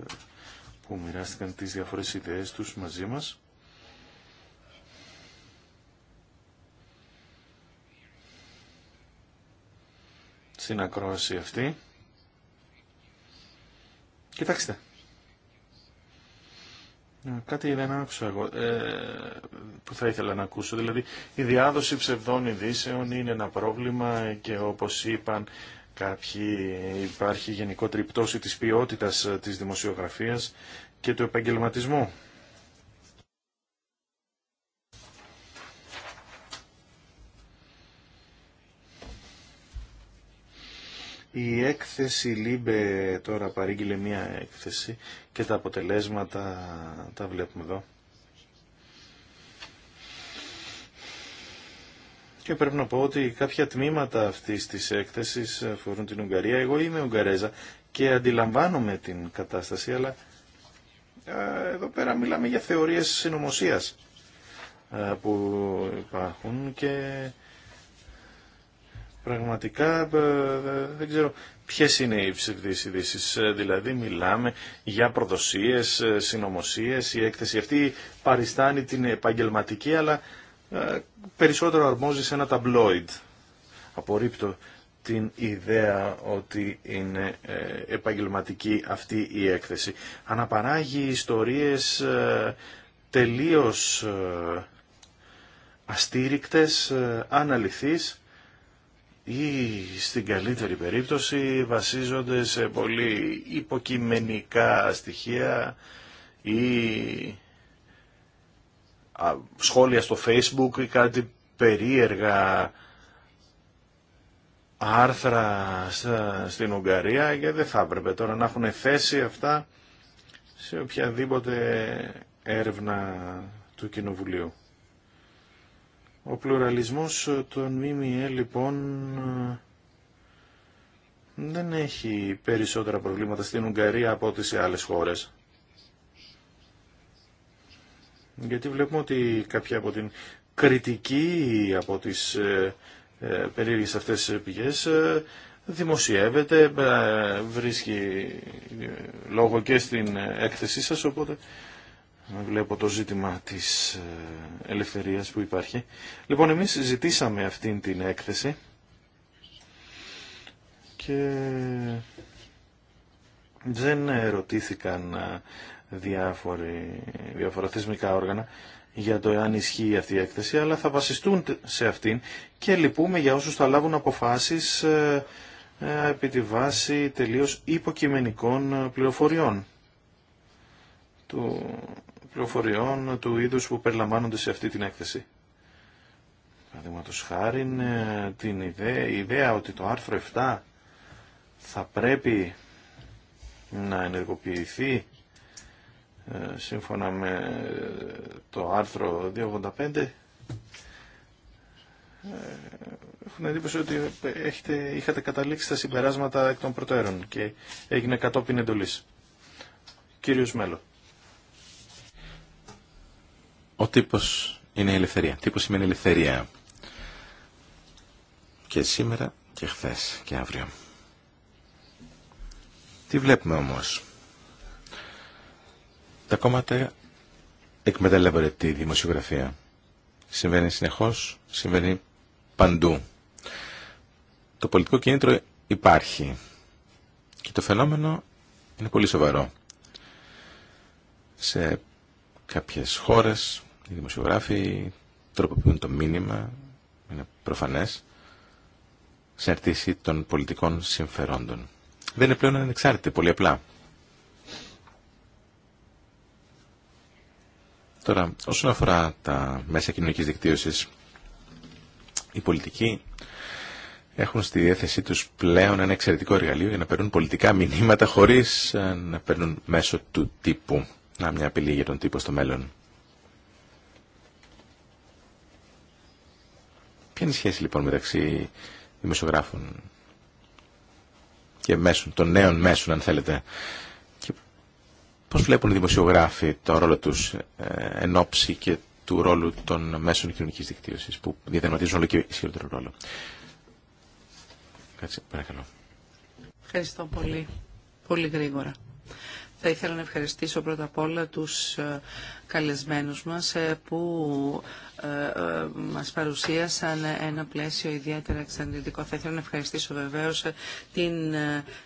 που μοιράστηκαν τις διαφορές ιδέες τους μαζί μας. Στην ακρόαση αυτή. Κοιτάξτε. Ναι, κάτι δεν άκουσα εγώ ε, που θα ήθελα να ακούσω. Δηλαδή η διάδοση ψευδών ειδήσεων είναι ένα πρόβλημα και όπως είπαν κάποιοι υπάρχει γενικότερη πτώση της ποιότητας ε, της δημοσιογραφίας και του επαγγελματισμού. Η έκθεση Λίμπε τώρα παρήγγειλε μία έκθεση και τα αποτελέσματα τα βλέπουμε εδώ. Και πρέπει να πω ότι κάποια τμήματα αυτής της έκθεσης αφορούν την Ουγγαρία. Εγώ είμαι Ουγγαρέζα και αντιλαμβάνομαι την κατάσταση, αλλά εδώ πέρα μιλάμε για θεωρίες συνωμοσία που υπάρχουν και Πραγματικά ε, δεν ξέρω ποιε είναι οι ψευδεί ειδήσει. Ε, δηλαδή μιλάμε για προδοσίες, ε, συνωμοσίε, η έκθεση αυτή παριστάνει την επαγγελματική αλλά περισσότερο αρμόζει σε ένα ταμπλόιντ. Απορρίπτω την ιδέα ότι είναι επαγγελματική αυτή η έκθεση. Αναπαράγει ιστορίες τελείως αστήρικτες, αναλυθείς ή στην καλύτερη περίπτωση βασίζονται σε πολύ υποκειμενικά στοιχεία ή σχόλια στο facebook ή κάτι περίεργα άρθρα στην Ουγγαρία και δεν θα έπρεπε τώρα να έχουν θέση αυτά σε οποιαδήποτε έρευνα του Κοινοβουλίου. Ο πλουραλισμός των ΜΜΕ λοιπόν δεν έχει περισσότερα προβλήματα στην Ουγγαρία από ό,τι σε άλλες χώρες. Γιατί βλέπουμε ότι κάποια από την κριτική από τις ε, ε περίεργες αυτές πηγές ε, δημοσιεύεται, ε, βρίσκει ε, λόγο και στην έκθεσή σας, οπότε βλέπω το ζήτημα της ε, ελευθερίας που υπάρχει. Λοιπόν, εμείς ζητήσαμε αυτήν την έκθεση και δεν ερωτήθηκαν ε, διάφοροι, διάφορα θεσμικά όργανα για το αν ισχύει αυτή η έκθεση, αλλά θα βασιστούν σε αυτήν και λυπούμε για όσους θα λάβουν αποφάσεις ε, επί τη βάση τελείως υποκειμενικών πληροφοριών του πληροφοριών του είδους που περιλαμβάνονται σε αυτή την έκθεση. Παραδείγματος χάρη ε, την ιδέα, η ιδέα ότι το άρθρο 7 θα πρέπει να ενεργοποιηθεί ε, σύμφωνα με ε, το άρθρο 285 έχουν εντύπωση ότι έχετε, είχατε καταλήξει τα συμπεράσματα εκ των προτέρων και έγινε κατόπιν εντολής. Κύριος Μέλλον. Ο τύπος είναι η ελευθερία. Τύπος σημαίνει ελευθερία. Και σήμερα και χθες και αύριο. Τι βλέπουμε όμως. Τα κόμματα εκμεταλλεύονται τη δημοσιογραφία. Συμβαίνει συνεχώς, συμβαίνει παντού. Το πολιτικό κίνητρο υπάρχει. Και το φαινόμενο είναι πολύ σοβαρό. Σε Κάποιες χώρες, οι δημοσιογράφοι τροποποιούν το μήνυμα, είναι προφανές, σε αρτήση των πολιτικών συμφερόντων. Δεν είναι πλέον ανεξάρτητη, πολύ απλά. Τώρα, όσον αφορά τα μέσα κοινωνικής δικτύωσης, οι πολιτικοί έχουν στη διέθεσή τους πλέον ένα εξαιρετικό εργαλείο για να παίρνουν πολιτικά μηνύματα χωρίς ε, να παίρνουν μέσω του τύπου να μια απειλή για τον τύπο στο μέλλον. Ποια είναι η σχέση λοιπόν μεταξύ δημοσιογράφων και μέσων, των νέων μέσων αν θέλετε και πώς βλέπουν οι δημοσιογράφοι το ρόλο τους ε, εν ώψη και του ρόλου των μέσων κοινωνικής δικτύωσης που διαδερματίζουν όλο και ισχυρότερο ρόλο. Κάτσε, παρακαλώ. Ευχαριστώ πολύ. Πολύ γρήγορα. Θα ήθελα να ευχαριστήσω πρώτα απ' όλα τους ε, καλεσμένους μας ε, που ε, ε, μας παρουσίασαν ένα πλαίσιο ιδιαίτερα εξαντλητικό. Θα ήθελα να ευχαριστήσω βεβαίως την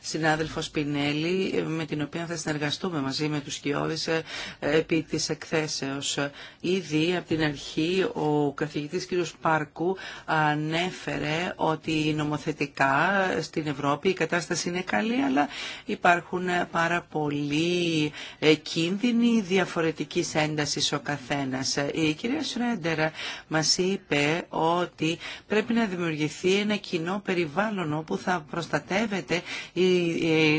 συνάδελφο Σπινέλη με την οποία θα συνεργαστούμε μαζί με τους Κιώδης επί της εκθέσεως. Ήδη από την αρχή ο καθηγητής κ. Πάρκου ανέφερε ότι νομοθετικά στην Ευρώπη η κατάσταση είναι καλή αλλά υπάρχουν πάρα πολλοί κίνδυνοι διαφορετικής ένταση ο καθένας. Ε, η κυρία Σρέντερ μα είπε ότι πρέπει να δημιουργηθεί ένα κοινό περιβάλλον όπου θα προστατεύεται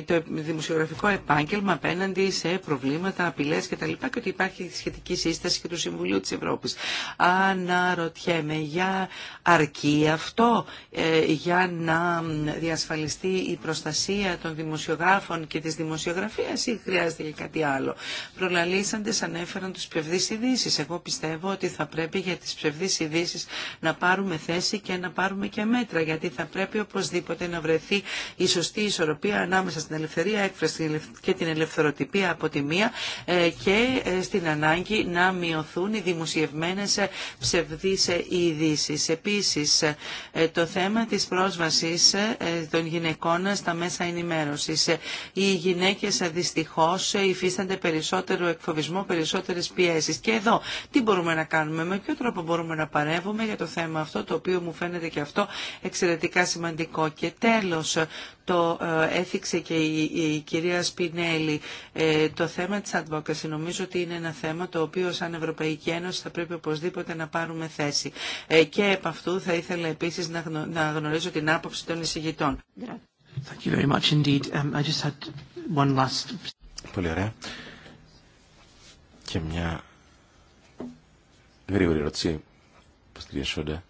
το δημοσιογραφικό επάγγελμα απέναντι σε προβλήματα, απειλέ κτλ. Και ότι υπάρχει σχετική σύσταση και του Συμβουλίου της Ευρώπης. Αναρωτιέμαι για αρκεί αυτό ε, για να διασφαλιστεί η προστασία των δημοσιογράφων και της δημοσιογραφίας ή χρειάζεται και κάτι άλλο. Προλαλήσαντες ανέφεραν ψευδείς Εγώ πιστεύω ότι θα πρέπει για τις ψευδείς ειδήσει να πάρουμε θέση και να πάρουμε και μέτρα, γιατί θα πρέπει οπωσδήποτε να βρεθεί η σωστή ισορροπία ανάμεσα στην ελευθερία έκφραση και την ελευθεροτυπία από τη μία ε, και ε, στην ανάγκη να μειωθούν οι δημοσιευμένες ε, ψευδείς ειδήσει. Επίσης, το θέμα της πρόσβασης των γυναικών στα μέσα ενημέρωσης. Οι γυναίκες δυστυχώς υφίστανται περισσότερο εκφοβισμό, περισσότερες και εδώ τι μπορούμε να κάνουμε, με ποιο τρόπο μπορούμε να παρεύουμε για το θέμα αυτό, το οποίο μου φαίνεται και αυτό εξαιρετικά σημαντικό. Και τέλος, το ε, έθιξε και η, κυρία Σπινέλη. Ε, το θέμα της advocacy νομίζω ότι είναι ένα θέμα το οποίο σαν Ευρωπαϊκή Ένωση θα πρέπει οπωσδήποτε να πάρουμε θέση. Ε, και επ' αυτού θα ήθελα επίσης να, να γνωρίζω την άποψη των εισηγητών. Um, I just had one last... Πολύ ωραία. Και μια γρήγορη ερώτηση προ την κυρία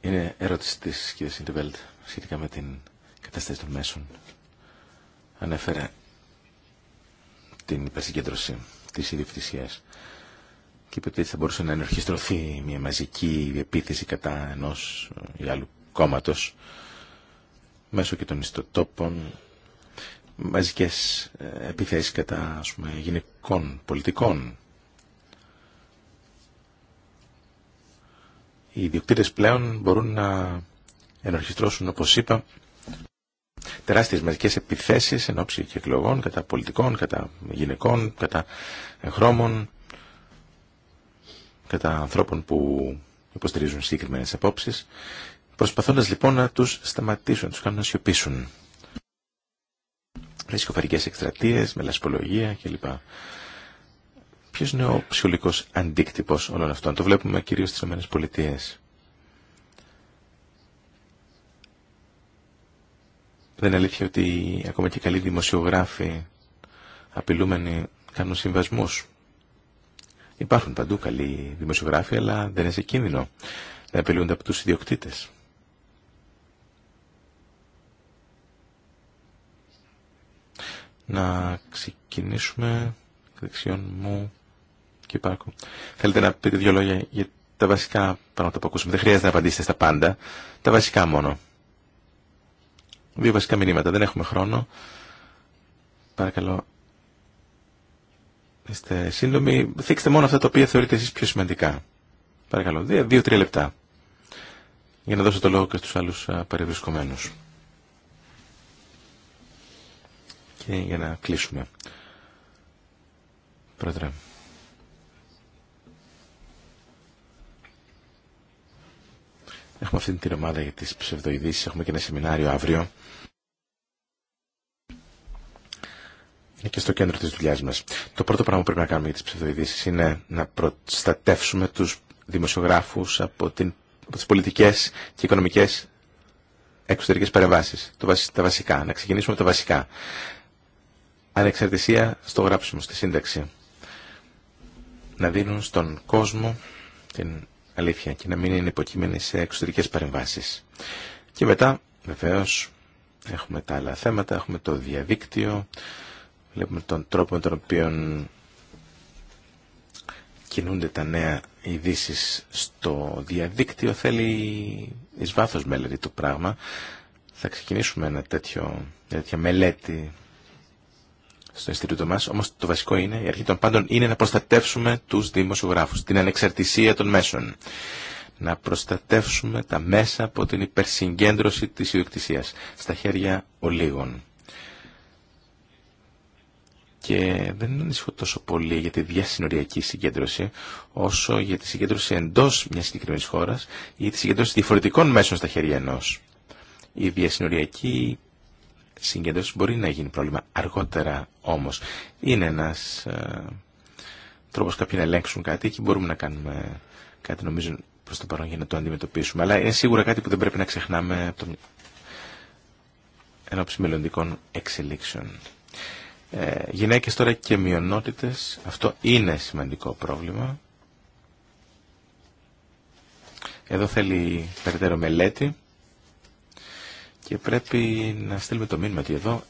Είναι ερώτηση της κυρία Σιντεβέλτ σχετικά με την κατάσταση των μέσων. Ανέφερε την υπερσυγκέντρωση της ιδιοκτησία και είπε ότι θα μπορούσε να ενορχιστρωθεί μια μαζική επίθεση κατά ενός ή άλλου κόμματος μέσω και των ιστοτόπων μαζικές ε, επιθέσεις κατά ας πούμε, γυναικών πολιτικών. Οι ιδιοκτήτες πλέον μπορούν να ενορχιστρώσουν, όπως είπα, τεράστιες μαζικές επιθέσεις εν ώψη και εκλογών κατά πολιτικών, κατά γυναικών, κατά χρώμων, κατά ανθρώπων που υποστηρίζουν συγκεκριμένες απόψεις, προσπαθώντας λοιπόν να τους σταματήσουν, να τους κάνουν να σιωπήσουν με εκστρατείες, με λασπολογία κλπ. Ποιο είναι ο ψυχολογικός αντίκτυπο όλων αυτών. Το βλέπουμε κυρίως στι ΗΠΑ. Δεν είναι αλήθεια ότι ακόμα και καλοί δημοσιογράφοι απειλούμενοι κάνουν συμβασμούς. Υπάρχουν παντού καλοί δημοσιογράφοι, αλλά δεν είναι σε κίνδυνο να απειλούνται από τους ιδιοκτήτες. να ξεκινήσουμε δεξιόν μου και υπάρχουν. Θέλετε να πείτε δύο λόγια για τα βασικά πράγματα που ακούσαμε. Δεν χρειάζεται να απαντήσετε στα πάντα. Τα βασικά μόνο. Δύο βασικά μηνύματα. Δεν έχουμε χρόνο. Παρακαλώ. Είστε σύντομοι. Θίξτε μόνο αυτά τα οποία θεωρείτε εσείς πιο σημαντικά. Παρακαλώ. Δύο-τρία λεπτά. Για να δώσω το λόγο και στους άλλους παρευρισκομένους. και για να κλείσουμε. Πρόεδρε. Έχουμε αυτή την ομάδα για τις ψευδοειδήσεις, έχουμε και ένα σεμινάριο αύριο. Είναι και στο κέντρο της δουλειάς μας. Το πρώτο πράγμα που πρέπει να κάνουμε για τις ψευδοειδήσεις είναι να προστατεύσουμε τους δημοσιογράφους από, την, από τις πολιτικές και οικονομικές εξωτερικές παρεμβάσεις. τα βασικά. Να ξεκινήσουμε από τα βασικά ανεξαρτησία στο γράψιμο, στη σύνταξη. Να δίνουν στον κόσμο την αλήθεια και να μην είναι υποκείμενοι σε εξωτερικές παρεμβάσεις. Και μετά, βεβαίω, έχουμε τα άλλα θέματα, έχουμε το διαδίκτυο, βλέπουμε τον τρόπο με τον οποίο κινούνται τα νέα ειδήσει στο διαδίκτυο. Θέλει εις βάθος μελέτη το πράγμα. Θα ξεκινήσουμε ένα τέτοιο, τέτοια μελέτη στο Ινστιτούτο μα. όμως το βασικό είναι, η αρχή των πάντων είναι να προστατεύσουμε του δημοσιογράφου, την ανεξαρτησία των μέσων. Να προστατεύσουμε τα μέσα από την υπερσυγκέντρωση τη ιδιοκτησία στα χέρια ολίγων. Και δεν ανησυχώ τόσο πολύ για τη διασυνοριακή συγκέντρωση, όσο για τη συγκέντρωση εντό μια συγκεκριμένη χώρα ή τη συγκέντρωση διαφορετικών μέσων στα χέρια ενό. Η τη συγκεντρωση διαφορετικων μεσων στα χερια ενο η διασυνοριακη συγκέντρωση μπορεί να γίνει πρόβλημα. Αργότερα όμως είναι ένας ε, τρόπος κάποιοι να ελέγξουν κάτι και μπορούμε να κάνουμε κάτι νομίζω προς το παρόν για να το αντιμετωπίσουμε. Αλλά είναι σίγουρα κάτι που δεν πρέπει να ξεχνάμε από το... ενώψη μελλοντικών εξελίξεων. Ε, γυναίκες τώρα και μειονότητες, αυτό είναι σημαντικό πρόβλημα. Εδώ θέλει περαιτέρω μελέτη. Και πρέπει να στείλουμε το μήνυμα ότι εδώ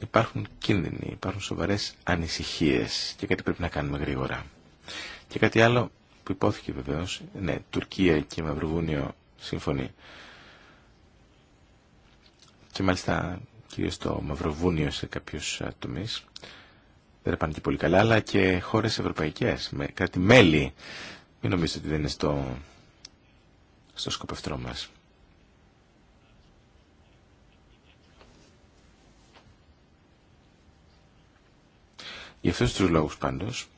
υπάρχουν κίνδυνοι, υπάρχουν σοβαρές ανησυχίες και κάτι πρέπει να κάνουμε γρήγορα. Και κάτι άλλο που υπόθηκε βεβαίως, ναι, Τουρκία και Μαυροβούνιο συμφωνεί. Και μάλιστα κυρίως το Μαυροβούνιο σε κάποιους τομεί. Δεν πάνε και πολύ καλά, αλλά και χώρε ευρωπαϊκέ, με κάτι μέλη. Μην νομίζετε ότι δεν είναι στο, στο σκοπευτρό μας. Γι' αυτούς τους λόγους πάντως,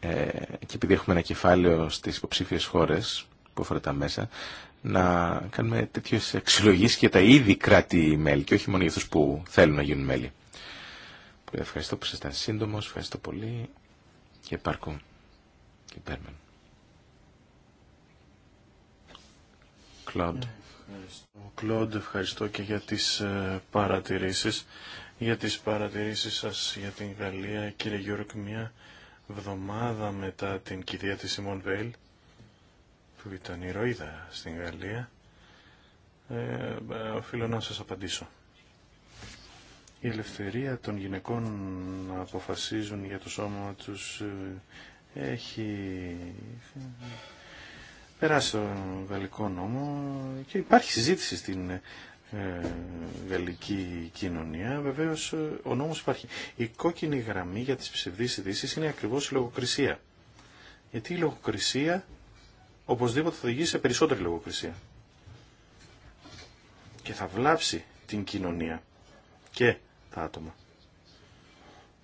ε, και επειδή έχουμε ένα κεφάλαιο στις υποψήφιες χώρες που αφορά τα μέσα, να κάνουμε τέτοιε αξιολογήσει για τα ήδη κράτη-μέλη και όχι μόνο για αυτού που θέλουν να γίνουν μέλη. Ευχαριστώ που ήσασταν σύντομο, ευχαριστώ πολύ και πάρκο και πέρμεν. Κλοντ. Κλοντ, ευχαριστώ και για τις ε, παρατηρήσεις για τις παρατηρήσεις σας για την Γαλλία. Κύριε Γιώργο, μια βδομάδα μετά την κηδεία της Σιμών Βέιλ, που ήταν ηρωίδα στην Γαλλία, ε, οφείλω να σας απαντήσω. Η ελευθερία των γυναικών να αποφασίζουν για το σώμα τους ε, έχει περάσει το γαλλικό νόμο και υπάρχει συζήτηση στην ε, γαλλική κοινωνία, βεβαίως ε, ο νόμος υπάρχει. Η κόκκινη γραμμή για τις ψευδείς ειδήσει είναι ακριβώς η λογοκρισία. Γιατί η λογοκρισία οπωσδήποτε θα οδηγήσει σε περισσότερη λογοκρισία. Και θα βλάψει την κοινωνία και τα άτομα.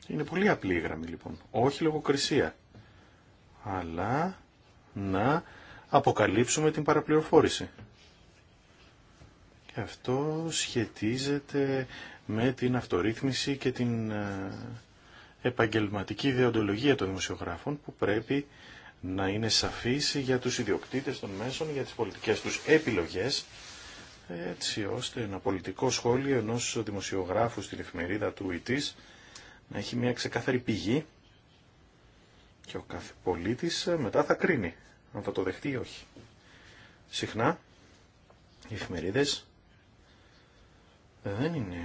Είναι πολύ απλή η γραμμή λοιπόν. Όχι λογοκρισία. Αλλά να αποκαλύψουμε την παραπληροφόρηση αυτό σχετίζεται με την αυτορύθμιση και την ε, επαγγελματική ιδεοντολογία των δημοσιογράφων που πρέπει να είναι σαφής για τους ιδιοκτήτες των μέσων, για τις πολιτικές τους επιλογές, έτσι ώστε ένα πολιτικό σχόλιο ενός δημοσιογράφου στην εφημερίδα του ΙΤΙΣ να έχει μια ξεκάθαρη πηγή και ο κάθε πολίτης μετά θα κρίνει αν θα το δεχτεί ή όχι. Συχνά οι εφημερίδες δεν είναι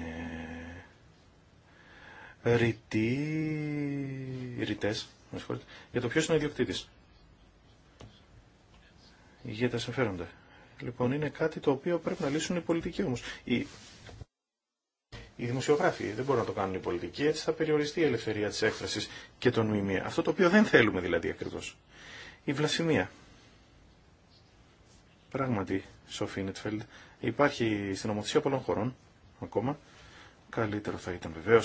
ρητή. ρητές, για το ποιος είναι ο ιδιοκτήτης. Για τα συμφέροντα. Λοιπόν, είναι κάτι το οποίο πρέπει να λύσουν οι πολιτικοί όμως. Οι, οι δημοσιογράφοι δεν μπορούν να το κάνουν οι πολιτικοί, έτσι θα περιοριστεί η ελευθερία της έκφρασης και των μημιών. Αυτό το οποίο δεν θέλουμε δηλαδή ακριβώς. Η βλασιμία. Πράγματι, Σοφίνετφελντ, υπάρχει στην ομοθεσία πολλών χωρών ακόμα. Καλύτερο θα ήταν βεβαίω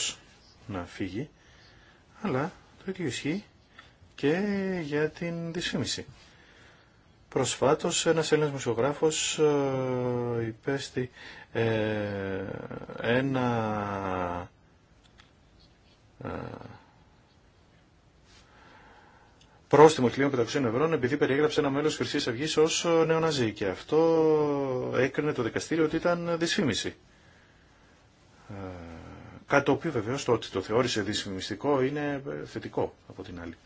να φύγει, αλλά το ίδιο ισχύει και για την δυσφήμιση. Προσφάτως ένας Έλληνας μουσιογράφος ε, υπέστη ε, ένα ε, πρόστιμο 1.500 ευρώ επειδή περιέγραψε ένα μέλος Χρυσής Αυγής ως ε, νεοναζί και αυτό έκρινε το δικαστήριο ότι ήταν δυσφήμιση. Κάτι το οποίο βεβαίω το ότι το θεώρησε δυσφημιστικό είναι ε, θετικό από την άλλη.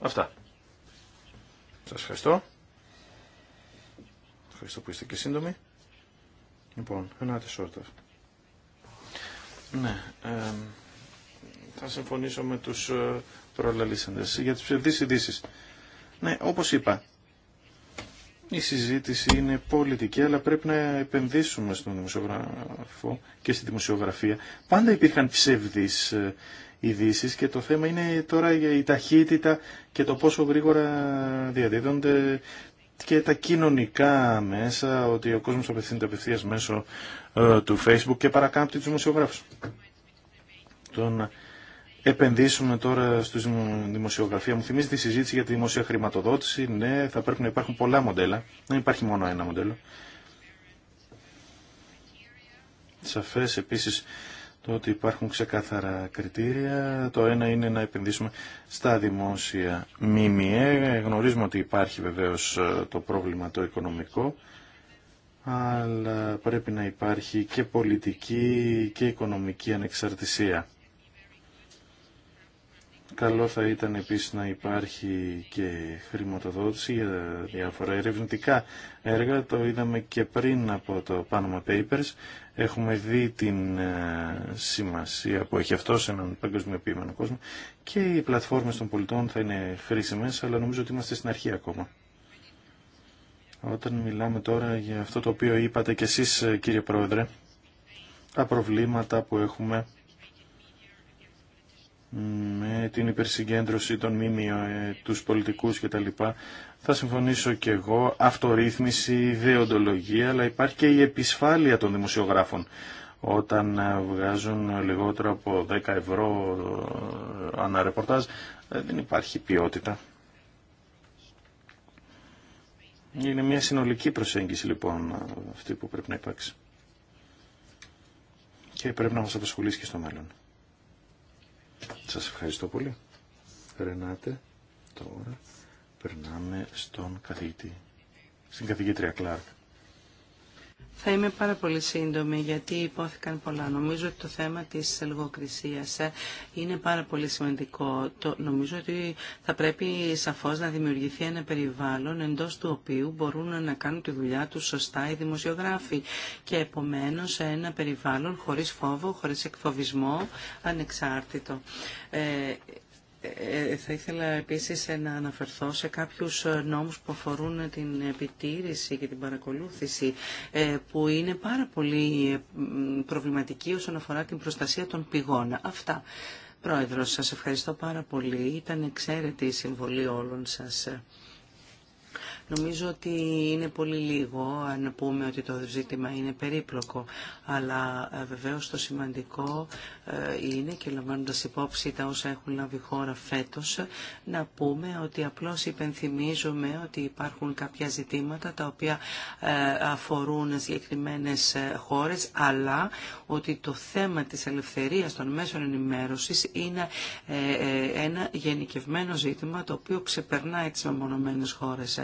Αυτά. Σας ευχαριστώ. Ευχαριστώ που είστε και σύντομοι. Λοιπόν, ένα σόρτα. Ναι, θα συμφωνήσω με τους ε, προλαλήσαντες για τις ψευδείς ειδήσει. Ναι, όπως είπα, η συζήτηση είναι πολιτική, αλλά πρέπει να επενδύσουμε στον δημοσιογραφό και στη δημοσιογραφία. Πάντα υπήρχαν ψευδείς ε, ειδήσει και το θέμα είναι τώρα η ταχύτητα και το πόσο γρήγορα διαδίδονται και τα κοινωνικά μέσα, ότι ο κόσμος απευθύνεται απευθείας μέσω ε, του Facebook και παρακάμπτει τους δημοσιογράφους επενδύσουμε τώρα στη δημοσιογραφία. Μου θυμίζει τη συζήτηση για τη δημοσία χρηματοδότηση. Ναι, θα πρέπει να υπάρχουν πολλά μοντέλα. Δεν υπάρχει μόνο ένα μοντέλο. Σαφές επίσης το ότι υπάρχουν ξεκάθαρα κριτήρια. Το ένα είναι να επενδύσουμε στα δημόσια μήμιε. Γνωρίζουμε ότι υπάρχει βεβαίως ε, το πρόβλημα το οικονομικό αλλά πρέπει να υπάρχει και πολιτική και οικονομική ανεξαρτησία. Καλό θα ήταν επίσης να υπάρχει και χρηματοδότηση για διάφορα ερευνητικά έργα. Το είδαμε και πριν από το Panama Papers. Έχουμε δει την ε, σημασία που έχει αυτό σε έναν παγκοσμιοποιημένο κόσμο και οι πλατφόρμες των πολιτών θα είναι χρήσιμες, αλλά νομίζω ότι είμαστε στην αρχή ακόμα. Όταν μιλάμε τώρα για αυτό το οποίο είπατε και εσείς ε, κύριε Πρόεδρε, τα προβλήματα που έχουμε με την υπερσυγκέντρωση των ΜΜΕ, τους πολιτικούς λοιπά. Θα συμφωνήσω και εγώ, αυτορύθμιση, ιδεοντολογία, αλλά υπάρχει και η επισφάλεια των δημοσιογράφων. Όταν βγάζουν λιγότερο από 10 ευρώ ε, αναρεπορτάζ, ε, δεν υπάρχει ποιότητα. Είναι μια συνολική προσέγγιση λοιπόν αυτή που πρέπει να υπάρξει. Και πρέπει να μας απασχολήσει και στο μέλλον. Σας ευχαριστώ πολύ. Περνάτε τώρα περνάμε στον καθηγητή, στην καθηγήτρια Κλάρκ. Θα είμαι πάρα πολύ σύντομη γιατί υπόθηκαν πολλά. Νομίζω ότι το θέμα της λογοκρισίας ε, είναι πάρα πολύ σημαντικό. Το, νομίζω ότι θα πρέπει σαφώς να δημιουργηθεί ένα περιβάλλον εντός του οποίου μπορούν να κάνουν τη δουλειά τους σωστά οι δημοσιογράφοι και επομένως ένα περιβάλλον χωρίς φόβο, χωρίς εκφοβισμό, ανεξάρτητο. Ε, ε, θα ήθελα επίσης να αναφερθώ σε κάποιους ε, νόμους που αφορούν την επιτήρηση και την παρακολούθηση ε, που είναι πάρα πολύ προβληματικοί όσον αφορά την προστασία των πηγών. Αυτά. Πρόεδρος, σας ευχαριστώ πάρα πολύ. Ήταν εξαίρετη η συμβολή όλων σας. Νομίζω ότι είναι πολύ λίγο αν πούμε ότι το ζήτημα είναι περίπλοκο, αλλά ε, βεβαίως το σημαντικό ε, είναι και λαμβάνοντα υπόψη τα όσα έχουν λάβει χώρα φέτος, να πούμε ότι απλώς υπενθυμίζουμε ότι υπάρχουν κάποια ζητήματα τα οποία ε, αφορούν συγκεκριμένε χώρες, αλλά ότι το θέμα της ελευθερίας των μέσων ενημέρωσης είναι ένα γενικευμένο ζήτημα το οποίο ξεπερνάει τις μεμονωμένε χώρες.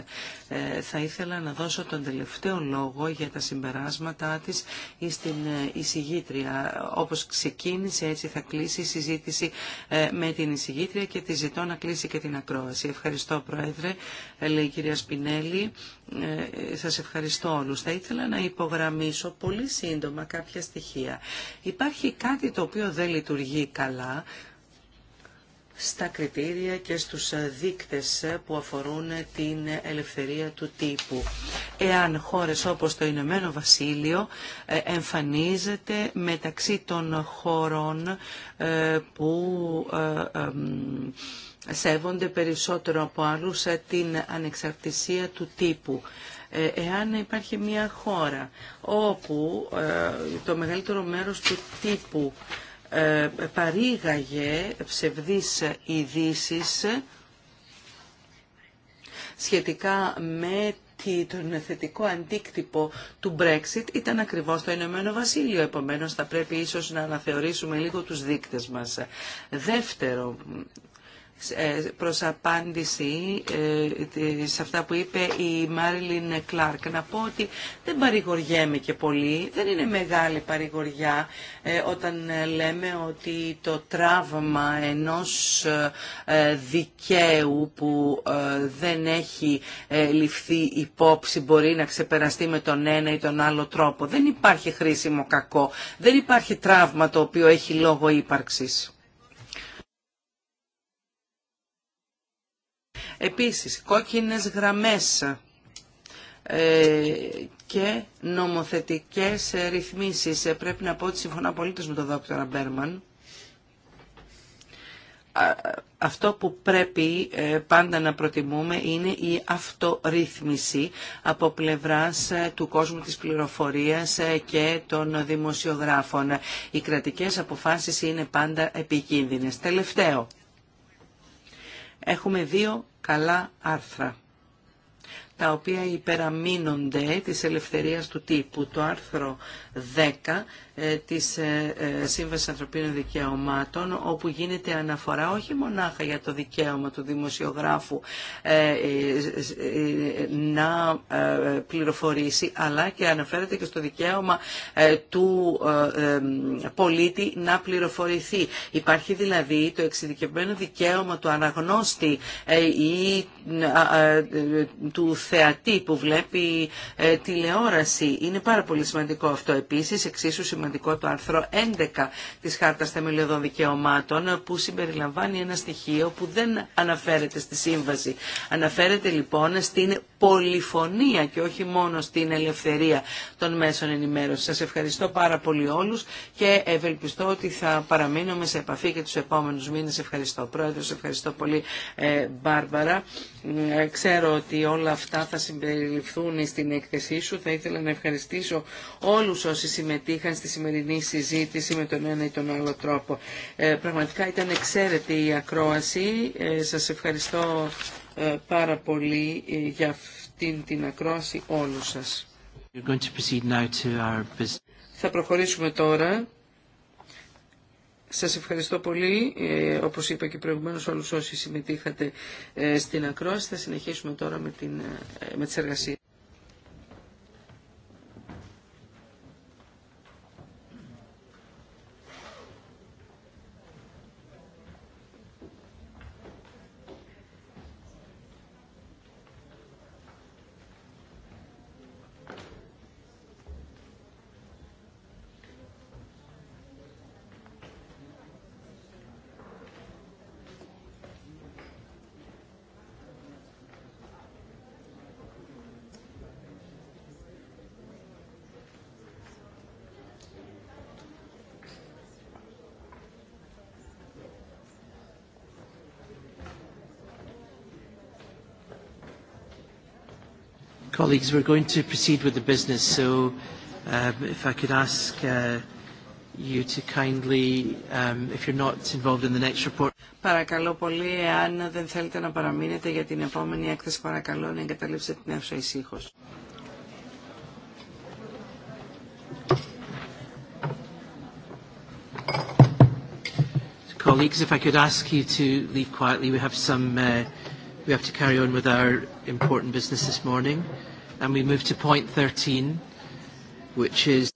Ε, θα ήθελα να δώσω τον τελευταίο λόγο για τα συμπεράσματά της στην ε, εισηγήτρια. Όπως ξεκίνησε έτσι θα κλείσει η συζήτηση ε, με την εισηγήτρια και τη ζητώ να κλείσει και την ακρόαση. Ευχαριστώ Πρόεδρε, λέει η κυρία Σπινέλη. Σας ευχαριστώ όλους. Θα ήθελα να υπογραμμίσω πολύ σύντομα κάποια στοιχεία. Υπάρχει κάτι το οποίο δεν λειτουργεί καλά στα κριτήρια και στους δείκτες που αφορούν την ελευθερία του τύπου. Εάν χώρες όπως το Ηνωμένο Βασίλειο ε, εμφανίζεται μεταξύ των χωρών ε, που ε, σέβονται περισσότερο από άλλους την ανεξαρτησία του τύπου. Εάν υπάρχει μια χώρα όπου το μεγαλύτερο μέρος του τύπου ε, παρήγαγε ψευδείς ειδήσει σχετικά με τον θετικό αντίκτυπο του Brexit ήταν ακριβώς το Ηνωμένο Βασίλειο. Επομένως θα πρέπει ίσως να αναθεωρήσουμε λίγο τους δείκτες μας. Δεύτερο προς απάντηση σε αυτά που είπε η Μάριλιν Κλάρκ. Να πω ότι δεν παρηγοριέμαι και πολύ, δεν είναι μεγάλη παρηγοριά ε, όταν ε, λέμε ότι το τραύμα ενός ε, δικαίου που δεν έχει ληφθεί υπόψη μπορεί να ξεπεραστεί με τον ένα ή τον άλλο τρόπο. Δεν υπάρχει χρήσιμο κακό, δεν υπάρχει τραύμα το οποίο έχει λόγο ύπαρξης. Επίσης, κόκκινες γραμμές ε, και νομοθετικές ρυθμίσεις. Ε, πρέπει να πω ότι συμφωνώ απολύτως με τον δόκτωρα Μπέρμαν. Αυτό που πρέπει ε, πάντα να προτιμούμε είναι η αυτορύθμιση από πλευράς του κόσμου της πληροφορίας και των δημοσιογράφων. Οι κρατικές αποφάσεις είναι πάντα επικίνδυνες. Τελευταίο, έχουμε δύο καλά άρθρα τα οποία υπεραμείνονται της ελευθερίας του τύπου. Το άρθρο 10 ε, της ε, ε, Σύμβασης Ανθρωπίνων Δικαιωμάτων, όπου γίνεται αναφορά όχι μονάχα για το δικαίωμα του δημοσιογράφου να πληροφορήσει, αλλά και αναφέρεται και στο δικαίωμα του πολίτη να πληροφορηθεί. Υπάρχει δηλαδή το εξειδικευμένο δικαίωμα του αναγνώστη ή του θεατή που βλέπει ε, τηλεόραση. Είναι πάρα πολύ σημαντικό αυτό. Επίσης, εξίσου σημαντικό το άρθρο 11 της Χάρτας Θεμελιωδών Δικαιωμάτων που συμπεριλαμβάνει ένα στοιχείο που δεν αναφέρεται στη σύμβαση. Αναφέρεται λοιπόν στην πολυφωνία και όχι μόνο στην ελευθερία των μέσων ενημέρωση. Σας ευχαριστώ πάρα πολύ όλου και ευελπιστώ ότι θα παραμείνουμε σε επαφή και του επόμενου μήνε. Ευχαριστώ πρόεδρο ευχαριστώ πολύ ε, Μπάρμπαρα. Ε, ξέρω ότι όλα αυτά αυτά θα συμπεριληφθούν στην έκθεσή σου. Θα ήθελα να ευχαριστήσω όλους όσοι συμμετείχαν στη σημερινή συζήτηση με τον ένα ή τον άλλο τρόπο. Ε, πραγματικά ήταν εξαίρετη η τον αλλο τροπο πραγματικα ηταν εξαιρετη η ακροαση Ε, σας ευχαριστώ ε, πάρα πολύ ε, για αυτήν την ακρόαση όλους σας. Θα προχωρήσουμε τώρα σας ευχαριστώ πολύ, ε, όπως είπα και προηγουμένως όλους όσοι συμμετείχατε ε, στην ακρόαση. Θα συνεχίσουμε τώρα με, την, ε, με τις εργασίες. colleagues, we're going to proceed with the business, so if I could ask you to kindly, um, if you're not involved in the next report. Παρακαλώ πολύ, εάν δεν θέλετε να παραμείνετε για την επόμενη έκθεση, παρακαλώ να εγκαταλείψετε την αίθουσα ησύχως. Colleagues, if I could ask you to leave quietly, we have some, we have to carry on with our important business this morning. And we move to point 13,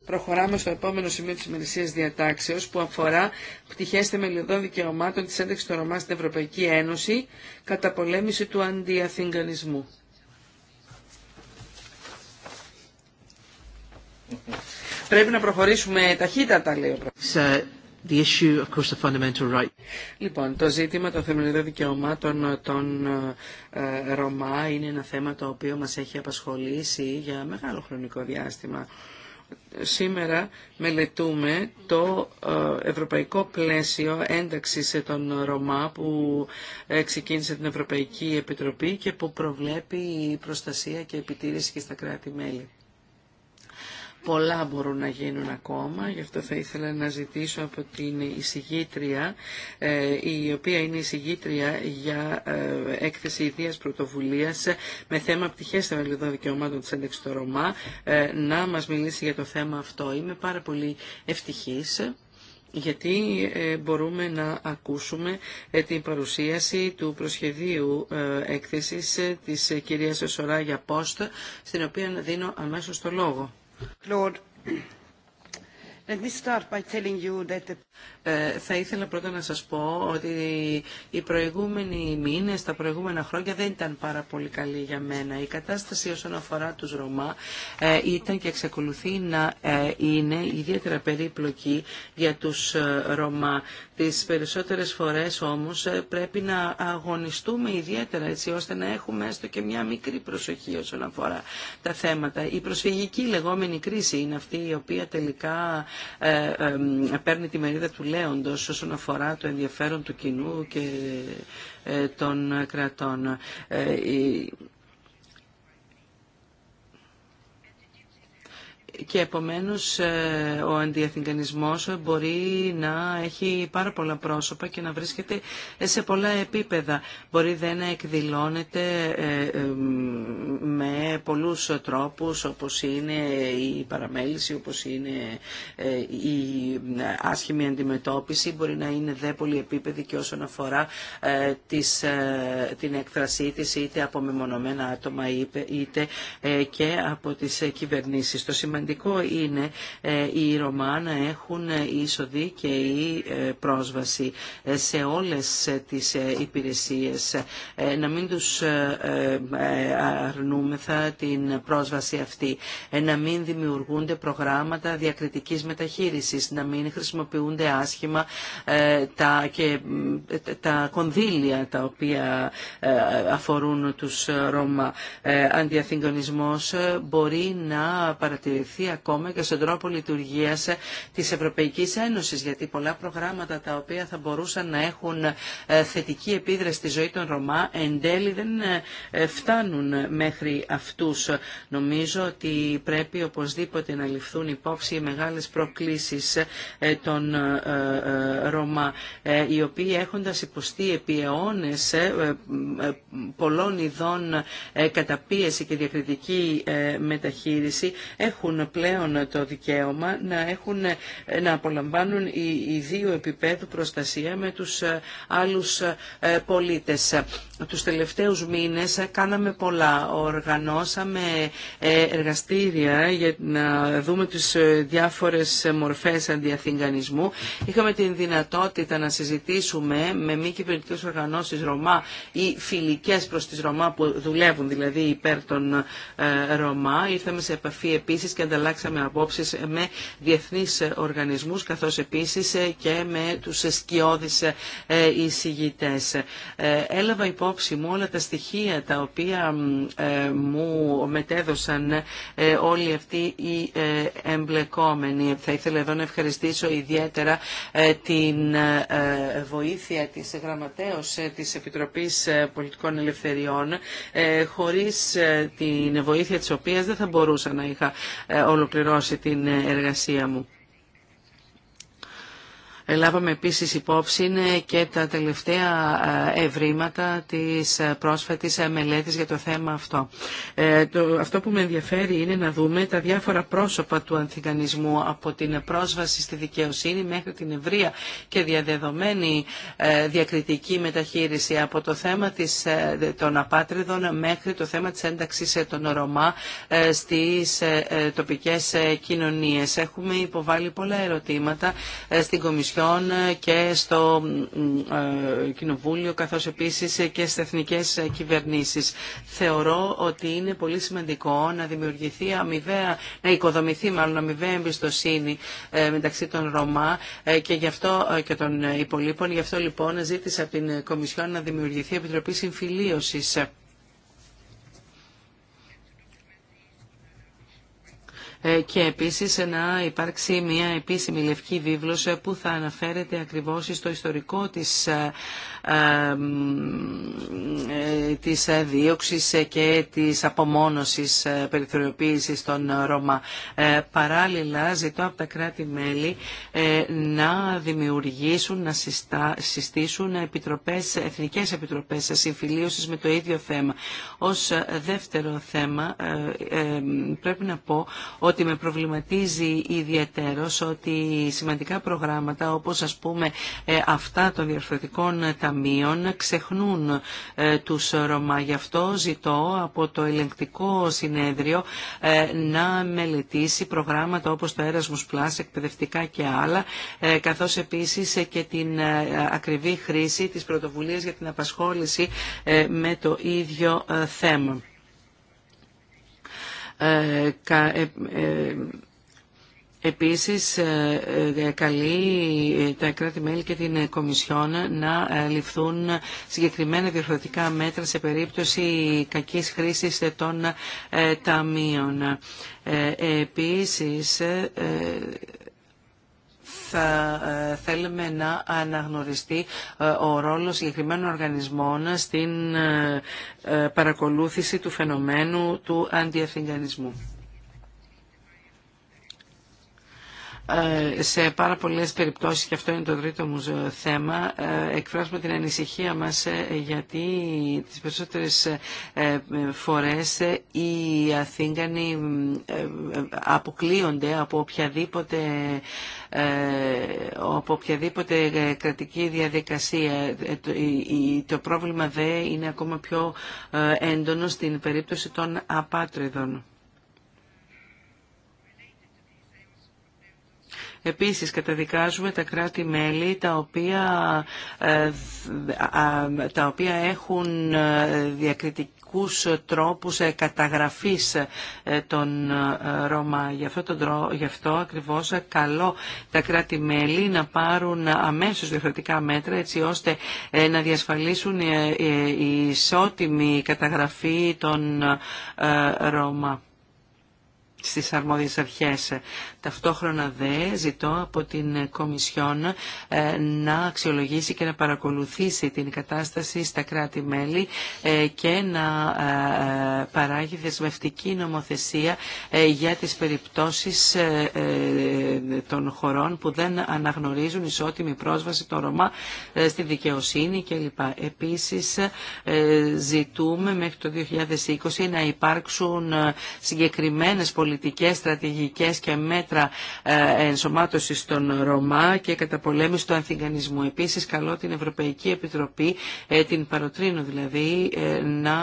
Προχωράμε στο επόμενο σημείο της ημερησίας διατάξεως που αφορά πτυχές θεμελιωδών δικαιωμάτων της ένταξης των Ρωμά στην Ευρωπαϊκή Ένωση κατά πολέμηση του αντιαθηγανισμού. Πρέπει να προχωρήσουμε ταχύτατα, λέει ο Λοιπόν, το ζήτημα των θεμελιωδών δικαιωμάτων των ε, Ρωμά είναι ένα θέμα το οποίο μας έχει απασχολήσει για μεγάλο χρονικό διάστημα. Σήμερα μελετούμε το ε, ευρωπαϊκό πλαίσιο ένταξης των Ρωμά που ξεκίνησε την Ευρωπαϊκή Επιτροπή και που προβλέπει η προστασία και επιτήρηση και στα κράτη-μέλη. Πολλά μπορούν να γίνουν ακόμα, γι' αυτό θα ήθελα να ζητήσω από την εισηγήτρια, ε, η οποία είναι εισηγήτρια για ε, έκθεση ιδίας πρωτοβουλίας με θέμα πτυχές θεμελιωδών δικαιωμάτων της ένταξης ε, να μας μιλήσει για το θέμα αυτό. Είμαι πάρα πολύ ευτυχής γιατί μπορούμε να ακούσουμε την παρουσίαση του προσχεδίου έκθεσης της κυρίας Σοράγια Πόστ, στην οποία δίνω αμέσως το λόγο. Claude, let me start by telling you that the... Ε, θα ήθελα πρώτα να σας πω ότι οι προηγούμενοι μήνες, τα προηγούμενα χρόνια δεν ήταν πάρα πολύ καλή για μένα. Η κατάσταση όσον αφορά τους Ρωμά ε, ήταν και εξακολουθεί να ε, είναι ιδιαίτερα περίπλοκη για τους Ρωμά. Τις περισσότερες φορές όμως πρέπει να αγωνιστούμε ιδιαίτερα έτσι ώστε να έχουμε έστω και μια μικρή προσοχή όσον αφορά τα θέματα. Η προσφυγική λεγόμενη κρίση είναι αυτή η οποία τελικά παίρνει τη μερίδα του λέοντος όσον αφορά το ενδιαφέρον του κοινού και ε, των κρατών. Ε, και επομένως ε, ο αντιεθνικανισμός μπορεί να έχει πάρα πολλά πρόσωπα και να βρίσκεται σε πολλά επίπεδα. Μπορεί δεν να εκδηλώνεται ε, ε, με πολλούς τρόπους όπως είναι η παραμέληση, όπως είναι η άσχημη αντιμετώπιση. Μπορεί να είναι δε πολύ επίπεδη και όσον αφορά την έκφρασή της είτε από μεμονωμένα άτομα είτε και από τις κυβερνήσεις. Το σημαντικό σημαντικό είναι ε, οι Ρωμά να έχουν είσοδη και η ε, πρόσβαση ε, σε όλες τις υπηρεσίες. Να μην τους αρνούμεθα την πρόσβαση αυτή. Να μην δημιουργούνται προγράμματα διακριτικής μεταχείρισης. Να μην χρησιμοποιούνται άσχημα τα, και, τα κονδύλια τα οποία αφορούν τους Ρώμα. αντιαθυγκονισμός μπορεί να παρατηρηθεί ακόμα και στον τρόπο λειτουργία τη Ευρωπαϊκή Ένωση, γιατί πολλά προγράμματα τα οποία θα μπορούσαν να έχουν ε, θετική επίδραση στη ζωή των Ρωμά, εν τέλει δεν ε, ε, φτάνουν μέχρι αυτού. Νομίζω ότι πρέπει οπωσδήποτε να ληφθούν υπόψη οι μεγάλες προκλήσεις των Ρωμά, οι οποίοι έχοντα υποστεί επί αιώνε πολλών ειδών καταπίεση και διακριτική μεταχείριση, έχουν πλέον το δικαίωμα να, έχουν, να απολαμβάνουν οι, δύο επίπεδου προστασία με τους ε, άλλους ε, πολίτες. Τους τελευταίους μήνες κάναμε πολλά. Οργανώσαμε ε, εργαστήρια για να δούμε τις διάφορες μορφές αντιαθηγανισμού. Είχαμε την δυνατότητα να συζητήσουμε με μη κυβερνητικές οργανώσεις Ρωμά ή φιλικές προς τις Ρωμά που δουλεύουν δηλαδή υπέρ των Ρωμά. Ήρθαμε σε επαφή επίσης και ανταλλάξαμε απόψεις με διεθνεί οργανισμούς καθώς επίσης και με τους σκιώδει ε, εισηγητέ. Ε, έλαβα υπόψη μου όλα τα στοιχεία τα οποία ε, μου μετέδωσαν όλοι αυτοί οι εμπλεκόμενοι. Θα ήθελα εδώ να ευχαριστήσω ιδιαίτερα την βοήθεια της γραμματέως της Επιτροπής Πολιτικών Ελευθεριών χωρίς την βοήθεια της οποίας δεν θα μπορούσα να είχα ολοκληρώσει την εργασία μου. Λάβαμε επίσης υπόψη και τα τελευταία ευρήματα της πρόσφατης μελέτης για το θέμα αυτό. Ε, αυτό που με ενδιαφέρει είναι να δούμε τα διάφορα πρόσωπα του ανθιγανισμού από την πρόσβαση στη δικαιοσύνη μέχρι την ευρεία και διαδεδομένη ε, διακριτική μεταχείριση από το θέμα της, ε, των απάτριδων μέχρι το θέμα της ένταξης των Ρωμά στις τοπικές κοινωνίες. Έχουμε υποβάλει πολλά ερωτήματα στην Κομισιόν και στο ε, Κοινοβούλιο καθώς επίσης και στις εθνικές κυβερνήσεις. Θεωρώ ότι είναι πολύ σημαντικό να δημιουργηθεί αμοιβαία, να οικοδομηθεί μάλλον αμοιβαία εμπιστοσύνη ε, μεταξύ των Ρωμά ε, και, γι αυτό, και των υπολείπων. Γι' αυτό λοιπόν ζήτησα από την Κομισιόν να δημιουργηθεί Επιτροπή Συμφιλίωσης Ε, και επίσης να υπάρξει μια επίσημη λευκή βίβλος ε, που θα αναφέρεται ακριβώς στο ιστορικό της ε, ε, της δίωξης και της απομόνωσης ε, περιθωριοποίησης των Ρώμα. Ε, παράλληλα ζητώ από τα κράτη-μέλη να δημιουργήσουν, να συστήσουν επιτροπές, εθνικές επιτροπές συμφιλίωσης με το ίδιο θέμα. Ως δεύτερο θέμα πρέπει να πω ότι με προβληματίζει ιδιαίτερος ότι σημαντικά προγράμματα όπως ας πούμε αυτά των διαφορετικών ταμείων ταμείων ξεχνούν ε, τους Ρωμά. Γι' αυτό ζητώ από το ελεγκτικό συνέδριο ε, να μελετήσει προγράμματα όπως το Erasmus Plus, εκπαιδευτικά και άλλα, ε, καθώς επίσης και την ακριβή χρήση της πρωτοβουλίας για την απασχόληση με το ίδιο θέμα. Επίσης, ε, ε, καλεί τα κράτη-μέλη και την Κομισιόν να ε, ληφθούν συγκεκριμένα διορθωτικά μέτρα σε περίπτωση κακής χρήσης των ταμείων. Επίσης, θα θέλουμε να αναγνωριστεί ο ρόλος συγκεκριμένων οργανισμών στην παρακολούθηση του φαινομένου του αντιαφρικανισμού. Ε, σε πάρα πολλές περιπτώσεις, και αυτό είναι το τρίτο μου θέμα, ε, εκφράζουμε την ανησυχία μας ε, γιατί τις περισσότερες φορές οι Αθήγανοι αποκλείονται από οποιαδήποτε από οποιαδήποτε κρατική διαδικασία. Το πρόβλημα δε είναι ακόμα πιο έντονο στην περίπτωση των απάτριδων. Επίσης καταδικάζουμε τα κράτη-μέλη τα οποία, ε, τα οποία έχουν ε, διακριτικούς τρόπους ε, καταγραφής των Ρωμά. Γι' αυτό, τον, γι αυτό ακριβώς καλό τα κράτη-μέλη να πάρουν αμέσως διαφορετικά μέτρα έτσι ώστε να διασφαλίσουν η ισότιμη καταγραφή των Ρωμά στις αρμόδιες αρχές. Ταυτόχρονα δε ζητώ από την Κομισιόν ε, να αξιολογήσει και να παρακολουθήσει την κατάσταση στα κράτη-μέλη ε, και να ε, παράγει δεσμευτική νομοθεσία για τις περιπτώσεις των χωρών που δεν αναγνωρίζουν ισότιμη πρόσβαση των Ρωμά στη δικαιοσύνη κλπ. Επίσης ζητούμε μέχρι το 2020 να υπάρξουν συγκεκριμένες πολιτικές πολιτικές, στρατηγικές και μέτρα ε, ενσωμάτωσης των Ρωμά και καταπολέμηση του ανθιγανισμού. Επίσης, καλώ την Ευρωπαϊκή Επιτροπή, ε, την παροτρύνω δηλαδή, ε, να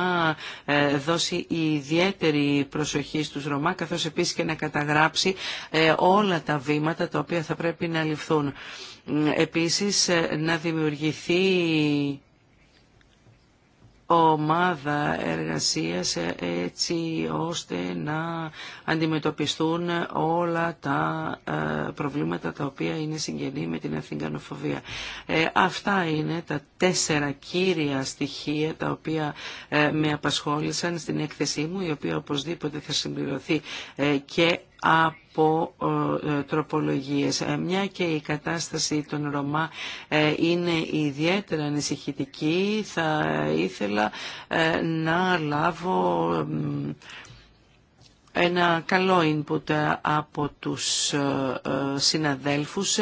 δώσει ιδιαίτερη προσοχή στους Ρωμά, καθώς επίσης και να καταγράψει όλα τα βήματα τα οποία θα πρέπει να ληφθούν. Επίσης, να δημιουργηθεί ομάδα εργασίας ε, έτσι ώστε να αντιμετωπιστούν όλα τα ε, προβλήματα τα οποία είναι συγγενή με την αθηγανοφοβία. Ε, αυτά είναι τα τέσσερα κύρια στοιχεία τα οποία με απασχόλησαν στην έκθεσή μου η οποία οπωσδήποτε θα συμπληρωθεί και από ε, ε, τροπολογίες. Ε, μια και η κατάσταση των Ρωμά είναι ιδιαίτερα ανησυχητική, θα ήθελα να λάβω ένα καλό input ε, από τους ε, ε, συναδέλφους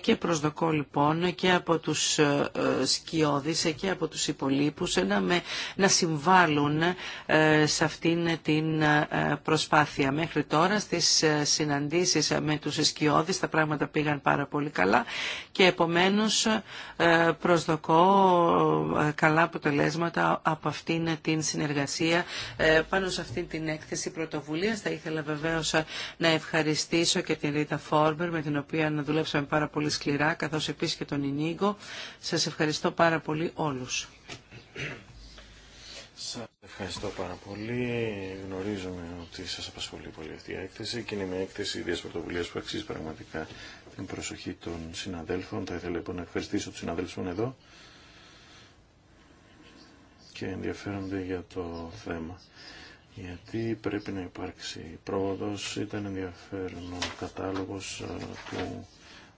και προσδοκώ λοιπόν και από τους σκιώδεις και από τους υπολείπους να, με, να συμβάλλουν σε αυτήν την προσπάθεια. Μέχρι τώρα στις συναντήσεις με τους σκιώδεις τα πράγματα πήγαν πάρα πολύ καλά και επομένως προσδοκώ καλά αποτελέσματα από αυτήν την συνεργασία πάνω σε αυτήν την έκθεση πρωτοβουλία θα ήθελα βεβαίω να ευχαριστήσω και την Ρίτα Φόρμπερ με την οποία να δουλέψαμε πάρα πολύ σκληρά καθώ επίση και τον Ινίγκο. Σα ευχαριστώ πάρα πολύ όλου. Σας ευχαριστώ πάρα πολύ. Γνωρίζουμε ότι σα απασχολεί πολύ αυτή η έκθεση και είναι μια έκθεση ιδία πρωτοβουλία που αξίζει πραγματικά την προσοχή των συναδέλφων. Θα ήθελα λοιπόν να ευχαριστήσω του συναδέλφου μου εδώ και ενδιαφέρονται για το θέμα γιατί πρέπει να υπάρξει πρόοδος. Ήταν ενδιαφέρον ο κατάλογος ε, που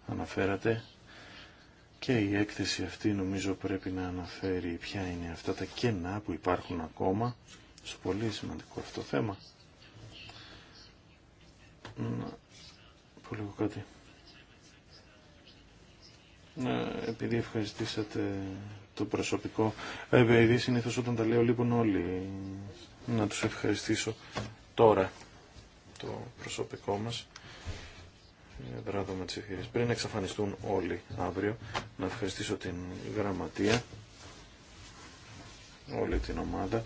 αναφέρατε και η έκθεση αυτή νομίζω πρέπει να αναφέρει ποια είναι αυτά τα κενά που υπάρχουν ακόμα στο πολύ σημαντικό αυτό θέμα. Να πω λίγο κάτι. Ναι, επειδή ευχαριστήσατε το προσωπικό, ε, επειδή συνήθως όταν τα λέω λείπουν όλοι να τους ευχαριστήσω τώρα το προσωπικό μας ε, με τις Πριν εξαφανιστούν όλοι αύριο, να ευχαριστήσω την γραμματεία, όλη την ομάδα.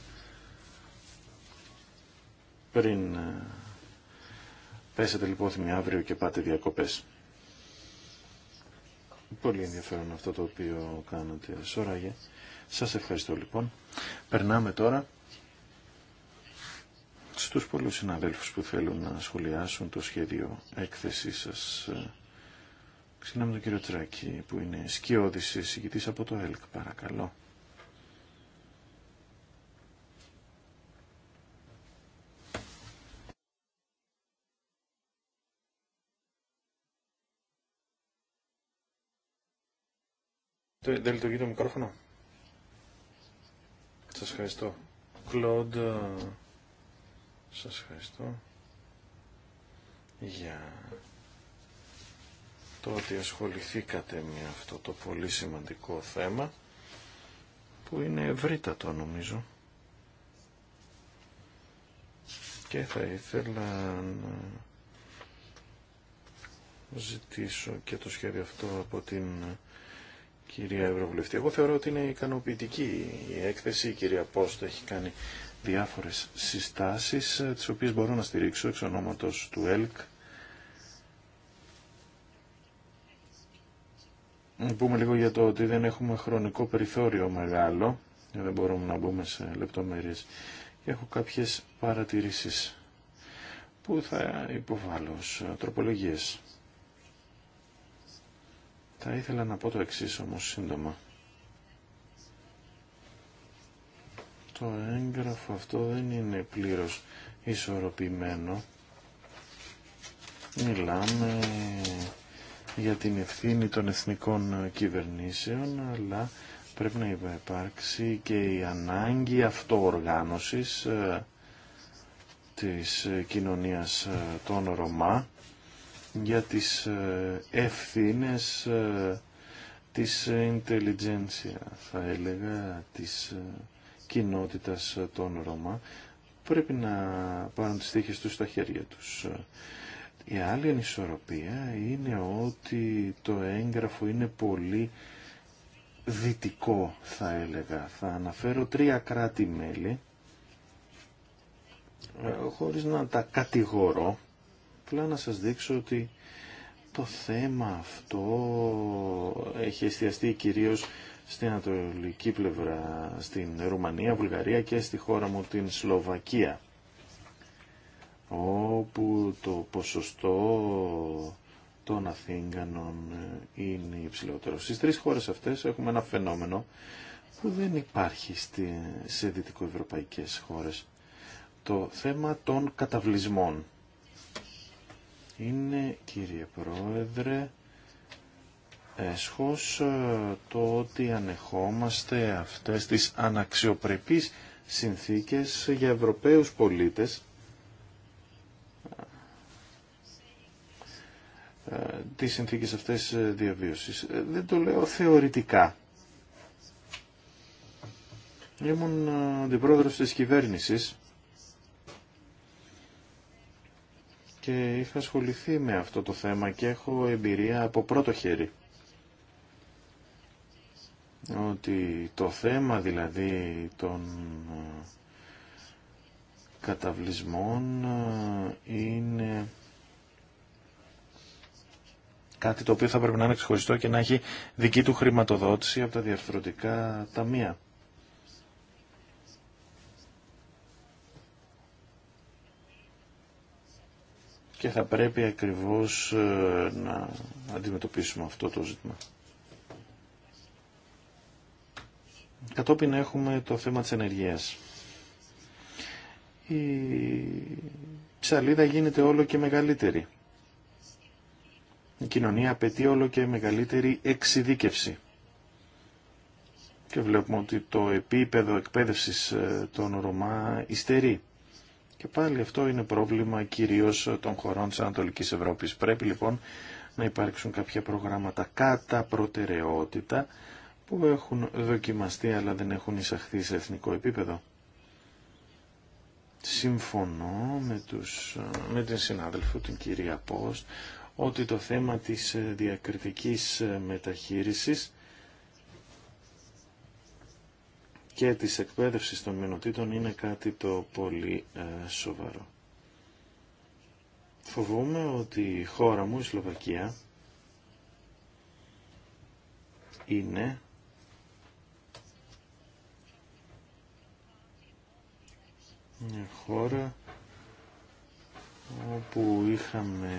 Πριν ε, πέσετε λοιπόν αύριο και πάτε διακοπές. Πολύ ενδιαφέρον αυτό το οποίο κάνετε. σωράγε Σας ευχαριστώ λοιπόν. Περνάμε τώρα στους πολλούς συναδέλφους που θέλουν να σχολιάσουν το σχέδιο έκθεσή σας. Ε, ξεκινάμε τον κύριο Τράκη που είναι σκιώδης εισηγητής από το ΕΛΚ. Παρακαλώ. Δεν λειτουργεί το μικρόφωνο. Σας ευχαριστώ. Κλοντ, ε, σας ευχαριστώ για το ότι ασχοληθήκατε με αυτό το πολύ σημαντικό θέμα που είναι ευρύτατο νομίζω και θα ήθελα να ζητήσω και το σχέδιο αυτό από την κυρία Ευρωβουλευτή. Εγώ θεωρώ ότι είναι ικανοποιητική η έκθεση, η κυρία Πόστο έχει κάνει διάφορες συστάσεις ε, τις οποίες μπορώ να στηρίξω εξ ονόματος του ΕΛΚ Πούμε λίγο για το ότι δεν έχουμε χρονικό περιθώριο μεγάλο, δεν μπορούμε να μπούμε σε λεπτομέρειες. έχω κάποιες παρατηρήσεις που θα υποβάλω τροπολογίες. Θα ήθελα να πω το εξής όμως σύντομα. το έγγραφο αυτό δεν είναι πλήρως ισορροπημένο. Μιλάμε για την ευθύνη των εθνικών κυβερνήσεων, αλλά πρέπει να υπάρξει και η ανάγκη αυτοοργάνωσης ε, της κοινωνίας ε, των Ρωμά για τις ε, ευθύνες της intelligentsia, θα έλεγα, της κοινότητας των Ρώμα πρέπει να πάρουν τις τύχες τους στα χέρια τους. Η άλλη ανισορροπία είναι ότι το έγγραφο είναι πολύ δυτικό θα έλεγα. Θα αναφέρω τρία κράτη-μέλη ε, χωρίς να τα κατηγορώ απλά να σας δείξω ότι το θέμα αυτό έχει εστιαστεί κυρίως στην ανατολική πλευρά, στην Ρουμανία, Βουλγαρία και στη χώρα μου την Σλοβακία όπου το ποσοστό των Αθήγανων είναι υψηλότερο. Στις τρεις χώρες αυτές έχουμε ένα φαινόμενο που δεν υπάρχει στη, σε δυτικοευρωπαϊκές χώρες. Το θέμα των καταβλισμών. Είναι, κύριε Πρόεδρε, έσχος ε, το ότι ανεχόμαστε αυτές τις αναξιοπρεπείς συνθήκες για Ευρωπαίους πολίτες ε, τις συνθήκες αυτές διαβίωσης. Ε, δεν το λέω θεωρητικά. Ήμουν αντιπρόεδρος της κυβέρνησης και είχα ασχοληθεί με αυτό το θέμα και έχω εμπειρία από πρώτο χέρι ότι το θέμα δηλαδή των ε, καταβλισμών ε, είναι κάτι το οποίο θα πρέπει να είναι ξεχωριστό και να έχει δική του χρηματοδότηση από τα διαφορετικά ταμεία. Και θα πρέπει ακριβώς ε, να αντιμετωπίσουμε αυτό το ζήτημα. Κατόπιν έχουμε το θέμα της ενεργείας. Η ψαλίδα γίνεται όλο και μεγαλύτερη. Η κοινωνία απαιτεί όλο και μεγαλύτερη εξειδίκευση. Και βλέπουμε ότι το επίπεδο εκπαίδευσης ε, των Ρωμά υστερεί. Και πάλι αυτό είναι πρόβλημα κυρίως των χωρών της Ανατολικής Ευρώπης. Πρέπει λοιπόν να υπάρξουν κάποια προγράμματα κατά προτεραιότητα που έχουν δοκιμαστεί αλλά δεν έχουν εισαχθεί σε εθνικό επίπεδο. Συμφωνώ με, τους, με την συνάδελφο την κυρία Πόστ ότι το θέμα της διακριτικής μεταχείρισης και της εκπαίδευσης των μηνοτήτων είναι κάτι το πολύ ε, σοβαρό. Φοβούμαι ότι η χώρα μου, η Σλοβακία, είναι μια χώρα όπου είχαμε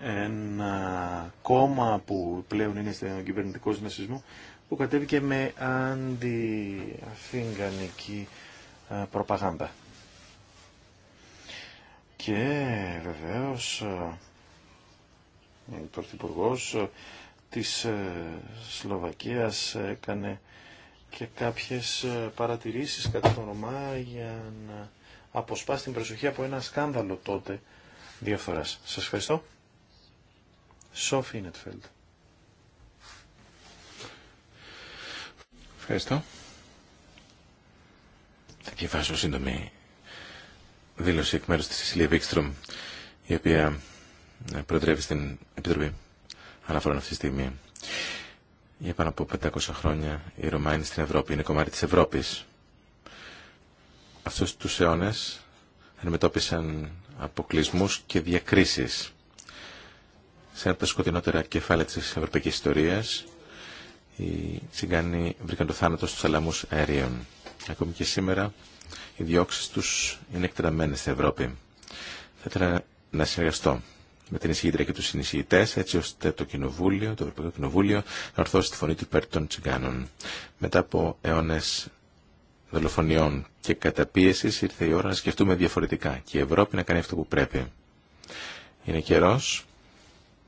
ένα κόμμα που πλέον είναι στον κυβερνητικό συνασπισμό που κατέβηκε με αντιαθηγανική ε, προπαγάνδα. Και βεβαίως ε, ο Πρωθυπουργός της ε, Σλοβακίας έκανε και κάποιες παρατηρήσεις κατά τον Ρωμά για να Αποσπά την προσοχή από ένα σκάνδαλο τότε διαφθοράς. Σας ευχαριστώ. Σόφι Νετφέλντ. Ευχαριστώ. Θα διαβάσω σύντομη δήλωση εκ μέρους της Σιλία Βίξτρομ, η οποία ε, προεδρεύει στην Επιτροπή Αναφορών αυτή τη στιγμή. Για πάνω από 500 χρόνια οι Ρωμάνοι στην Ευρώπη είναι κομμάτι της Ευρώπης αυτούς τους αιώνες αντιμετώπισαν αποκλεισμούς και διακρίσεις. Σε ένα από τα σκοτεινότερα κεφάλαια της ευρωπαϊκής ιστορίας, οι τσιγκάνοι βρήκαν το θάνατο στους αλαμούς αερίων. Ακόμη και σήμερα, οι διώξεις τους είναι εκτεταμένες στην Ευρώπη. Θα ήθελα να συνεργαστώ με την εισηγήτρια και τους συνεισηγητές, έτσι ώστε το Κοινοβούλιο, το Ευρωπαϊκό Κοινοβούλιο, να ορθώσει τη φωνή του υπέρ των τσιγκάνων. Μετά από αιώνες δολοφονιών και καταπίεση ήρθε η ώρα να σκεφτούμε διαφορετικά και η Ευρώπη να κάνει αυτό που πρέπει. Είναι καιρό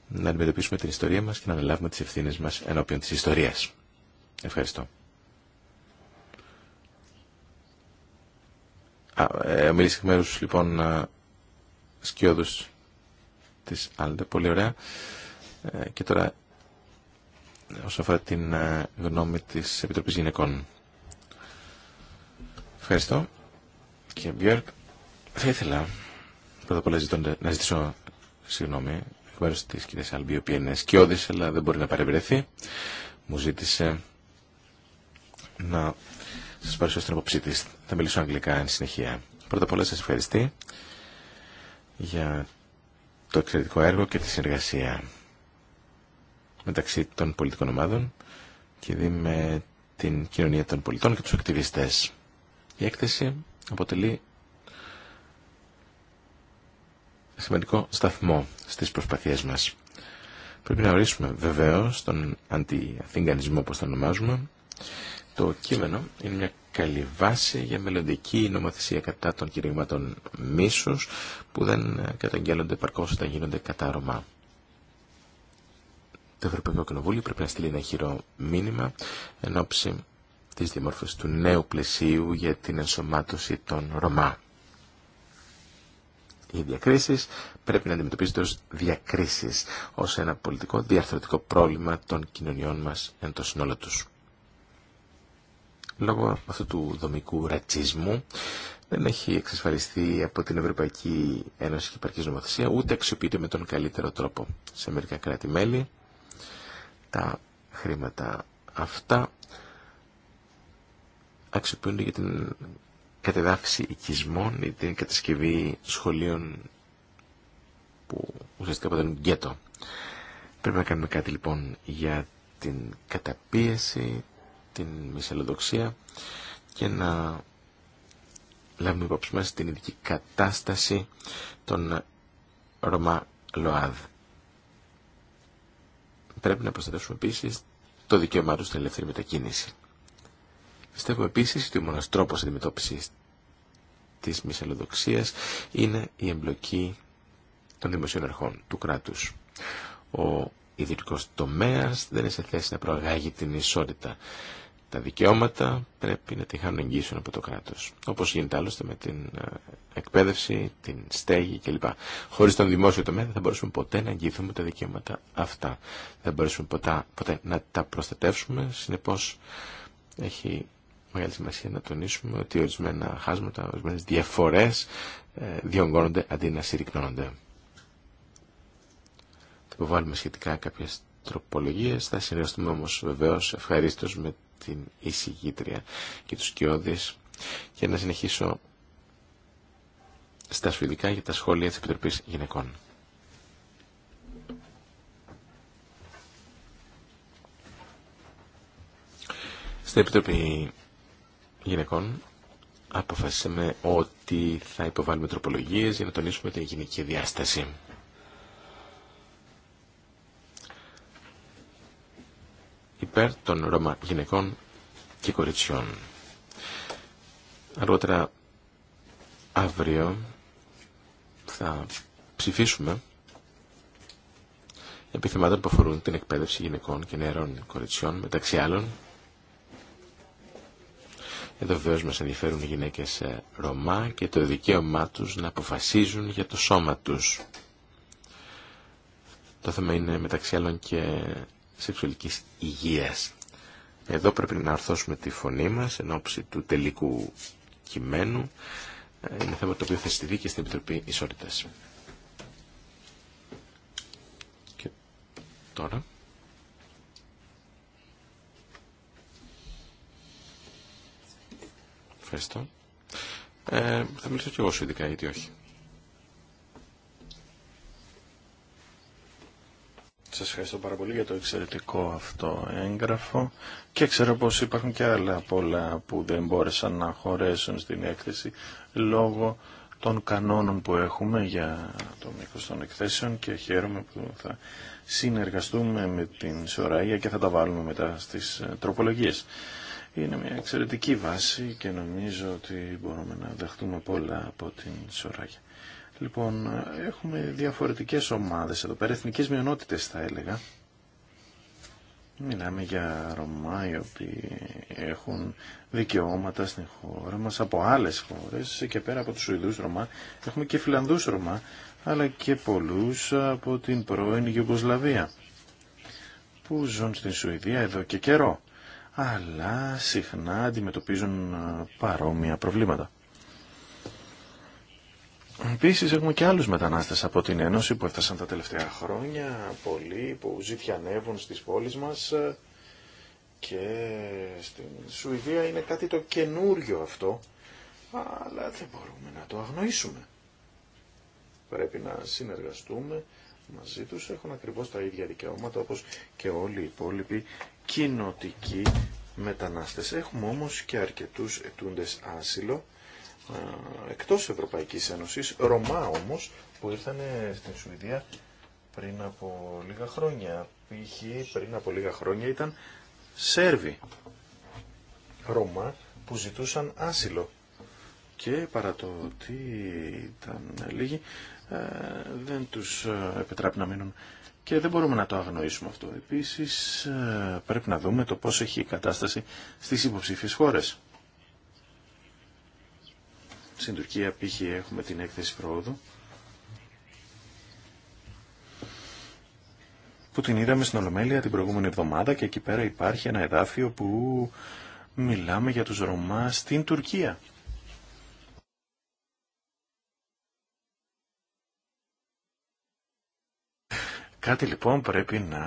να αντιμετωπίσουμε την ιστορία μας και να αναλάβουμε τις ευθύνες μας ενώπιον της ιστορίας. Ευχαριστώ. Α, ε, εκ λοιπόν σκιώδου της Άλντε. Πολύ ωραία. Ε, και τώρα όσον αφορά την γνώμη της Επιτροπής Γυναικών. Ευχαριστώ. Κύριε Μπιόρκ, θα ήθελα πρώτα απ' όλα να ζητήσω συγγνώμη εκ μέρου τη κυρία Αλμπή, η οποία είναι σκιώδη, αλλά δεν μπορεί να παρευρεθεί. Μου ζήτησε να σα παρουσιάσω την απόψη τη. Θα μιλήσω αγγλικά εν συνεχεία. Πρώτα απ' όλα σα ευχαριστώ για το εξαιρετικό έργο και τη συνεργασία μεταξύ των πολιτικών ομάδων και δι' με την κοινωνία των πολιτών και τους ακτιβιστές. Η έκθεση αποτελεί σημαντικό σταθμό στις προσπαθίες μας. Πρέπει να ορίσουμε βεβαίω τον αντιαθήγανισμό όπως το ονομάζουμε. Το κείμενο είναι μια καλή βάση για μελλοντική νομοθεσία κατά των κηρύγματων μίσους που δεν καταγγέλλονται παρκώς όταν γίνονται κατά Ρωμά. Το Ευρωπαϊκό Κοινοβούλιο πρέπει να στείλει ένα χειρό μήνυμα εν ώψη της διαμόρφωσης του νέου πλαισίου για την ενσωμάτωση των Ρωμά. Οι διακρίσεις πρέπει να αντιμετωπίζονται ως διακρίσεις, ως ένα πολιτικό διαρθρωτικό πρόβλημα των κοινωνιών μας εν το σύνολο τους. Λόγω αυτού του δομικού ρατσισμού δεν έχει εξασφαλιστεί από την Ευρωπαϊκή Ένωση και Υπαρκής Νομοθεσία ούτε αξιοποιείται με τον καλύτερο τρόπο. Σε μερικά κράτη-μέλη τα χρήματα αυτά αξιοποιούνται για την κατεδάφιση οικισμών ή την κατασκευή σχολείων που ουσιαστικά αποτελούν γκέτο. Πρέπει να κάνουμε κάτι λοιπόν για την καταπίεση, την μυσαλλοδοξία και να λάβουμε υπόψη μας την ειδική κατάσταση των Ρωμά ΛΟΑΔ. Πρέπει να προστατεύσουμε επίσης το δικαίωμά τους στην ελεύθερη μετακίνηση. Πιστεύω επίσης ότι ο μόνος τρόπος αντιμετώπισης της μυσαλλοδοξίας είναι η εμπλοκή των δημοσίων αρχών του κράτους. Ο ιδιωτικός τομέας δεν είναι σε θέση να προαγάγει την ισότητα. Τα δικαιώματα πρέπει να τη χάνουν εγγύσεων από το κράτος. Όπως γίνεται άλλωστε με την ε, εκπαίδευση, την στέγη κλπ. Χωρίς τον δημόσιο τομέα δεν θα μπορούσαμε ποτέ να εγγυηθούμε τα δικαιώματα αυτά. Δεν θα μπορούσαμε ποτέ, ποτέ να τα προστατεύσουμε. Συνεπώς έχει μεγάλη σημασία να τονίσουμε ότι ορισμένα χάσματα, ορισμένες διαφορές ε, διονγκώνονται αντί να συρρυκνώνονται. Θα υποβάλουμε σχετικά κάποιες τροπολογίες, θα συνεργαστούμε όμως βεβαίως ευχαρίστως με την εισηγήτρια και τους κοιόδης και να συνεχίσω στα σφυδικά για τα σχόλια της Επιτροπής Γυναικών. Στην Επιτροπή γυναικών αποφασίσαμε ότι θα υποβάλουμε τροπολογίες για να τονίσουμε την γυναική διάσταση. Υπέρ των Ρωμα γυναικών και κοριτσιών. Αργότερα αύριο θα ψηφίσουμε επιθυμάτων που αφορούν την εκπαίδευση γυναικών και νεαρών κοριτσιών μεταξύ άλλων εδώ βεβαίω μας ενδιαφέρουν οι γυναίκες Ρωμά και το δικαίωμά τους να αποφασίζουν για το σώμα τους. Το θέμα είναι μεταξύ άλλων και σεξουαλικής υγείας. Εδώ πρέπει να αρθώσουμε τη φωνή μας εν ώψη του τελικού κειμένου. Είναι θέμα το οποίο θα και στην Επιτροπή Ισότητας. Και τώρα... Ευχαριστώ. Ε, θα μιλήσω κι εγώ σου ειδικά, γιατί όχι. Σας ευχαριστώ πάρα πολύ για το εξαιρετικό αυτό έγγραφο και ξέρω πως υπάρχουν και άλλα πολλά που δεν μπόρεσαν να χωρέσουν στην έκθεση λόγω των κανόνων που έχουμε για το μήκος των εκθέσεων και χαίρομαι που θα συνεργαστούμε με την Σωραία και θα τα βάλουμε μετά στις τροπολογίες είναι μια εξαιρετική βάση και νομίζω ότι μπορούμε να δεχτούμε πολλά από την Σοράγια. Λοιπόν, έχουμε διαφορετικές ομάδες εδώ πέρα, εθνικές μειονότητες θα έλεγα. Μιλάμε για Ρωμά οι οποίοι έχουν δικαιώματα στην χώρα μας από άλλες χώρες και πέρα από τους Σουηδούς Ρωμά έχουμε και Φιλανδούς Ρωμά αλλά και πολλούς από την πρώην Γιουγκοσλαβία που ζουν στην Σουηδία εδώ και καιρό αλλά συχνά αντιμετωπίζουν παρόμοια προβλήματα. Επίση έχουμε και άλλους μετανάστες από την Ένωση που έφτασαν τα τελευταία χρόνια, πολλοί που ζητιανεύουν στις πόλεις μας και στην Σουηδία είναι κάτι το καινούριο αυτό, αλλά δεν μπορούμε να το αγνοήσουμε. Πρέπει να συνεργαστούμε μαζί τους, έχουν ακριβώς τα ίδια δικαιώματα όπως και όλοι οι υπόλοιποι κοινοτικοί μετανάστες. Έχουμε όμως και αρκετούς ετούντες άσυλο εκτός Ευρωπαϊκής Ένωσης, Ρωμά όμως, που ήρθαν στην Σουηδία πριν από λίγα χρόνια. Π.χ. πριν από λίγα χρόνια ήταν Σέρβοι, Ρωμά, που ζητούσαν άσυλο. Και παρά το ότι ήταν λίγοι, ε, δεν τους ε, επιτράπει να μείνουν και δεν μπορούμε να το αγνοήσουμε αυτό. Επίσης ε, πρέπει να δούμε το πώς έχει η κατάσταση στις υποψήφιες χώρες. Στην Τουρκία π.χ. έχουμε την έκθεση πρόοδου που την είδαμε στην Ολομέλεια την προηγούμενη εβδομάδα και εκεί πέρα υπάρχει ένα εδάφιο που μιλάμε για τους Ρωμά στην Τουρκία. Κάτι λοιπόν πρέπει να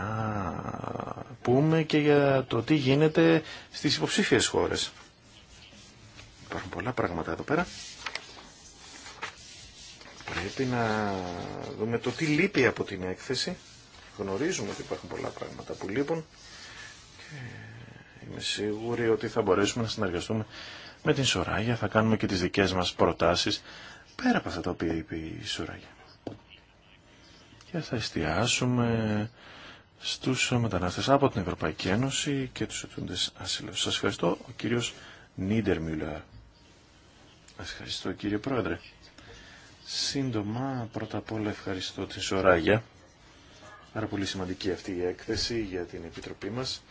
πούμε και για το τι γίνεται στις υποψήφιες χώρες. Υπάρχουν πολλά πράγματα εδώ πέρα. Πρέπει να δούμε το τι λείπει από την έκθεση. Γνωρίζουμε ότι υπάρχουν πολλά πράγματα που λείπουν και είμαι σίγουρη ότι θα μπορέσουμε να συνεργαστούμε με την Σοράγια, θα κάνουμε και τις δικές μας προτάσεις πέρα από αυτά τα οποία είπε η Σοράγια και θα εστιάσουμε στους μετανάστες από την Ευρωπαϊκή Ένωση και τους ετούντες ασύλου. Σας ευχαριστώ ο κύριος Νίντερ Μιουλαρ. Σας ευχαριστώ κύριε Πρόεδρε. Σύντομα, πρώτα απ' όλα ευχαριστώ την Σοράγια. Άρα πολύ σημαντική αυτή η έκθεση για την Επιτροπή μας,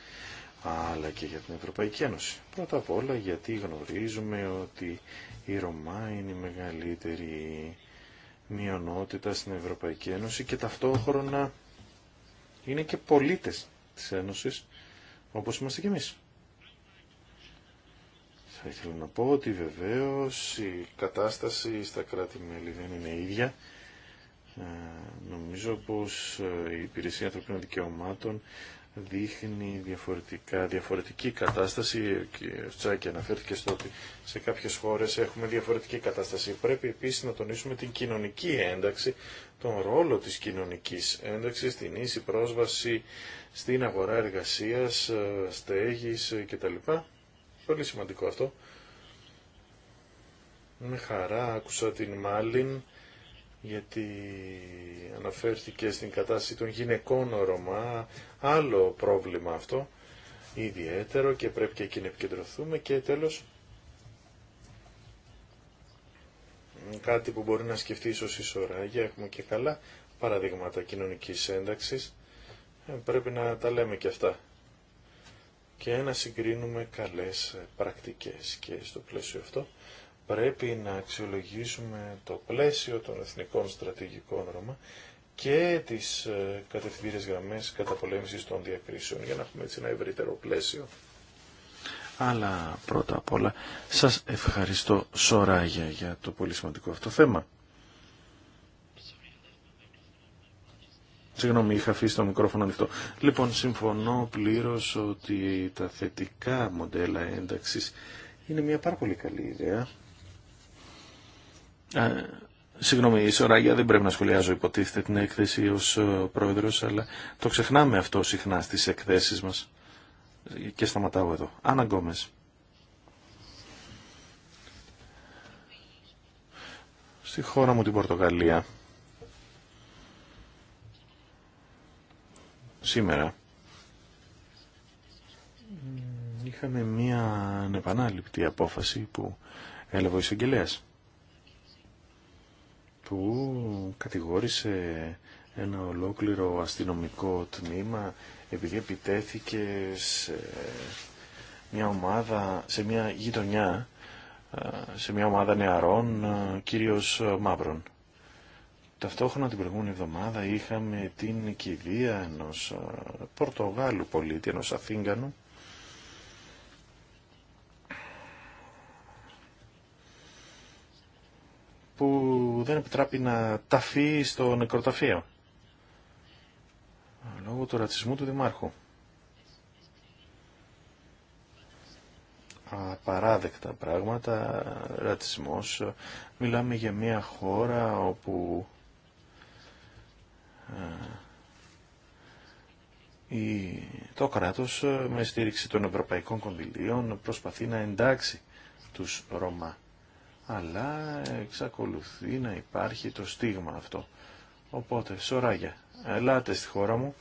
αλλά και για την Ευρωπαϊκή Ένωση. Πρώτα απ' όλα γιατί γνωρίζουμε ότι η Ρωμά είναι η μεγαλύτερη μειονότητα στην Ευρωπαϊκή Ένωση και ταυτόχρονα είναι και πολίτες της Ένωσης, όπως είμαστε κι εμείς. Θα ήθελα να πω ότι βεβαίως η κατάσταση στα κράτη-μέλη δεν είναι ίδια. Ε, νομίζω πως η Υπηρεσία Ανθρωπίνων Δικαιωμάτων δείχνει διαφορετικά, διαφορετική κατάσταση και Τσάκη αναφέρθηκε στο ότι σε κάποιες χώρες έχουμε διαφορετική κατάσταση. Πρέπει επίσης να τονίσουμε την κοινωνική ένταξη, τον ρόλο της κοινωνικής ένταξης, την ίση πρόσβαση στην αγορά εργασίας, στέγης κτλ. Πολύ σημαντικό αυτό. Με χαρά άκουσα την Μάλιν γιατί αναφέρθηκε στην κατάσταση των γυναικών Ρωμά, άλλο πρόβλημα αυτό, ιδιαίτερο και πρέπει και εκεί να επικεντρωθούμε και τέλος κάτι που μπορεί να σκεφτεί ίσως η Σωράγια, έχουμε και καλά παραδείγματα κοινωνικής ένταξης, ε, πρέπει να τα λέμε και αυτά και να συγκρίνουμε καλές πρακτικές και στο πλαίσιο αυτό πρέπει να αξιολογήσουμε το πλαίσιο των εθνικών στρατηγικών Ρώμα και τις ε, κατευθυντήριες γραμμές καταπολέμησης των διακρίσεων για να έχουμε έτσι ένα ευρύτερο πλαίσιο. Αλλά πρώτα απ' όλα σας ευχαριστώ σωράγια για το πολύ σημαντικό αυτό θέμα. Συγγνώμη, είχα αφήσει το μικρόφωνο ανοιχτό. Λοιπόν, συμφωνώ πλήρως ότι τα θετικά μοντέλα ένταξης είναι μια πάρα πολύ καλή ιδέα ε, συγγνώμη, η Σωράγια δεν πρέπει να σχολιάζω υποτίθεται την έκθεση ως ε, πρόεδρος, αλλά το ξεχνάμε αυτό συχνά στις εκθέσεις μας. Και σταματάω εδώ. Άννα Γκόμες. Στη χώρα μου την Πορτογαλία. Σήμερα. Είχαμε μία ανεπανάληπτη απόφαση που έλαβε ο εισαγγελέας που κατηγόρησε ένα ολόκληρο αστυνομικό τμήμα επειδή επιτέθηκε σε μια ομάδα, σε μια γειτονιά, σε μια ομάδα νεαρών, κυρίως μαύρων. Ταυτόχρονα την προηγούμενη εβδομάδα είχαμε την κηδεία ενός Πορτογάλου πολίτη, ενός Αθήγκανου, που δεν επιτράπει να ταφεί στο νεκροταφείο. Λόγω του ρατσισμού του Δημάρχου. Απαράδεκτα πράγματα, ρατσισμός. Μιλάμε για μια χώρα όπου ε, το κράτος ε, με στήριξη των ευρωπαϊκών κονδυλίων προσπαθεί να εντάξει τους Ρωμά αλλά εξακολουθεί να υπάρχει το στίγμα αυτό. Οπότε, σωράγια, ελάτε στη χώρα μου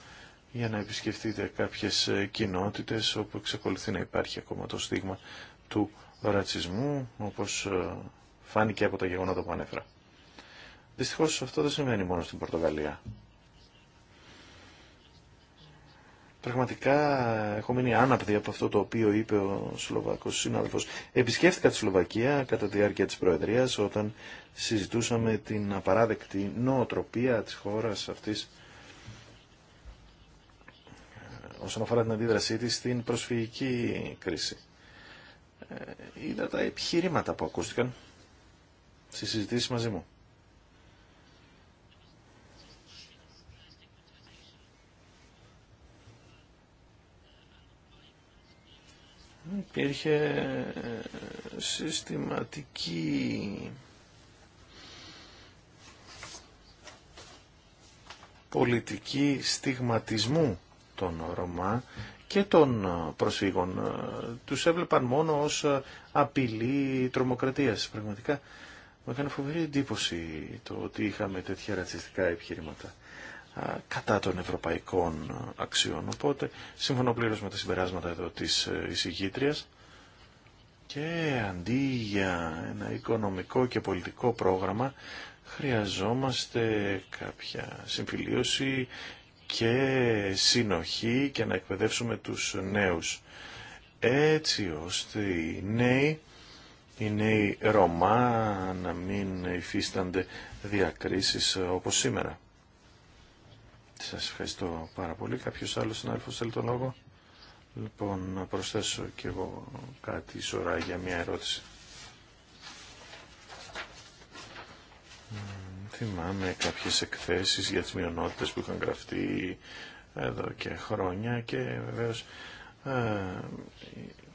για να επισκεφτείτε κάποιες ε, κοινότητες όπου εξακολουθεί να υπάρχει ακόμα το στίγμα του ρατσισμού, όπως ε, φάνηκε από τα γεγονότα που ανέφερα. Δυστυχώς αυτό δεν συμβαίνει μόνο στην Πορτογαλία. Πραγματικά έχω μείνει άναπτη από αυτό το οποίο είπε ο Σλοβακός συνάδελφος. Επισκέφθηκα τη Σλοβακία κατά τη διάρκεια της Προεδρίας όταν συζητούσαμε την απαράδεκτη νοοτροπία της χώρας αυτής ε, όσον αφορά την αντίδρασή της στην προσφυγική κρίση. Ε, είδα τα επιχειρήματα που ακούστηκαν στις συζητήσεις μαζί μου. υπήρχε ε, συστηματική πολιτική στιγματισμού των Ρωμά και των ε, προσφύγων. Ε, τους έβλεπαν μόνο ως απειλή τρομοκρατίας. Πραγματικά μου έκανε φοβερή εντύπωση το ότι είχαμε τέτοια ρατσιστικά επιχειρήματα κατά των ευρωπαϊκών αξιών. Οπότε σύμφωνο πλήρω με τα συμπεράσματα εδώ της ε, εισηγήτριας και αντί για ένα οικονομικό και πολιτικό πρόγραμμα χρειαζόμαστε κάποια συμφιλίωση και συνοχή και να εκπαιδεύσουμε τους νέους έτσι ώστε οι νέοι οι νέοι Ρωμά να μην υφίστανται διακρίσεις όπως σήμερα. Σας ευχαριστώ πάρα πολύ. Κάποιος άλλος συνάδελφος θέλει τον λόγο. Λοιπόν, να προσθέσω και εγώ κάτι σωρά για μια ερώτηση. Θυμάμαι κάποιες εκθέσεις για τις μειονότητες που είχαν γραφτεί εδώ και χρόνια και βεβαίως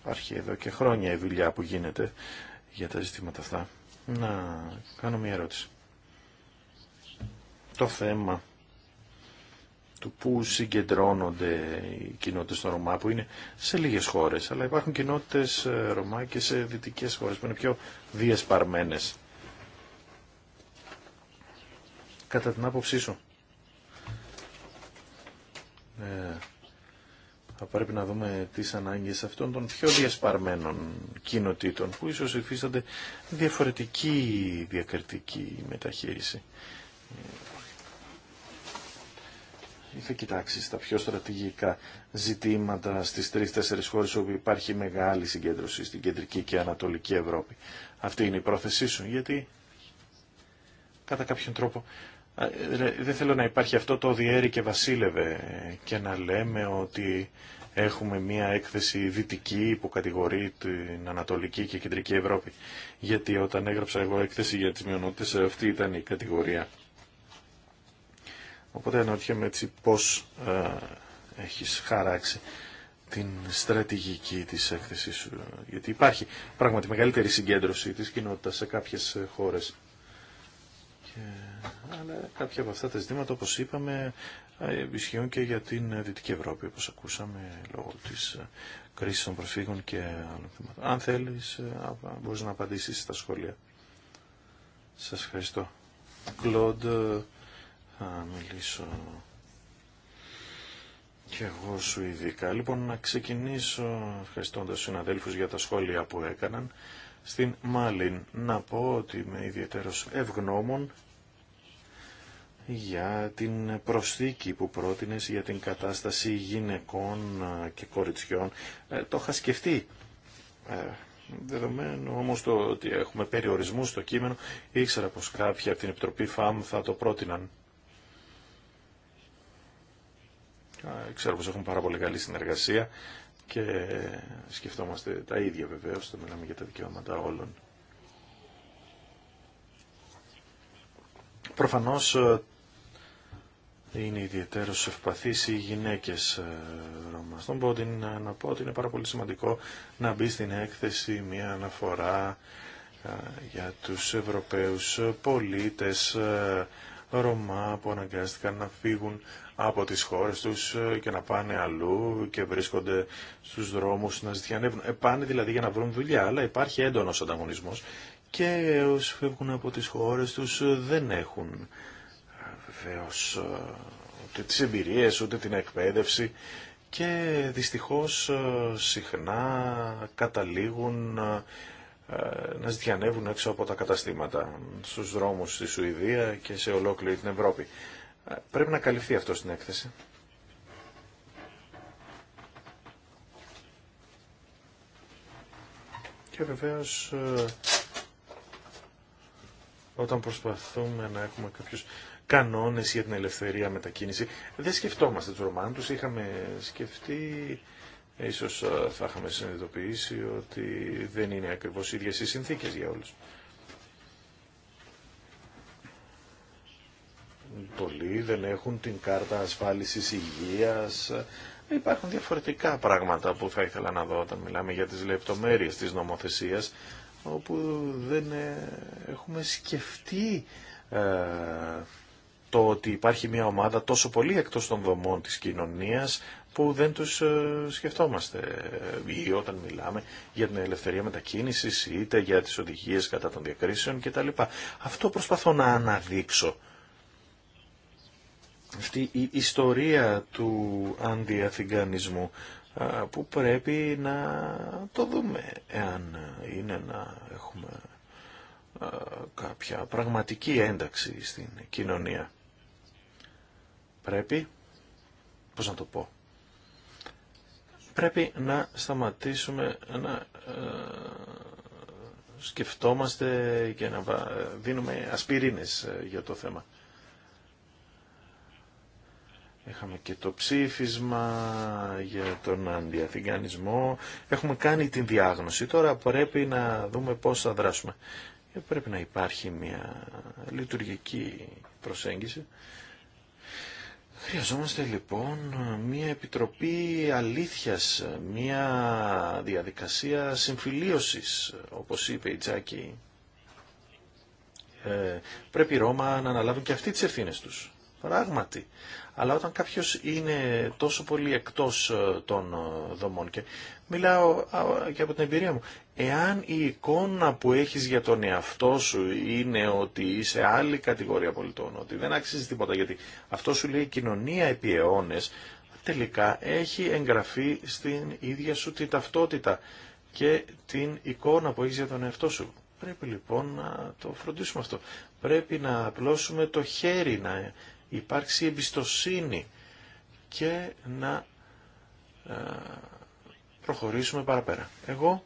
υπάρχει εδώ και χρόνια η δουλειά που γίνεται για τα ζητήματα αυτά. Να κάνω μια ερώτηση. Το θέμα του πού συγκεντρώνονται οι κοινότητες των Ρωμά που είναι σε λίγες χώρες αλλά υπάρχουν κοινότητες ε, Ρωμά και σε δυτικές χώρες που είναι πιο διασπαρμένες. Κατά την άποψή σου ε, θα πρέπει να δούμε τις ανάγκες αυτών των πιο διασπαρμένων κοινοτήτων που ίσως υφίστανται διαφορετική διακριτική μεταχείριση. Ε, ε, θα κοιτάξει τα πιο στρατηγικά ζητήματα στις τρει τέσσερι χώρες όπου υπάρχει μεγάλη συγκέντρωση στην κεντρική και ανατολική Ευρώπη. Αυτή είναι η πρόθεσή σου, γιατί κατά κάποιον τρόπο ε, δεν θέλω να υπάρχει αυτό το διέρη και βασίλευε και να λέμε ότι έχουμε μία έκθεση δυτική που κατηγορεί την Ανατολική και Κεντρική Ευρώπη. Γιατί όταν έγραψα εγώ έκθεση για τις μειονότητες αυτή ήταν η κατηγορία Οπότε αναρωτιέμαι έτσι πώς ε, έχεις χαράξει την στρατηγική της έκθεσης σου. Γιατί υπάρχει πράγματι μεγαλύτερη συγκέντρωση της κοινότητας σε κάποιες ε, χώρες. Και, αλλά κάποια από αυτά τα ζητήματα, όπως είπαμε, ε, ισχύουν και για την ε, Δυτική Ευρώπη, όπως ακούσαμε, λόγω της κρίσης των προσφύγων και άλλων θεμάτων. Αν θέλεις, μπορείς να απαντήσεις στα σχόλια. Σας ευχαριστώ. Κλοντ, θα μιλήσω και εγώ σου ειδικά. Λοιπόν, να ξεκινήσω ευχαριστώντας τους συναδέλφους για τα σχόλια που έκαναν. Στην Μάλιν να πω ότι με ιδιαίτερος ευγνώμων για την προσθήκη που πρότεινες για την κατάσταση γυναικών ε, και κοριτσιών. Ε, το είχα σκεφτεί. Ε, δεδομένου όμως το ότι έχουμε περιορισμού στο κείμενο, ήξερα πως κάποιοι από την Επιτροπή ΦΑΜ θα το πρότειναν. Ξέρω πως έχουμε πάρα πολύ καλή συνεργασία και σκεφτόμαστε τα ίδια βεβαίως, το μιλάμε για τα δικαιώματα όλων. Προφανώς ε, είναι ιδιαίτερος ευπαθής οι γυναίκες ε, Ρώμα. Στον ε, να πω ότι είναι πάρα πολύ σημαντικό να μπει στην έκθεση μια αναφορά για τους Ευρωπαίους πολίτες Ρωμά που αναγκάστηκαν να φύγουν από τις χώρες τους ε, και να πάνε αλλού και βρίσκονται στους δρόμους να ζητιανεύουν. Ε, πάνε δηλαδή για να βρουν δουλειά, αλλά υπάρχει έντονος ανταγωνισμός και όσοι φεύγουν από τις χώρες τους ε, δεν έχουν βεβαίω ούτε τις εμπειρίες, ούτε την εκπαίδευση και δυστυχώς συχνά καταλήγουν ε, να ζητιανεύουν έξω από τα καταστήματα, στους δρόμους στη Σουηδία και σε ολόκληρη την Ευρώπη. Ε, πρέπει να καλυφθεί αυτό στην έκθεση. Και βεβαίως ε, όταν προσπαθούμε να έχουμε κάποιους κανόνες για την ελευθερία μετακίνηση, δεν σκεφτόμαστε τους Ρωμάνους, είχαμε σκεφτεί ίσως ε, θα είχαμε συνειδητοποιήσει ότι δεν είναι ακριβώς ίδιες οι συνθήκες για όλους. Πολλοί δεν έχουν την κάρτα ασφάλισης υγείας. Υπάρχουν διαφορετικά πράγματα που θα ήθελα να δω όταν μιλάμε για τις λεπτομέρειες της νομοθεσίας, όπου δεν ε, έχουμε σκεφτεί ε, το ότι υπάρχει μια ομάδα τόσο πολύ εκτός των δομών της κοινωνίας που δεν τους ε, σκεφτόμαστε ή όταν μιλάμε για την ελευθερία μετακίνησης είτε για τις οδηγίες κατά των διακρίσεων κτλ. Αυτό προσπαθώ να αναδείξω. Αυτή η ιστορία του αντιαθηγανισμού που πρέπει να το δούμε εάν είναι να έχουμε κάποια πραγματική ένταξη στην κοινωνία. Πρέπει, πώς να το πω, Πρέπει να σταματήσουμε να ε, σκεφτόμαστε και να δίνουμε ασπιρίνες ε, για το θέμα. Έχαμε και το ψήφισμα για τον αντιαθηγανισμό. Έχουμε κάνει την διάγνωση. Τώρα πρέπει να δούμε πώς θα δράσουμε. Ε, πρέπει να υπάρχει μια λειτουργική προσέγγιση Χρειαζόμαστε λοιπόν μια επιτροπή αλήθειας, μια διαδικασία συμφιλίωσης, όπως είπε η Τζάκη. Ε, πρέπει η Ρώμα να αναλάβουν και αυτοί τις ευθύνες τους. Πράγματι, αλλά όταν κάποιο είναι τόσο πολύ εκτός ε, των ε, δομών και μιλάω και από την εμπειρία μου, εάν η εικόνα που έχεις για τον εαυτό σου είναι ότι είσαι άλλη κατηγορία πολιτών, ότι δεν αξίζει τίποτα γιατί αυτό σου λέει κοινωνία επί αιώνε, τελικά έχει εγγραφεί στην ίδια σου την ταυτότητα και την εικόνα που έχεις για τον εαυτό σου. Πρέπει λοιπόν να το φροντίσουμε αυτό. Πρέπει να απλώσουμε το χέρι, να υπάρξει εμπιστοσύνη και να ε, προχωρήσουμε παραπέρα. Εγώ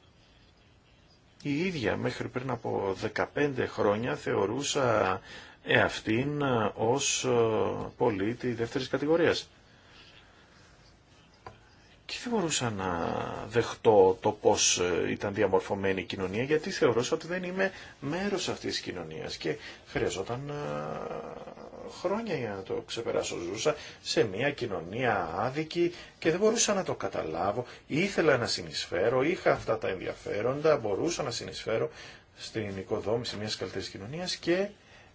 η ίδια μέχρι πριν από 15 χρόνια θεωρούσα εαυτήν ε, ως ε, πολίτη δεύτερης κατηγορίας. Και δεν μπορούσα να δεχτώ το πώς ήταν διαμορφωμένη η κοινωνία, γιατί θεωρούσα ότι δεν είμαι μέρος αυτής της κοινωνίας και χρειαζόταν χρόνια για να το ξεπεράσω. Ζούσα σε μια κοινωνία άδικη και δεν μπορούσα να το καταλάβω. Ήθελα να συνεισφέρω, είχα αυτά τα ενδιαφέροντα, μπορούσα να συνεισφέρω στην οικοδόμηση μιας καλύτερης κοινωνίας και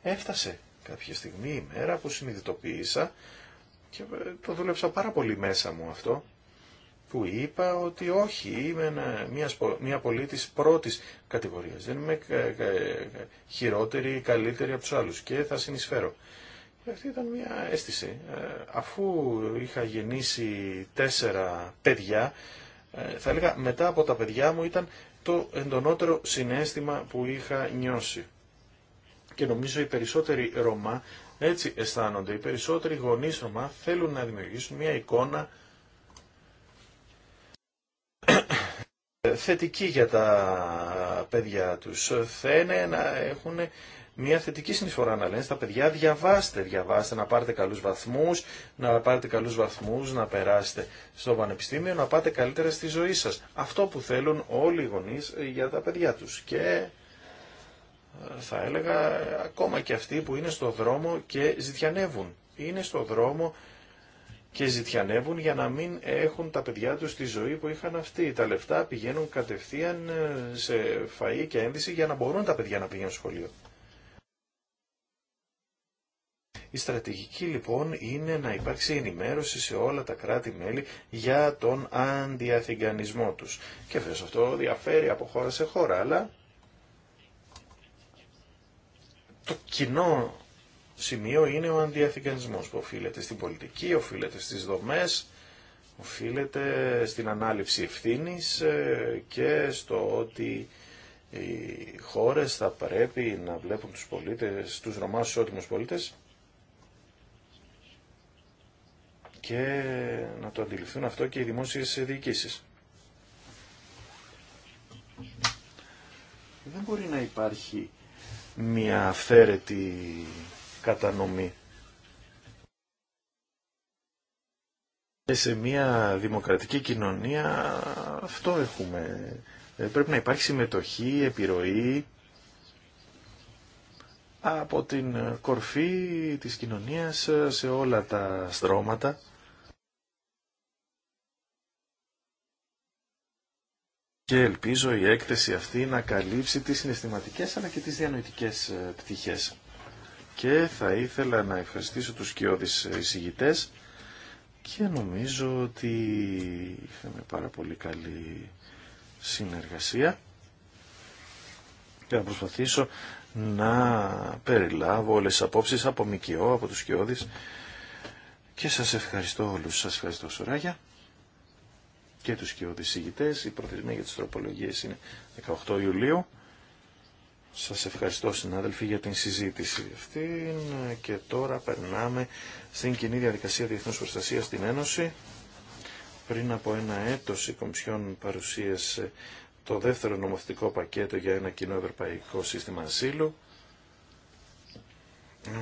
έφτασε κάποια στιγμή η μέρα που συνειδητοποίησα και ε, το δούλεψα πάρα πολύ μέσα μου αυτό που είπα ότι όχι, είμαι μια, μια πολίτης πρώτης κατηγορίας. Δεν είμαι ε, ε, χειρότερη ή καλύτερη από τους άλλους και θα συνεισφέρω. Αυτή ήταν μια αίσθηση. Ε, αφού είχα γεννήσει τέσσερα παιδιά, ε, θα έλεγα μετά από τα παιδιά μου ήταν το εντονότερο συνέστημα που είχα νιώσει. Και νομίζω οι περισσότεροι Ρωμά έτσι αισθάνονται. Οι περισσότεροι γονείς Ρωμά θέλουν να δημιουργήσουν μια εικόνα θετική για τα παιδιά τους. Θένε να έχουν μια θετική συνεισφορά να λένε στα παιδιά διαβάστε, διαβάστε, να πάρετε καλούς βαθμούς, να πάρετε καλούς βαθμούς, να περάσετε στο πανεπιστήμιο, να πάτε καλύτερα στη ζωή σας. Αυτό που θέλουν όλοι οι γονείς ε, για τα παιδιά τους. Και ε, θα έλεγα ακόμα και αυτοί που είναι στο δρόμο και ζητιανεύουν. Είναι στο δρόμο και ζητιανεύουν για να μην έχουν τα παιδιά τους τη ζωή που είχαν αυτοί. Τα λεφτά πηγαίνουν κατευθείαν ε, σε φαΐ και ένδυση για να μπορούν τα παιδιά να πηγαίνουν σχολείο. Η στρατηγική λοιπόν είναι να υπάρξει ενημέρωση σε όλα τα κράτη-μέλη για τον αντιαθηγανισμό τους. Και βέβαια αυτό διαφέρει από χώρα σε χώρα, αλλά το κοινό σημείο είναι ο αντιαθηγανισμός που οφείλεται στην πολιτική, οφείλεται στις δομές, οφείλεται στην ανάληψη ευθύνης ε, και στο ότι οι χώρες θα πρέπει να βλέπουν τους πολίτες, τους Ρωμάς τους πολίτες και να το αντιληφθούν αυτό και οι δημόσιες διοικήσεις. Δεν μπορεί να υπάρχει μια αυθαίρετη κατανομή. Και σε μια δημοκρατική κοινωνία αυτό έχουμε. Ε, πρέπει να υπάρχει συμμετοχή, επιρροή από την κορφή της κοινωνίας σε όλα τα στρώματα και ελπίζω η έκθεση αυτή να καλύψει τις συναισθηματικές αλλά και τις διανοητικές ε, πτυχές. Και θα ήθελα να ευχαριστήσω τους σκιώδεις ε, εισηγητές και νομίζω ότι είχαμε πάρα πολύ καλή συνεργασία και να προσπαθήσω να περιλάβω όλες τις απόψεις από μικιό από τους σκιώδεις και σας ευχαριστώ όλους. Σας ευχαριστώ Σουράγια και τους και Η προθεσμία για τις τροπολογίες είναι 18 Ιουλίου. Σας ευχαριστώ συνάδελφοι για την συζήτηση αυτή και τώρα περνάμε στην κοινή διαδικασία διεθνούς προστασίας στην Ένωση. Πριν από ένα έτος η Κομισιόν παρουσίασε το δεύτερο νομοθετικό πακέτο για ένα κοινό ευρωπαϊκό σύστημα ασύλου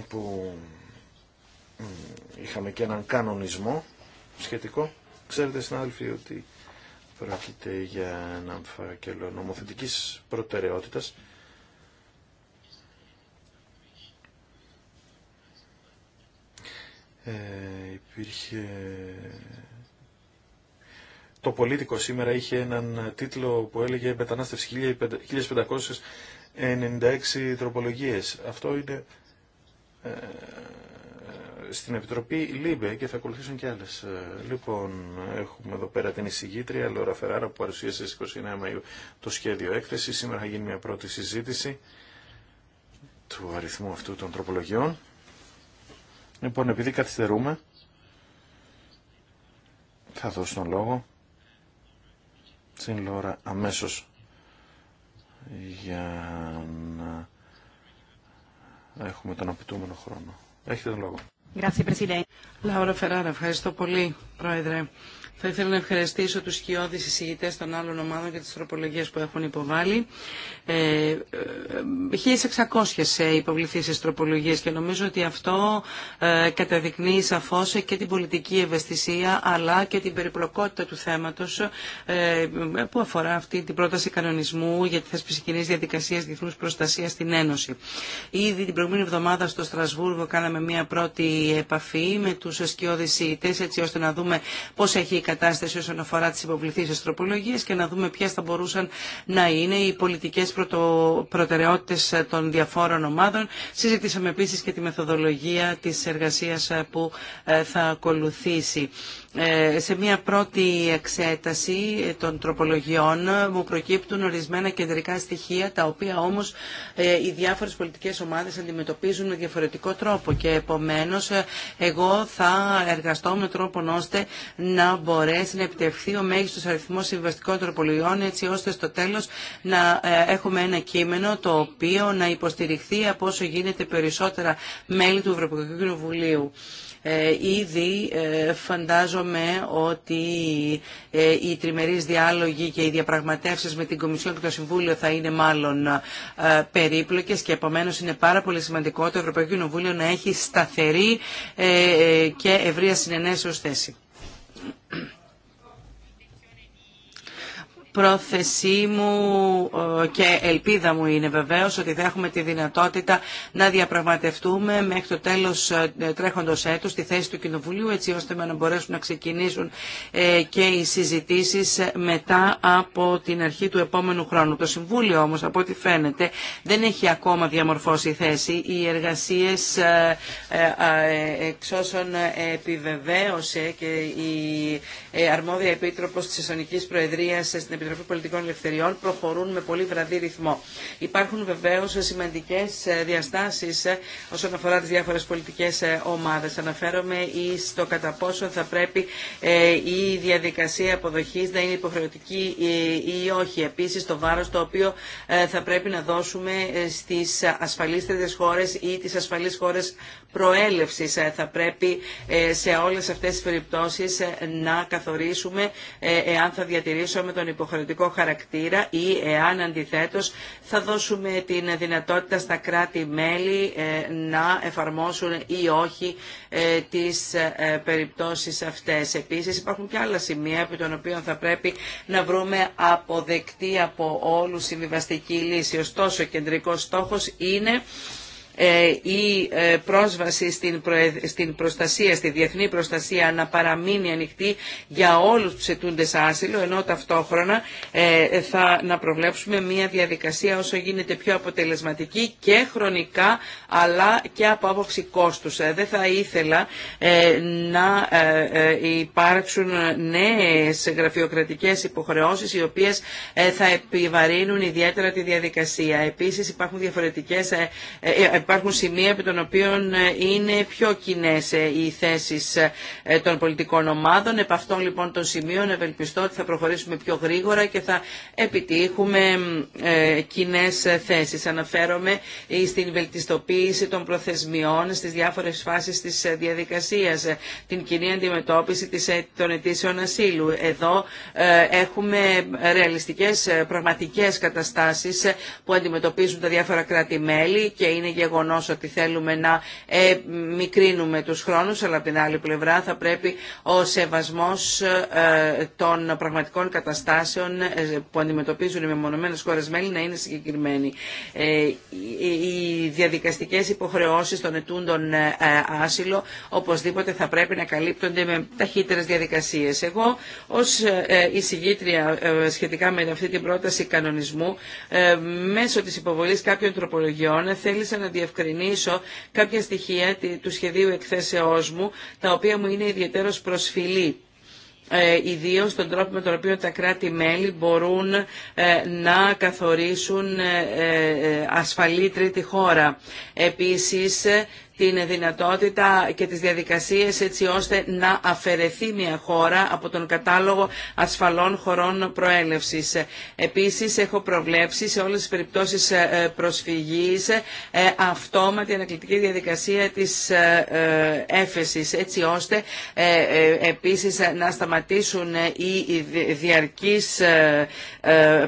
που είχαμε και έναν κανονισμό σχετικό Ξέρετε συνάδελφοι ότι πρόκειται για ένα φάκελο νομοθετικής προτεραιότητας ε, υπήρχε το πολίτικο σήμερα είχε έναν τίτλο που έλεγε «Μετανάστευση 1596 τροπολογίες». Αυτό είναι ε, στην Επιτροπή ΛΥΜΠΕ και θα ακολουθήσουν και άλλες. Ε, λοιπόν, έχουμε εδώ πέρα την εισηγήτρια Λόρα Φεράρα που παρουσίασε στις 29 Μαΐου το σχέδιο έκθεση. Σήμερα θα γίνει μια πρώτη συζήτηση του αριθμού αυτού των τροπολογιών. Λοιπόν, επειδή καθυστερούμε, θα δώσω τον λόγο στην Λόρα αμέσως για να έχουμε τον απαιτούμενο χρόνο. Έχετε τον λόγο. Λάουρα Φεράρα, ευχαριστώ πολύ, Πρόεδρε. Θα ήθελα να ευχαριστήσω τους σκιώδεις εισηγητές των άλλων ομάδων και τις τροπολογίες που έχουν υποβάλει. 1600 ε, ε, ε, υποβληθεί στις τροπολογίες και νομίζω ότι αυτό καταδεικνύει σαφώς και την πολιτική ευαισθησία αλλά και την περιπλοκότητα του θέματος που αφορά αυτή την πρόταση κανονισμού για τη θέσπιση κοινή διαδικασίας διεθνούς προστασίας στην Ένωση. Ήδη την προηγούμενη εβδομάδα στο Στρασβούργο κάναμε μια πρώτη επαφή με τους σκιώδεις εισηγητές έτσι ώστε να δούμε πώς έχει η κατάσταση όσον αφορά τι υποβληθήσει τροπολογίε και να δούμε ποιε θα μπορούσαν να είναι οι πολιτικές πρωτο... προτεραιότητες των διαφόρων ομάδων. Συζητήσαμε επίση και τη μεθοδολογία της εργασίας ε, που ε, θα ακολουθήσει. Ε, σε μια πρώτη εξέταση των τροπολογιών μου προκύπτουν ορισμένα κεντρικά στοιχεία τα οποία όμως ε, οι διάφορες πολιτικές ομάδες αντιμετωπίζουν με διαφορετικό τρόπο και επομένως ε, εγώ θα εργαστώ με τρόπο ώστε να μπορέσει να επιτευχθεί ο μέγιστος αριθμός συμβαστικών τροπολογιών έτσι ώστε στο τέλος να έχουμε ένα κείμενο το οποίο να υποστηριχθεί από όσο γίνεται περισσότερα μέλη του Ευρωπαϊκού Κοινοβουλίου. Ε, ήδη ε, φαντάζομαι ότι ε, οι τριμερείς διάλογοι και οι διαπραγματεύσεις με την Κομισιόν και το Συμβούλιο θα είναι μάλλον περίπλοκες και επομένως είναι πάρα πολύ σημαντικό το Ευρωπαϊκό Κοινοβούλιο να έχει σταθερή και ευρεία συνενέσεως θέση. Πρόθεσή μου ε, και ελπίδα μου είναι βεβαίως ότι θα έχουμε τη δυνατότητα να διαπραγματευτούμε μέχρι το τέλος ε, τρέχοντος έτους τη θέση του Κοινοβουλίου έτσι ώστε να μπορέσουν να ξεκινήσουν ε, και οι συζητήσεις μετά από την αρχή του επόμενου χρόνου. Το Συμβούλιο όμως από ό,τι φαίνεται δεν έχει ακόμα διαμορφώσει θέση. Οι εργασίες εξ όσων επιβεβαίωσε και η αρμόδια επίτροπος της Προεδρίας στην Επιτροπή Πολιτικών Ελευθεριών προχωρούν με πολύ βραδύ ρυθμό. Υπάρχουν βεβαίω σημαντικέ ε, διαστάσει ε, όσον αφορά τι διάφορε πολιτικέ ε, ομάδε. Αναφέρομαι στο κατά πόσο θα πρέπει η διαδικασία αποδοχή να είναι υποχρεωτική ή όχι. Επίση το βάρο το οποίο θα πρέπει να δώσουμε στι ασφαλεί χώρε ή τι ασφαλεί χώρε προέλευση. Θα πρέπει σε όλε αυτέ τι περιπτώσει να καθορίσουμε εάν θα διατηρήσουμε τον υποχρεωτικό υποχρεωτικό χαρακτήρα ή εάν αντιθέτως θα δώσουμε την δυνατότητα στα κράτη-μέλη ε, να εφαρμόσουν ή όχι ε, τις ε, περιπτώσεις αυτές. Επίσης υπάρχουν και άλλα σημεία επί των οποίων θα πρέπει να βρούμε αποδεκτή από όλους συμβιβαστική λύση. Ωστόσο, ο κεντρικός στόχος είναι ε, η ε, πρόσβαση στην προστασία, στη διεθνή προστασία να παραμείνει ανοιχτή για όλους τους ετούντες άσυλο, ενώ ταυτόχρονα ε, θα να προβλέψουμε μια διαδικασία όσο γίνεται πιο αποτελεσματική και χρονικά αλλά και από άποψη κόστους. Δεν θα ήθελα να υπάρξουν νέες γραφειοκρατικές υποχρεώσεις οι οποίες θα επιβαρύνουν ιδιαίτερα τη διαδικασία. Επίσης υπάρχουν διαφορετικές υπάρχουν σημεία επί των οποία ε, είναι πιο κοινέ ε, οι θέσει ε, των πολιτικών ομάδων. Επ' αυτών λοιπόν των σημείων ευελπιστώ ότι θα προχωρήσουμε πιο γρήγορα και θα επιτύχουμε κοινέ θέσει. Αναφέρομαι στην βελτιστοποίηση των προθεσμιών στις διάφορες φάσεις της διαδικασίας, την κοινή αντιμετώπιση των αιτήσεων ασύλου. Εδώ έχουμε ρεαλιστικές πραγματικές καταστάσεις που αντιμετωπίζουν τα διάφορα κράτη-μέλη και είναι γεγονός ότι θέλουμε να ε, μικρύνουμε τους χρόνους, αλλά από την άλλη πλευρά θα πρέπει ο σεβασμός ε, των πραγματικών καταστάσεων ε, που αντιμετωπίζουν οι μεμονωμένε χώρε μέλη να είναι συγκεκριμένοι. Οι διαδικαστικές υποχρεώσεις των ετούντων άσυλο οπωσδήποτε θα πρέπει να καλύπτονται με ταχύτερες διαδικασίες. Εγώ ως εισηγήτρια σχετικά με αυτή την πρόταση κανονισμού μέσω της υποβολής κάποιων τροπολογιών θέλησα να διευκρινίσω κάποια στοιχεία του σχεδίου εκθέσεώς μου, τα οποία μου είναι ιδιαίτερος προσφυλή ε, ιδίω τον τρόπο με τον οποίο τα κράτη-μέλη μπορούν ε, να καθορίσουν ε, ε, ασφαλή τρίτη χώρα. Επίσης, την δυνατότητα και τις διαδικασίες έτσι ώστε να αφαιρεθεί μια χώρα από τον κατάλογο ασφαλών χωρών προέλευσης. Επίσης έχω προβλέψει σε όλες τις περιπτώσεις ε, προσφυγής ε, αυτόματη ανακλητική διαδικασία της ε, έφεσης έτσι ώστε επίσης να σταματήσουν οι διαρκείς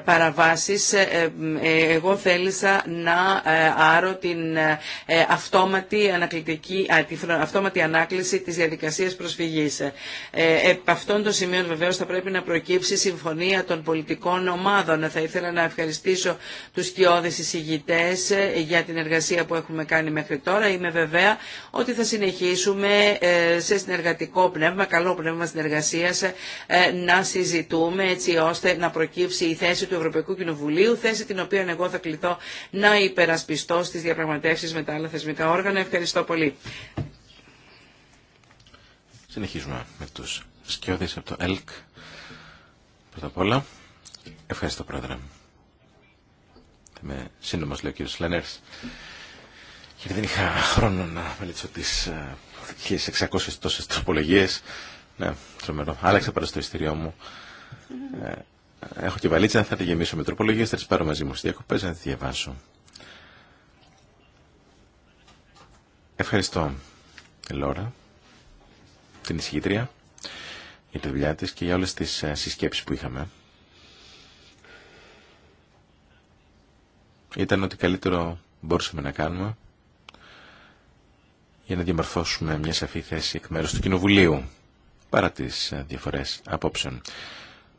παραβάσεις. Εγώ θέλησα να άρω την αυτόματη ανακλητική ανακλητική, α, τη αυτόματη ανάκληση της διαδικασίας προσφυγής. Ε, επ' αυτών των σημείων βεβαίως θα πρέπει να προκύψει συμφωνία των πολιτικών ομάδων. Θα ήθελα να ευχαριστήσω τους κοιόδες εισηγητές ε, για την εργασία που έχουμε κάνει μέχρι τώρα. Είμαι βεβαία ότι θα συνεχίσουμε ε, σε συνεργατικό πνεύμα, καλό πνεύμα συνεργασία να συζητούμε έτσι ώστε να προκύψει η θέση του Ευρωπαϊκού Κοινοβουλίου, θέση την οποία εγώ θα κληθώ να υπερασπιστώ στι διαπραγματεύσει με τα άλλα θεσμικά όργανα. Ευχαριστώ. Ευχαριστώ πολύ. Συνεχίζουμε με του σκιώδει από το ΕΛΚ. Πρώτα απ' όλα, ευχαριστώ πρόεδρε. είμαι σύντομο, λέει ο κύριο Λένερ. γιατί δεν είχα χρόνο να μελετήσω τι 1600 ε, τόσε τροπολογίε. Ναι, τρομερό. Άλλαξα πάντα στο ειστήριό μου. Ε, έχω και βαλίτσα, θα τη γεμίσω με τροπολογίε. θα τι πάρω μαζί μου στι διακοπέ, να τι διαβάσω. Ευχαριστώ, Λόρα, την εισηγήτρια, για τη δουλειά της και για όλες τις ε, συσκέψεις που είχαμε. Ήταν ότι καλύτερο μπορούσαμε να κάνουμε για να διαμορφώσουμε μια σαφή θέση εκ μέρους του Κοινοβουλίου, παρά τις ε, διαφορές απόψεων.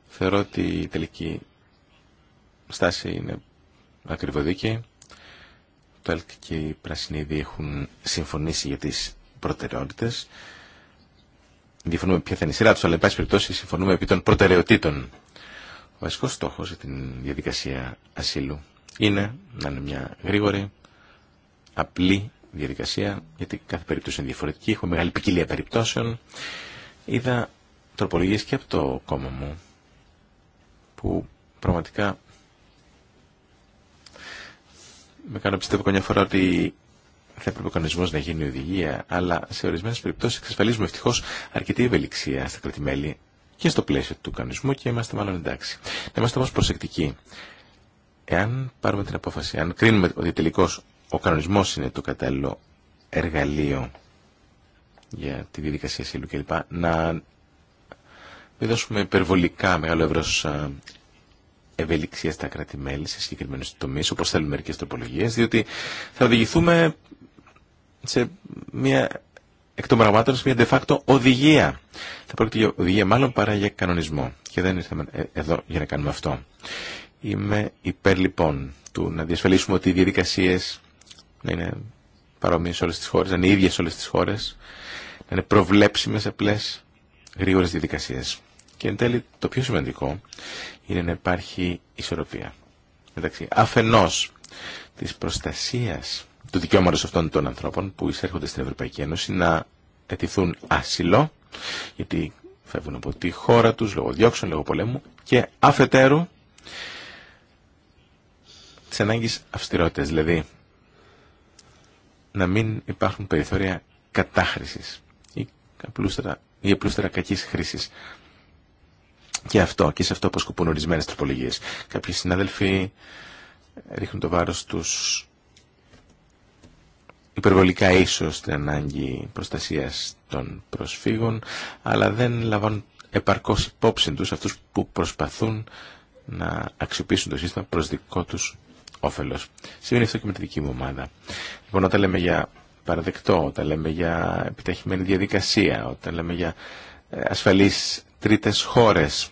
Θεωρώ ότι η τελική στάση είναι ακριβοδίκη. Το ΕΛΚ και οι πράσινοι έχουν συμφωνήσει για τις προτεραιότητες. Διαφωνούμε ποια θα είναι η σειρά τους, αλλά εν πάση περιπτώσει συμφωνούμε επί των προτεραιοτήτων. Ο βασικός στόχος για την διαδικασία ασύλου είναι να είναι μια γρήγορη, απλή διαδικασία, γιατί κάθε περίπτωση είναι διαφορετική, έχουμε μεγάλη ποικιλία περιπτώσεων. Είδα τροπολογίες και από το κόμμα μου, που πραγματικά με κάνω πιστεύω καμιά φορά ότι θα έπρεπε ο κανονισμό να γίνει οδηγία, αλλά σε ορισμένε περιπτώσει εξασφαλίζουμε ευτυχώ αρκετή ευελιξία στα κρατημέλη και στο πλαίσιο του κανονισμού και είμαστε μάλλον εντάξει. Να είμαστε όμω προσεκτικοί. Εάν πάρουμε την απόφαση, αν κρίνουμε ότι τελικώ ο κανονισμό είναι το κατάλληλο εργαλείο για τη διαδικασία σύλλου κλπ. Να μην δώσουμε υπερβολικά μεγάλο ευρώ ευελιξία στα κράτη-μέλη σε συγκεκριμένου τομεί, όπω θέλουν μερικέ τροπολογίε, διότι θα οδηγηθούμε σε μια εκ των πραγμάτων σε μια de facto οδηγία. Θα πρόκειται για οδηγία μάλλον παρά για κανονισμό. Και δεν ήρθαμε εδώ για να κάνουμε αυτό. Είμαι υπέρ λοιπόν του να διασφαλίσουμε ότι οι διαδικασίε να είναι παρόμοιε σε όλε τι χώρε, να είναι ίδιε σε όλε τι χώρε, να είναι προβλέψιμε, απλέ, γρήγορε διαδικασίε. Και εν τέλει το πιο σημαντικό είναι να υπάρχει ισορροπία μεταξύ αφενός της προστασίας του δικαιώματος αυτών των ανθρώπων που εισέρχονται στην Ευρωπαϊκή Ένωση να αιτηθούν άσυλο γιατί φεύγουν από τη χώρα τους λόγω διώξεων, λόγω πολέμου και αφετέρου της ανάγκης αυστηρότητας δηλαδή να μην υπάρχουν περιθώρια κατάχρησης ή απλούστερα, ή απλούστερα κακής χρήσης και αυτό, και σε αυτό αποσκοπούν ορισμένε τροπολογίε. Κάποιοι συνάδελφοι ρίχνουν το βάρο του υπερβολικά ίσω στην ανάγκη προστασία των προσφύγων, αλλά δεν λαμβάνουν επαρκώ υπόψη του αυτού που προσπαθούν να αξιοποιήσουν το σύστημα προ δικό του όφελο. Συμβαίνει αυτό και με τη δική μου ομάδα. Λοιπόν, όταν λέμε για παραδεκτό, όταν λέμε για επιταχυμένη διαδικασία, όταν λέμε για ε, ασφαλής τρίτες χώρες.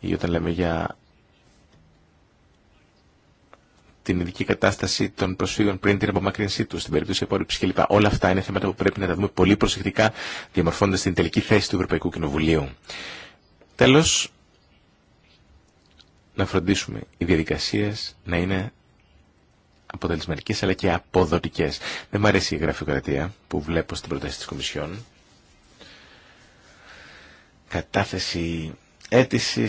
Ή όταν λέμε για την ειδική κατάσταση των προσφύγων πριν την απομακρυνσή του, στην περίπτωση απόρριψη κλπ. Όλα αυτά είναι θέματα που πρέπει να τα δούμε πολύ προσεκτικά, διαμορφώντα την τελική θέση του Ευρωπαϊκού Κοινοβουλίου. Τέλο, να φροντίσουμε οι διαδικασίε να είναι αποτελεσματικέ αλλά και αποδοτικέ. Δεν μου αρέσει η γραφειοκρατία που βλέπω στην πρόταση τη Κομισιόν κατάθεση αίτηση,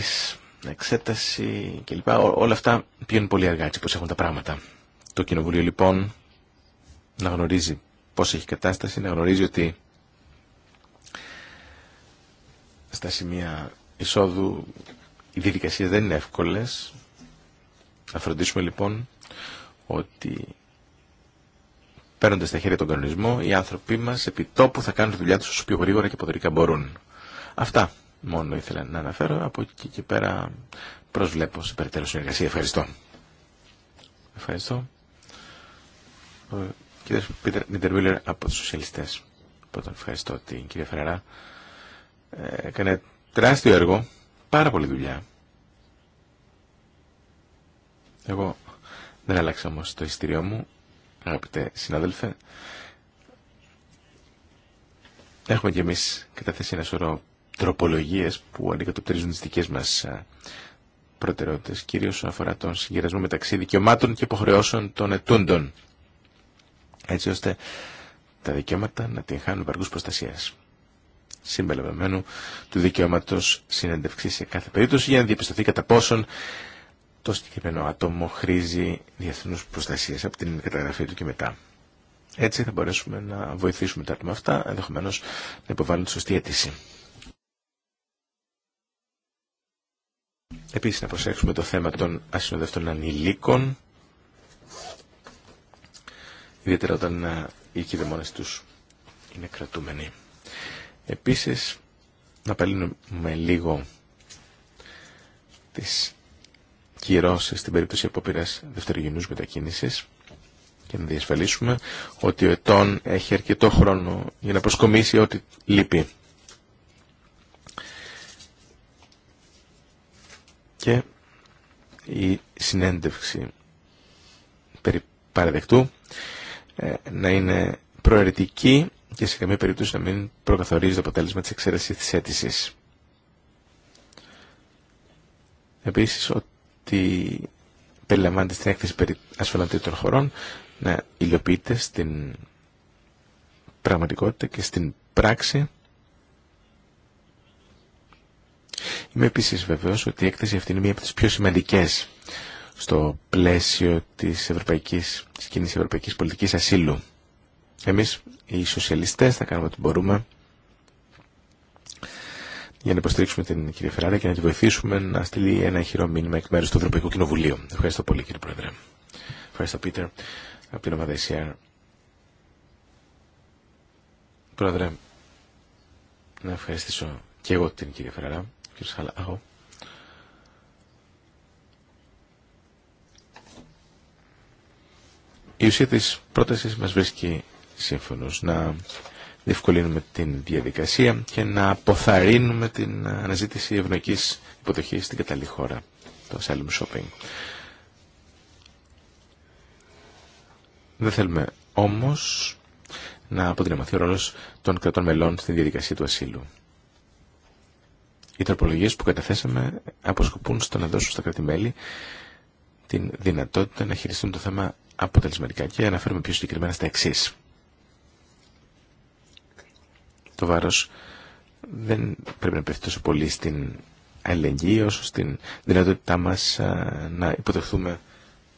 εξέταση κλπ. Όλα αυτά πηγαίνουν πολύ αργά έτσι πως έχουν τα πράγματα. Το Κοινοβουλίο λοιπόν να γνωρίζει πώς έχει κατάσταση, να γνωρίζει ότι στα σημεία εισόδου οι διαδικασίες δεν είναι εύκολες. Να φροντίσουμε λοιπόν ότι παίρνοντας στα χέρια τον κανονισμό οι άνθρωποι μας επί τόπου θα κάνουν τη δουλειά τους όσο πιο γρήγορα και ποδορικά μπορούν. Αυτά μόνο ήθελα να αναφέρω. Από εκεί και πέρα προσβλέπω σε περαιτέρω συνεργασία. Ευχαριστώ. Ευχαριστώ. Ο κ. Πίτερ Μίλλερ από τους Σοσιαλιστές. Πρώτον ευχαριστώ την κυρία Φεραρά. Ε, έκανε τεράστιο έργο, πάρα πολλή δουλειά. Εγώ δεν άλλαξα όμω το ειστήριό μου, αγαπητέ συνάδελφε. Έχουμε κι εμείς καταθέσει ένα σωρό τροπολογίες που αντικατοπτρίζουν τι δικές μας ε, προτεραιότητες, κυρίως όσον αφορά τον συγκερασμό μεταξύ δικαιωμάτων και υποχρεώσεων των ετούντων, έτσι ώστε τα δικαιώματα να την χάνουν βαργούς προστασίας. Συμπεριλαμβανομένου του δικαιώματο συνέντευξη σε κάθε περίπτωση για να διαπιστωθεί κατά πόσον το συγκεκριμένο άτομο χρήζει διεθνού προστασία από την καταγραφή του και μετά. Έτσι θα μπορέσουμε να βοηθήσουμε τα άτομα αυτά, ενδεχομένω να υποβάλουν τη σωστή αίτηση. Επίσης να προσέξουμε το θέμα των ασυνοδευτών ανηλίκων, ιδιαίτερα όταν ε, οι κυδεμόνες τους είναι κρατούμενοι. Επίσης, να απαλύνουμε λίγο τις κυρώσεις στην περίπτωση απόπειρας δευτερογενούς μετακίνησης και να διασφαλίσουμε ότι ο ετών έχει αρκετό χρόνο για να προσκομίσει ό,τι λείπει. και η συνέντευξη περί παραδεκτού ε, να είναι προαιρετική και σε καμία περίπτωση να μην προκαθορίζει το αποτέλεσμα της εξαίρεσης της αίτησης. Επίσης ότι περιλαμβάνεται στην έκθεση περί ασφαλαντήτων χωρών να υλοποιείται στην πραγματικότητα και στην πράξη Είμαι επίση βεβαίω ότι η έκθεση αυτή είναι μία από τι πιο σημαντικέ στο πλαίσιο τη ευρωπαϊκής, Ευρωπαϊκή Πολιτική ευρωπαϊκής πολιτικής ασύλου. Εμείς οι σοσιαλιστέ, θα κάνουμε ό,τι μπορούμε για να υποστηρίξουμε την κυρία Φεράρα και να τη βοηθήσουμε να στείλει ένα χειρό μήνυμα εκ μέρου του Ευρωπαϊκού Κοινοβουλίου. Ευχαριστώ πολύ κύριε Πρόεδρε. Ευχαριστώ Πίτερ από την ομάδα ECR. Πρόεδρε, να ευχαριστήσω και εγώ την κυρία Φεράρα η ουσία της πρότασης μας βρίσκει σύμφωνος να διευκολύνουμε την διαδικασία και να αποθαρρύνουμε την αναζήτηση ευνοϊκής υποδοχής στην κατάλληλη χώρα, το asylum shopping. Δεν θέλουμε όμως να αποδυναμωθεί ο ρόλος των κρατών μελών στην διαδικασία του ασύλου. Οι τροπολογίες που καταθέσαμε αποσκοπούν στο να δώσουν στα κράτη-μέλη την δυνατότητα να χειριστούν το θέμα αποτελεσματικά και αναφέρουμε πιο συγκεκριμένα στα εξή. Το βάρος δεν πρέπει να πέφτει τόσο πολύ στην αλληλεγγύη όσο στην δυνατότητά μας να υποδεχθούμε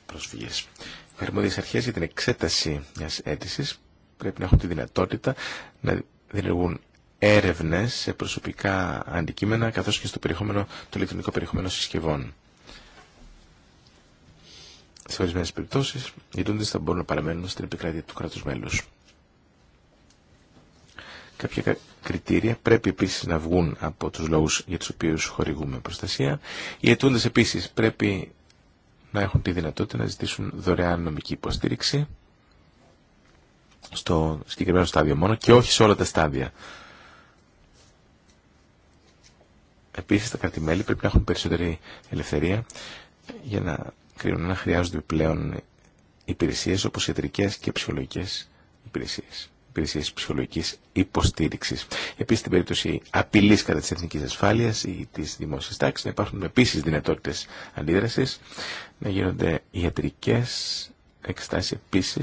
πρόσφυγες. Οι αρμόδιες αρχές για την εξέταση μιας αίτησης πρέπει να έχουν τη δυνατότητα να δημιουργούν έρευνες σε προσωπικά αντικείμενα καθώς και στο περιεχόμενο, το ηλεκτρονικό περιεχόμενο συσκευών. Σε ορισμένε περιπτώσει, οι ντούντε θα μπορούν να παραμένουν στην επικράτεια του κράτου μέλου. Κάποια κριτήρια πρέπει επίση να βγουν από του λόγου για του οποίου χορηγούμε προστασία. Οι ετούντε επίση πρέπει να έχουν τη δυνατότητα να ζητήσουν δωρεάν νομική υποστήριξη στο συγκεκριμένο στάδιο μόνο και όχι σε όλα τα στάδια Επίση, τα κρατημέλη πρέπει να έχουν περισσότερη ελευθερία για να κρίνουν να χρειάζονται πλέον υπηρεσίε, όπω ιατρικέ και ψυχολογικέ υπηρεσίε, υπηρεσίε ψυχολογική υποστήριξη. Επίση στην περίπτωση απειλή κατά τη εθνική ασφάλεια ή τη δημόσια τάξη, να υπάρχουν επίση δυνατότητε αντίδραση, να γίνονται ιατρικέ εξετάσεις επίση,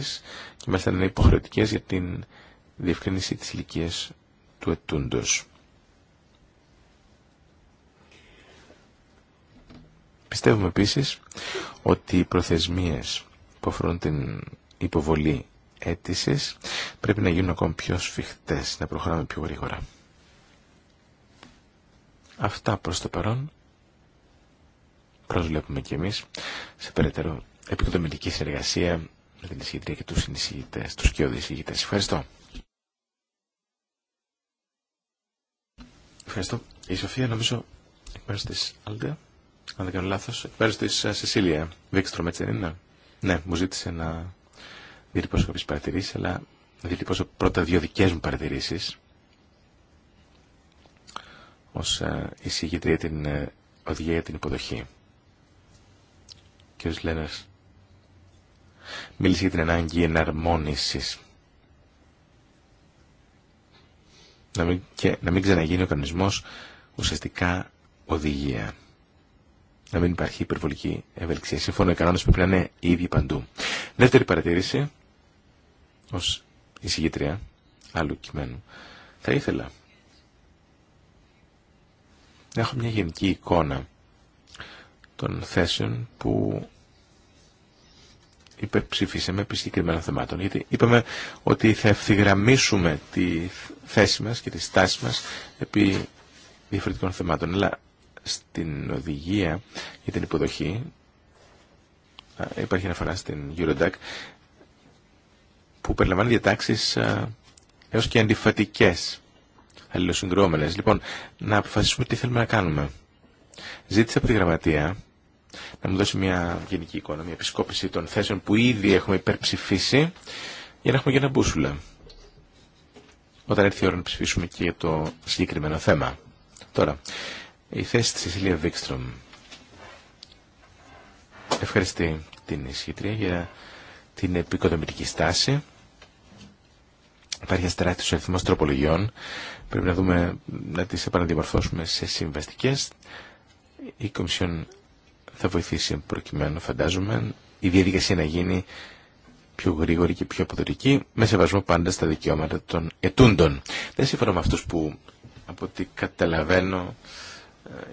και μάλιστα να είναι υποχρεωτικέ για την διευκρίνηση τη ηλικία του ετούντο. Πιστεύουμε επίσης ότι οι προθεσμίες που αφορούν την υποβολή αίτησης πρέπει να γίνουν ακόμη πιο σφιχτές, να προχωράμε πιο γρήγορα. Αυτά προς το παρόν προσβλέπουμε κι εμείς σε περαιτέρω επικοδομητική συνεργασία με την εισηγητρία και τους συνεισηγητές, τους και οδησηγητές. Ευχαριστώ. Ευχαριστώ. Η Σοφία νομίζω εκ αν δεν κάνω λάθος, εκ μέρου ε, Σεσίλια Βίξτρομ, έτσι δεν είναι. Ναι, μου ζήτησε να διατυπώσω κάποιε παρατηρήσεις, αλλά να διατυπώσω πρώτα δύο δικέ μου παρατηρήσεις ως ε, εισηγήτρια την ε, οδηγία για την υποδοχή. Κύριο Λένας μίλησε για την ανάγκη εναρμόνισης. Να μην, και να μην ξαναγίνει ο κανονισμός ουσιαστικά οδηγία να μην υπάρχει υπερβολική ευελιξία. Σύμφωνα οι κανόνε πρέπει να είναι οι ίδιοι παντού. Δεύτερη παρατήρηση, ω εισηγήτρια άλλου κειμένου, θα ήθελα να έχω μια γενική εικόνα των θέσεων που υπερψηφίσαμε επί συγκεκριμένων θεμάτων. Γιατί είπαμε ότι θα ευθυγραμμίσουμε τη θέση μας και τη στάση μας επί διαφορετικών θεμάτων. Αλλά στην οδηγία για την υποδοχή υπάρχει αναφορά στην Eurodac που περιλαμβάνει διατάξεις έως και αντιφατικές αλληλοσυγκρόμενες. Λοιπόν, να αποφασίσουμε τι θέλουμε να κάνουμε. Ζήτησα από τη γραμματεία να μου δώσει μια γενική εικόνα, μια επισκόπηση των θέσεων που ήδη έχουμε υπερψηφίσει για να έχουμε και ένα μπούσουλα. Όταν έρθει η ώρα να ψηφίσουμε και για το συγκεκριμένο θέμα. Τώρα, η θέση της Σεσίλια Βίξτρομ ευχαριστεί την ισχυτρία για την επικοδομητική στάση. Υπάρχει ένα τεράστιο αριθμό τροπολογιών. Πρέπει να δούμε να τις επαναδιαμορφώσουμε σε συμβαστικές. Η Κομισιόν θα βοηθήσει προκειμένου, φαντάζομαι, η διαδικασία να γίνει πιο γρήγορη και πιο αποδοτική, με σεβασμό πάντα στα δικαιώματα των ετούντων. Δεν συμφωνώ με αυτού που, από ό,τι καταλαβαίνω,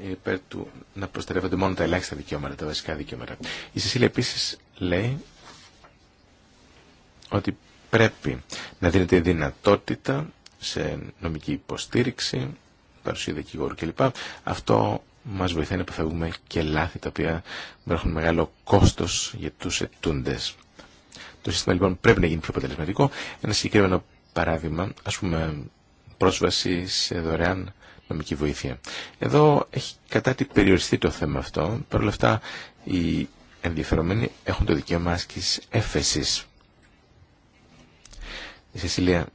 ε, υπέρ του να προστατεύονται μόνο τα ελάχιστα δικαιώματα, τα βασικά δικαιώματα. Η Σεσίλη επίση λέει ότι πρέπει να δίνεται δυνατότητα σε νομική υποστήριξη, παρουσία δικηγόρου κλπ. Αυτό μα βοηθάει να αποφεύγουμε και λάθη τα οποία έχουν μεγάλο κόστο για του ετούντε. Το σύστημα λοιπόν πρέπει να γίνει πιο αποτελεσματικό. Ένα συγκεκριμένο παράδειγμα, α πούμε, πρόσβαση σε δωρεάν νομική βοήθεια. Εδώ έχει κατά τη περιοριστεί το θέμα αυτό. Παρ' όλα αυτά οι ενδιαφερομένοι έχουν το δικαίωμα άσκησης έφεσης. Η Σεσίλια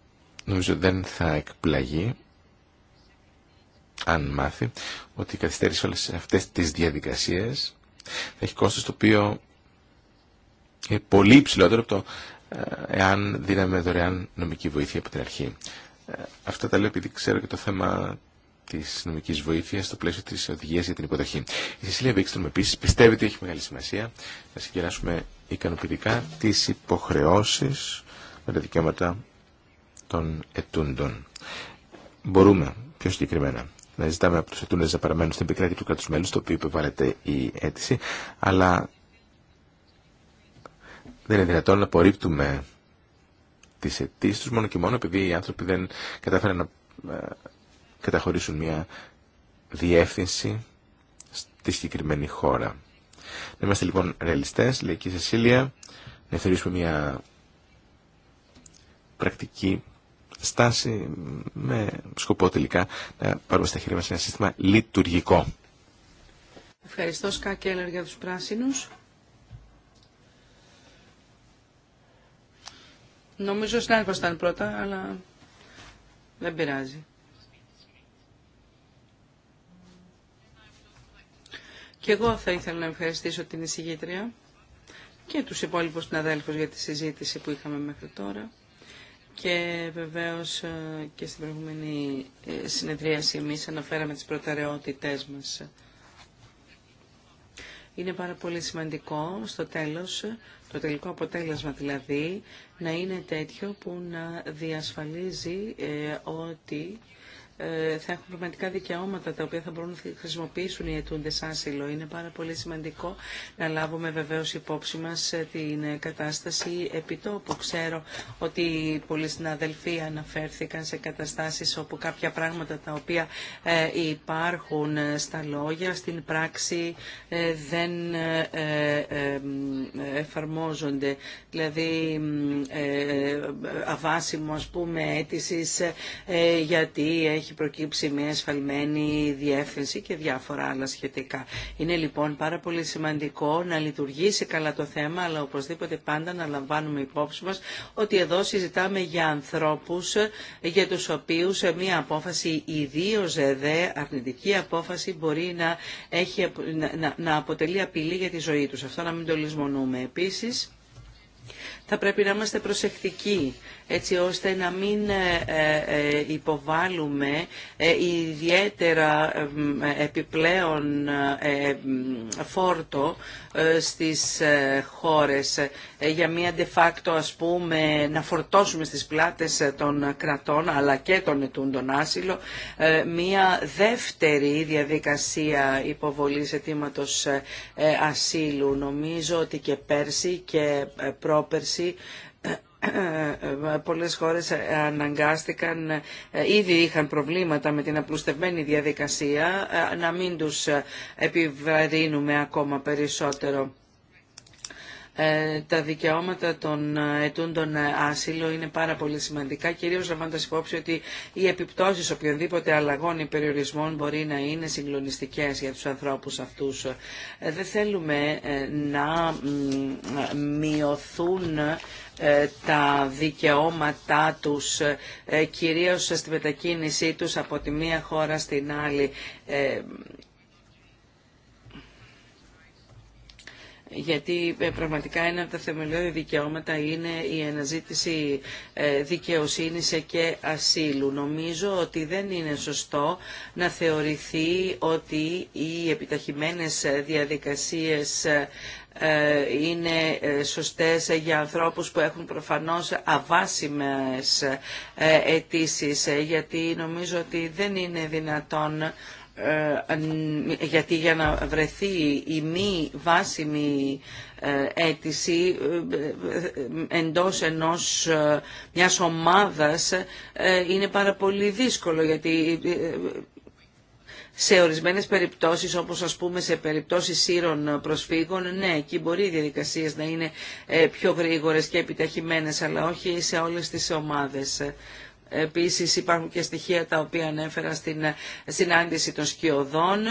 νομίζω δεν θα εκπλαγεί αν μάθει ότι η καθυστέρηση όλες αυτές τις διαδικασίες θα έχει κόστος το οποίο είναι πολύ υψηλότερο από το ε, εάν δίναμε δωρεάν νομική βοήθεια από την αρχή. Ε, αυτά τα λέω επειδή ξέρω και το θέμα τη νομική βοήθεια στο πλαίσιο τη οδηγία για την υποδοχή. Η Σεσίλια Βίξτρομ επίση πιστεύει ότι έχει μεγάλη σημασία να συγκεράσουμε ικανοποιητικά τι υποχρεώσει με τα δικαιώματα των ετούντων. Μπορούμε πιο συγκεκριμένα να ζητάμε από του ετούντε να παραμένουν στην επικράτεια του κράτου μέλου, το οποίο υποβάλλεται η αίτηση, αλλά δεν είναι δυνατόν να απορρίπτουμε τι αιτήσει του μόνο και μόνο επειδή οι άνθρωποι δεν κατάφεραν να ε, καταχωρήσουν μια διεύθυνση στη συγκεκριμένη χώρα. Να είμαστε λοιπόν ρεαλιστές, λέει και η Σεσίλια, να θεωρήσουμε μια πρακτική στάση με σκοπό τελικά να πάρουμε στα χέρια μας ένα σύστημα λειτουργικό. Ευχαριστώ Σκά Κέλλερ για τους πράσινους. Νομίζω ο συνάδελφος ήταν πρώτα, αλλά δεν πειράζει. Και εγώ θα ήθελα να ευχαριστήσω την εισηγήτρια και τους υπόλοιπους συναδέλφους για τη συζήτηση που είχαμε μέχρι τώρα και βεβαίως ε, και στην προηγούμενη ε, συνεδρίαση εμείς αναφέραμε τις προτεραιότητές μας. Είναι πάρα πολύ σημαντικό στο τέλος, το τελικό αποτέλεσμα δηλαδή, να είναι τέτοιο που να διασφαλίζει ε, ότι ε, θα έχουν πραγματικά δικαιώματα τα οποία θα μπορούν να χρησιμοποιήσουν οι αιτούντε άσυλο. Είναι πάρα πολύ σημαντικό να λάβουμε βεβαίω υπόψη μα ε, την ε, κατάσταση επιτόπου. Ξέρω ότι πολλοί συναδελφοί αναφέρθηκαν σε καταστάσει όπου κάποια πράγματα τα οποία υπάρχουν στα λόγια, στην πράξη δεν εφαρμόζονται. Δηλαδή, αβάσιμο, α πούμε, αίτηση γιατί έχει έχει προκύψει μια εσφαλμένη διεύθυνση και διάφορα άλλα σχετικά. Είναι λοιπόν πάρα πολύ σημαντικό να λειτουργήσει καλά το θέμα, αλλά οπωσδήποτε πάντα να λαμβάνουμε υπόψη μας ότι εδώ συζητάμε για ανθρώπους για τους οποίους μια απόφαση ιδίω δε αρνητική απόφαση μπορεί να, έχει, να, να αποτελεί απειλή για τη ζωή τους. Αυτό να μην το λησμονούμε. Επίσης, θα πρέπει να είμαστε προσεκτικοί έτσι ώστε να μην υποβάλλουμε ιδιαίτερα επιπλέον φόρτο στις χώρες για μια de facto ας πούμε να φορτώσουμε στις πλάτες ε, των κρατών αλλά και των ετούντων άσυλο ε, μια δεύτερη διαδικασία υποβολής αιτήματος ε, ασύλου νομίζω ότι και πέρσι και πρόπερσι πολλές χώρες αναγκάστηκαν, ήδη είχαν προβλήματα με την απλουστευμένη διαδικασία, να μην τους επιβαρύνουμε ακόμα περισσότερο. Ε, τα δικαιώματα των ε, ετούντων ε, άσυλο είναι πάρα πολύ σημαντικά, κυρίως λαμβάνοντας υπόψη ότι οι επιπτώσεις οποιονδήποτε αλλαγών ή περιορισμών μπορεί να είναι συγκλονιστικές για τους ανθρώπους αυτούς. Δεν θέλουμε να μειωθούν τα δικαιώματά τους, κυρίως στη μετακίνησή τους από τη μία χώρα στην άλλη. γιατί ε, πραγματικά ένα από τα θεμελιώδη δικαιώματα είναι η αναζήτηση ε, δικαιοσύνης και ασύλου. Νομίζω ότι δεν είναι σωστό να θεωρηθεί ότι οι επιταχυμένες διαδικασίες ε, είναι σωστές για ανθρώπους που έχουν προφανώς αβάσιμες αιτήσει, γιατί νομίζω ότι δεν είναι δυνατόν ε, γιατί για να βρεθεί η μη βάσιμη ε, αίτηση ε, εντός ενός μιας ομάδας είναι πάρα πολύ δύσκολο γιατί σε ορισμένες περιπτώσεις, όπως ας πούμε σε περιπτώσεις σύρων προσφύγων, ναι, εκεί μπορεί οι διαδικασίες να είναι πιο γρήγορες και επιταχυμένες, αλλά όχι σε όλες τις ομάδες. Επίσης υπάρχουν και στοιχεία τα οποία ανέφερα στην συνάντηση των σκιωδών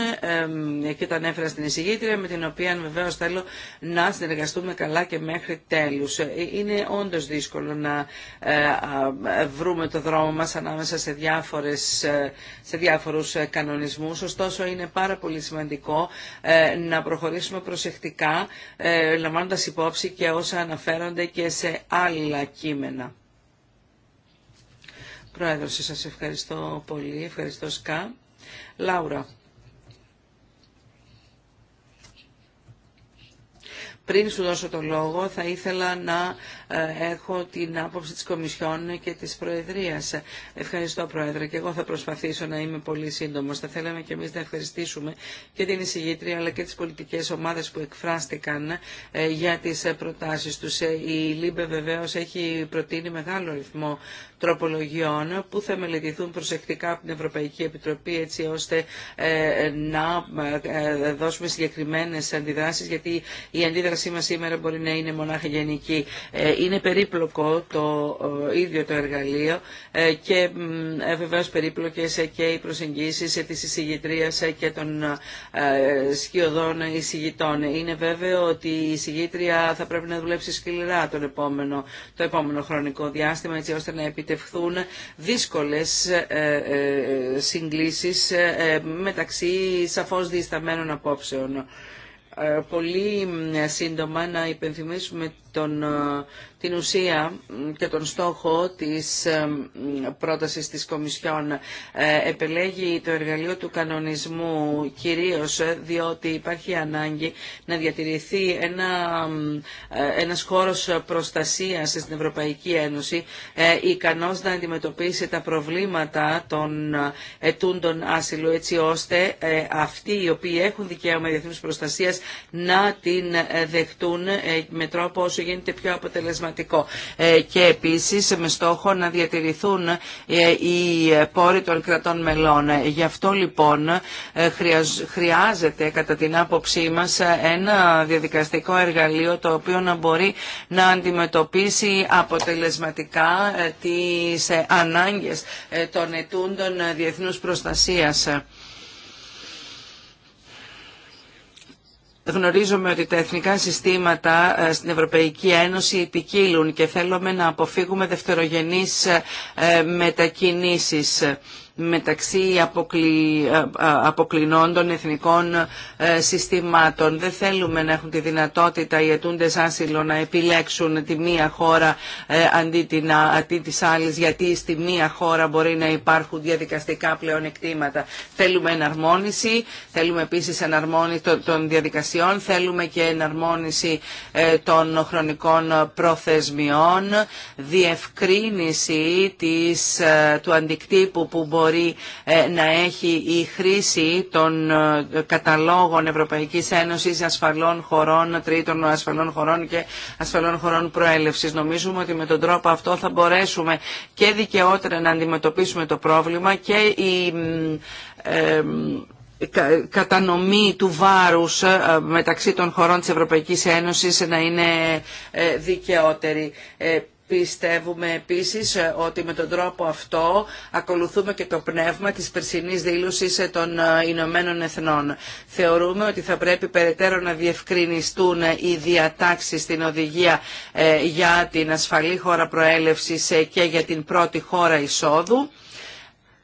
και τα ανέφερα στην εισηγήτρια με την οποία βεβαίως θέλω να συνεργαστούμε καλά και μέχρι τέλους. Ε, είναι όντως δύσκολο να ε, βρούμε το δρόμο μας ανάμεσα σε, διάφορες, ε, σε διάφορους κανονισμούς, ωστόσο είναι πάρα πολύ σημαντικό να προχωρήσουμε προσεκτικά λαμβάνοντας υπόψη και όσα αναφέρονται και σε άλλα κείμενα. Πρόεδρος, σας ευχαριστώ πολύ. Ευχαριστώ Σκά. Λάουρα. Πριν σου δώσω το λόγο, θα ήθελα να ε, έχω την άποψη της Κομισιόν και της Προεδρίας. Ευχαριστώ Πρόεδρε και εγώ θα προσπαθήσω να είμαι πολύ σύντομος. Θα θέλαμε και εμείς να ευχαριστήσουμε και την εισηγήτρια αλλά και τις πολιτικές ομάδες που εκφράστηκαν ε, για τις προτάσεις τους. Ε, η ΛΥΜΠΕ βεβαίως έχει προτείνει μεγάλο ρυθμό τροπολογιών που θα μελετηθούν προσεκτικά από την Ευρωπαϊκή Επιτροπή έτσι ώστε να δώσουμε συγκεκριμένες αντιδράσεις γιατί η αντίδρασή μας σήμερα μπορεί να είναι μονάχα γενική είναι περίπλοκο το ε, ίδιο το εργαλείο ε, και ε, βεβαίω περίπλοκες και οι προσεγγίσεις της εισηγητρίας και των σκιωδών εισηγητών. Είναι βέβαιο ότι η εισηγήτρια θα πρέπει να δουλέψει σκληρά τον επόμενο, το επόμενο χρονικό διάστημα έτσι ώστε να επιτευχθούν δύσκολες συγκλήσεις μεταξύ σαφώς δισταμένων απόψεων. Πολύ σύντομα να υπενθυμίσουμε τον, ε, την ουσία και τον στόχο της ε, πρότασης της Κομισιόν. Ε, Επελέγει το εργαλείο του κανονισμού κυρίως διότι υπάρχει ανάγκη να διατηρηθεί ένα, ένας χώρος προστασίας στην Ευρωπαϊκή Ένωση ικανός να αντιμετωπίσει τα προβλήματα των ετούντων άσυλου έτσι ώστε αυτοί οι οποίοι έχουν δικαίωμα διεθνούς προστασίας να την δεχτούν με τρόπο όσο γίνεται πιο αποτελεσματικό. Ε, και επίσης με στόχο να διατηρηθούν ε, οι πόροι των κρατών μελών. Γι' αυτό λοιπόν ε, χρειάζεται κατά την άποψή μας ένα διαδικαστικό εργαλείο το οποίο να μπορεί να αντιμετωπίσει αποτελεσματικά τις ανάγκες των ετούντων διεθνούς προστασίας. Γνωρίζουμε ότι τα εθνικά συστήματα ε, στην Ευρωπαϊκή Ένωση επικύλουν και θέλουμε να αποφύγουμε δευτερογενείς ε, ε, μετακινήσεις μεταξύ αποκλει... Ε, ε, αποκλεινών των εθνικών ε, συστημάτων. Δεν θέλουμε να έχουν τη δυνατότητα οι αιτούντες άσυλο να επιλέξουν τη μία χώρα αντί, την, αντί γιατί στη μία χώρα μπορεί να υπάρχουν διαδικαστικά πλεονεκτήματα. Θέλουμε εναρμόνιση, θέλουμε επίσης εναρμόνιση των διαδικασιών, θέλουμε και εναρμόνιση των χρονικών προθεσμιών, διευκρίνηση της, του αντικτύπου που μπορεί μπορεί ε, να έχει η χρήση των ε, καταλόγων Ευρωπαϊκής Ένωσης ασφαλών χωρών, τρίτων ασφαλών χωρών και ασφαλών χωρών προέλευσης. Νομίζουμε ότι με τον τρόπο αυτό θα μπορέσουμε και δικαιότερα να αντιμετωπίσουμε το πρόβλημα και η ε, κατανομή του βάρους μεταξύ των χωρών της Ευρωπαϊκής Ένωσης να είναι δικαιότερη. Πιστεύουμε επίσης ε, ότι με τον τρόπο αυτό ακολουθούμε και το πνεύμα της περσινής δήλωσης ε, των ε, Ηνωμένων Εθνών. Θεωρούμε ότι θα πρέπει περαιτέρω να διευκρινιστούν οι διατάξεις στην οδηγία για την ασφαλή χώρα προέλευσης και για την πρώτη χώρα εισόδου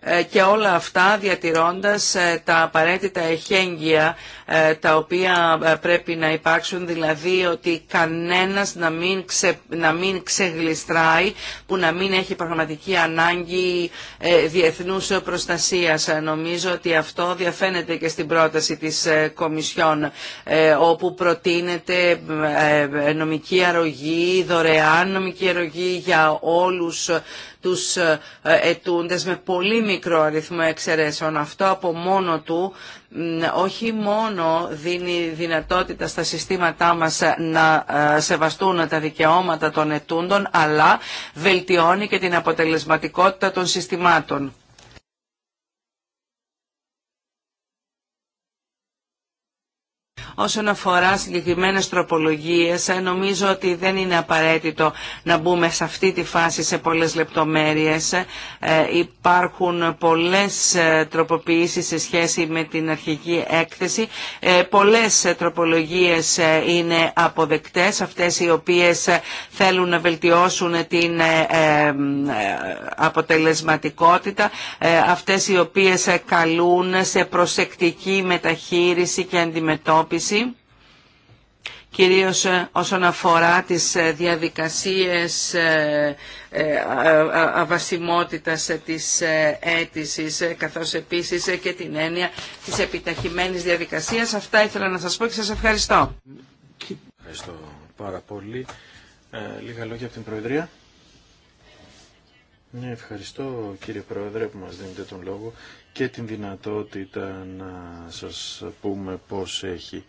ε, και όλα αυτά διατηρώντας ε, τα απαραίτητα εχέγγυα ε, τα οποία πρέπει να υπάρξουν, δηλαδή ότι κανένας να μην, να μην ξεγλιστράει που να μην έχει πραγματική ανάγκη διεθνούς προστασίας. Νομίζω ότι αυτό διαφαίνεται και στην πρόταση της Κομισιόν όπου προτείνεται νομική αρρωγή, δωρεάν νομική αρρωγή για όλους τους ετούντες με πολύ μικρό αριθμό εξαιρέσεων. Αυτό από μόνο του όχι μόνο δίνει δυνατότητα στα συστήματά μας να ε, σεβαστούν τα δικαιώματα των ετούντων, αλλά βελτιώνει και την αποτελεσματικότητα των συστημάτων. Όσον αφορά συγκεκριμένε τροπολογίες, ε, νομίζω ότι δεν είναι απαραίτητο να μπούμε σε αυτή τη φάση σε πολλές λεπτομέρειες. Ε, υπάρχουν πολλές ε, τροποποιήσεις σε σχέση με την αρχική έκθεση. Πολλές τροπολογίες είναι αποδεκτές, αυτές οι οποίες θέλουν να βελτιώσουν την αποτελεσματικότητα, αυτές οι οποίες καλούν σε προσεκτική μεταχείριση και αντιμετώπιση Κυρίω κυρίως ε, όσον αφορά τις ε, διαδικασίες ε, αβασιμότητας της αίτηση, καθώς επίσης και την έννοια της επιταχυμένης διαδικασίας. Αυτά ήθελα να σας πω και σας ευχαριστώ. Ευχαριστώ πάρα πολύ. Λίγα λόγια από την Προεδρία. Ναι, ευχαριστώ κύριε Πρόεδρε που μας δίνετε τον λόγο και την δυνατότητα να σας πούμε πώς έχει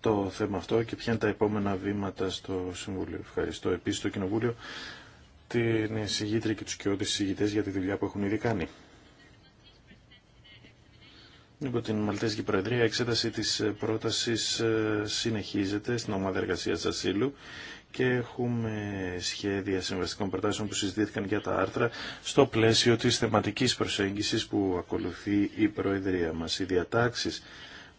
το θέμα αυτό και ποια είναι τα επόμενα βήματα στο Συμβούλιο. Ευχαριστώ επίσης το Κοινοβούλιο, την συγγήτρια και τους κοιότητες εισηγητές για τη δουλειά που έχουν ήδη κάνει. Υπό λοιπόν, την Μαλτέζικη Προεδρία, η εξέταση της πρότασης ε, συνεχίζεται στην ομάδα εργασίας ασύλου και έχουμε σχέδια συμβαστικών προτάσεων που συζητήθηκαν για τα άρθρα στο πλαίσιο της θεματικής προσέγγισης που ακολουθεί η Προεδρία μας. Οι διατάξεις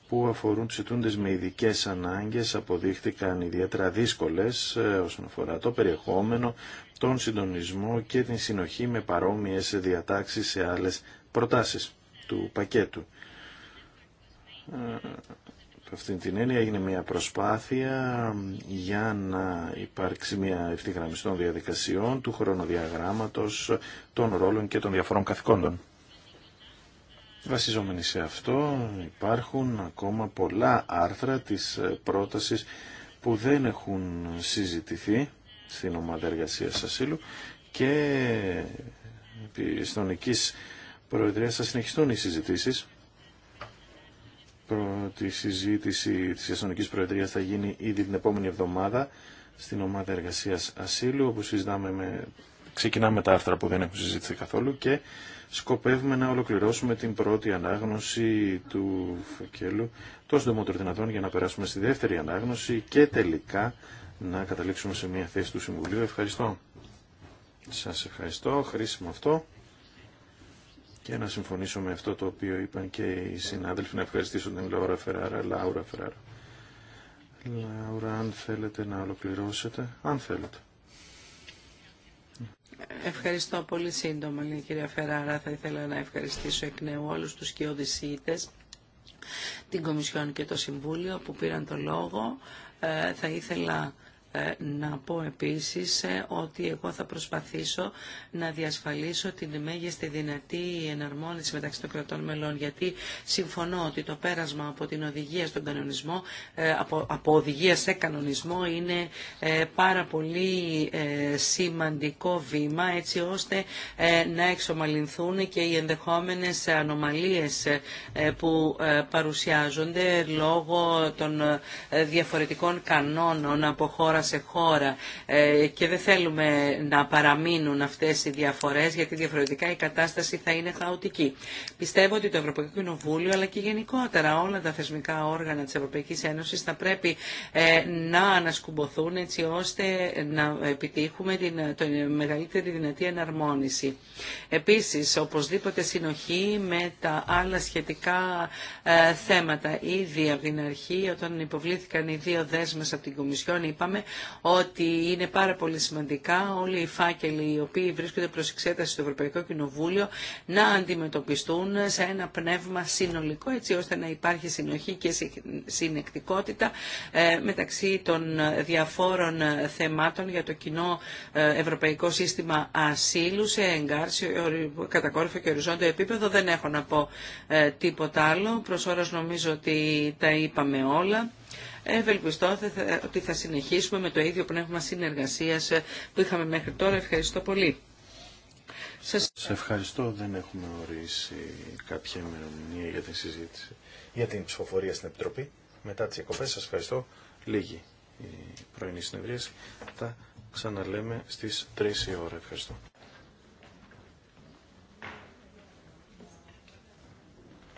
που αφορούν ετούντες με ειδικέ ανάγκες αποδείχτηκαν ιδιαίτερα δύσκολες ε, όσον αφορά το περιεχόμενο, τον συντονισμό και την συνοχή με παρόμοιες διατάξεις σε άλλες προτάσεις του πακέτου. Ε, αυτήν την έννοια έγινε μια προσπάθεια για να υπάρξει μια ευθυγραμμιστή των διαδικασιών, του χρονοδιαγράμματος, των ρόλων και των διαφορών καθηκόντων. Βασιζόμενοι σε αυτό υπάρχουν ακόμα πολλά άρθρα της πρότασης που δεν έχουν συζητηθεί στην ομάδα εργασίας ασύλου και ιστονική Προεδρία θα συνεχιστούν οι συζητήσεις τη συζήτηση της Εσθονικής Προεδρία θα γίνει ήδη την επόμενη εβδομάδα στην ομάδα εργασίας ασύλου, όπου συζητάμε με... ξεκινάμε τα άρθρα που δεν έχουν συζητηθεί καθόλου και σκοπεύουμε να ολοκληρώσουμε την πρώτη ανάγνωση του φακέλου το συντομότερο δυνατόν για να περάσουμε στη δεύτερη ανάγνωση και τελικά να καταλήξουμε σε μια θέση του Συμβουλίου. Ευχαριστώ. Σας ευχαριστώ. Χρήσιμο αυτό και να συμφωνήσω με αυτό το οποίο είπαν και οι συνάδελφοι να ευχαριστήσουν την Λαούρα Φεράρα, Λάουρα Φεράρα. Λάουρα, αν θέλετε να ολοκληρώσετε, αν θέλετε. Ευχαριστώ πολύ σύντομα, λέει η κυρία Φεράρα. Θα ήθελα να ευχαριστήσω εκ νέου όλους τους και την Κομισιόν και το Συμβούλιο που πήραν το λόγο. Ε, θα ήθελα ε, να πω επίσης ε, ότι εγώ θα προσπαθήσω να διασφαλίσω την μέγιστη δυνατή εναρμόνιση μεταξύ των κρατών μελών γιατί συμφωνώ ότι το πέρασμα από την οδηγία στον κανονισμό ε, από, οδηγία σε κανονισμό είναι πάρα πολύ σημαντικό βήμα έτσι ώστε να εξομαλυνθούν και οι ενδεχόμενες ανομαλίες που παρουσιάζονται λόγω των διαφορετικών κανόνων από χώρα σε χώρα ε, και δεν θέλουμε να παραμείνουν αυτές οι διαφορές γιατί διαφορετικά η κατάσταση θα είναι χαοτική. Πιστεύω ότι το Ευρωπαϊκό Κοινοβούλιο αλλά και γενικότερα όλα τα θεσμικά όργανα της Ευρωπαϊκής Ένωσης θα πρέπει ε, να ανασκουμποθούν έτσι ώστε να επιτύχουμε την, μεγαλύτερη δυνατή εναρμόνιση. Επίσης, οπωσδήποτε συνοχή με τα άλλα σχετικά ε, θέματα. Ήδη από την αρχή, όταν υποβλήθηκαν οι δύο δέσμες από την Κομισιόν, είπαμε ότι είναι πάρα πολύ σημαντικά όλοι οι φάκελοι οι οποίοι βρίσκονται προς εξέταση στο Ευρωπαϊκό Κοινοβούλιο να αντιμετωπιστούν σε ένα πνεύμα συνολικό έτσι ώστε να υπάρχει συνοχή και συνεκτικότητα ε, μεταξύ των διαφόρων θεμάτων για το κοινό ε, Ευρωπαϊκό Σύστημα Ασύλου σε εγκάρση, ε, κατακόρυφο και οριζόντιο επίπεδο. Δεν έχω να πω τίποτα άλλο. Προς ώρας νομίζω ότι τα είπαμε όλα. Ευελπιστώ ότι θα συνεχίσουμε με το ίδιο πνεύμα συνεργασίας ε, που είχαμε μέχρι τώρα. Ευχαριστώ πολύ. Σας Σε ευχαριστώ. Δεν έχουμε ορίσει κάποια ημερομηνία για την συζήτηση, για την ψηφοφορία στην Επιτροπή. Μετά τις εκοπές σας ευχαριστώ. Λίγη η πρωινή συνεδρίαση. Τα ξαναλέμε στις 3 η ώρα. Ευχαριστώ.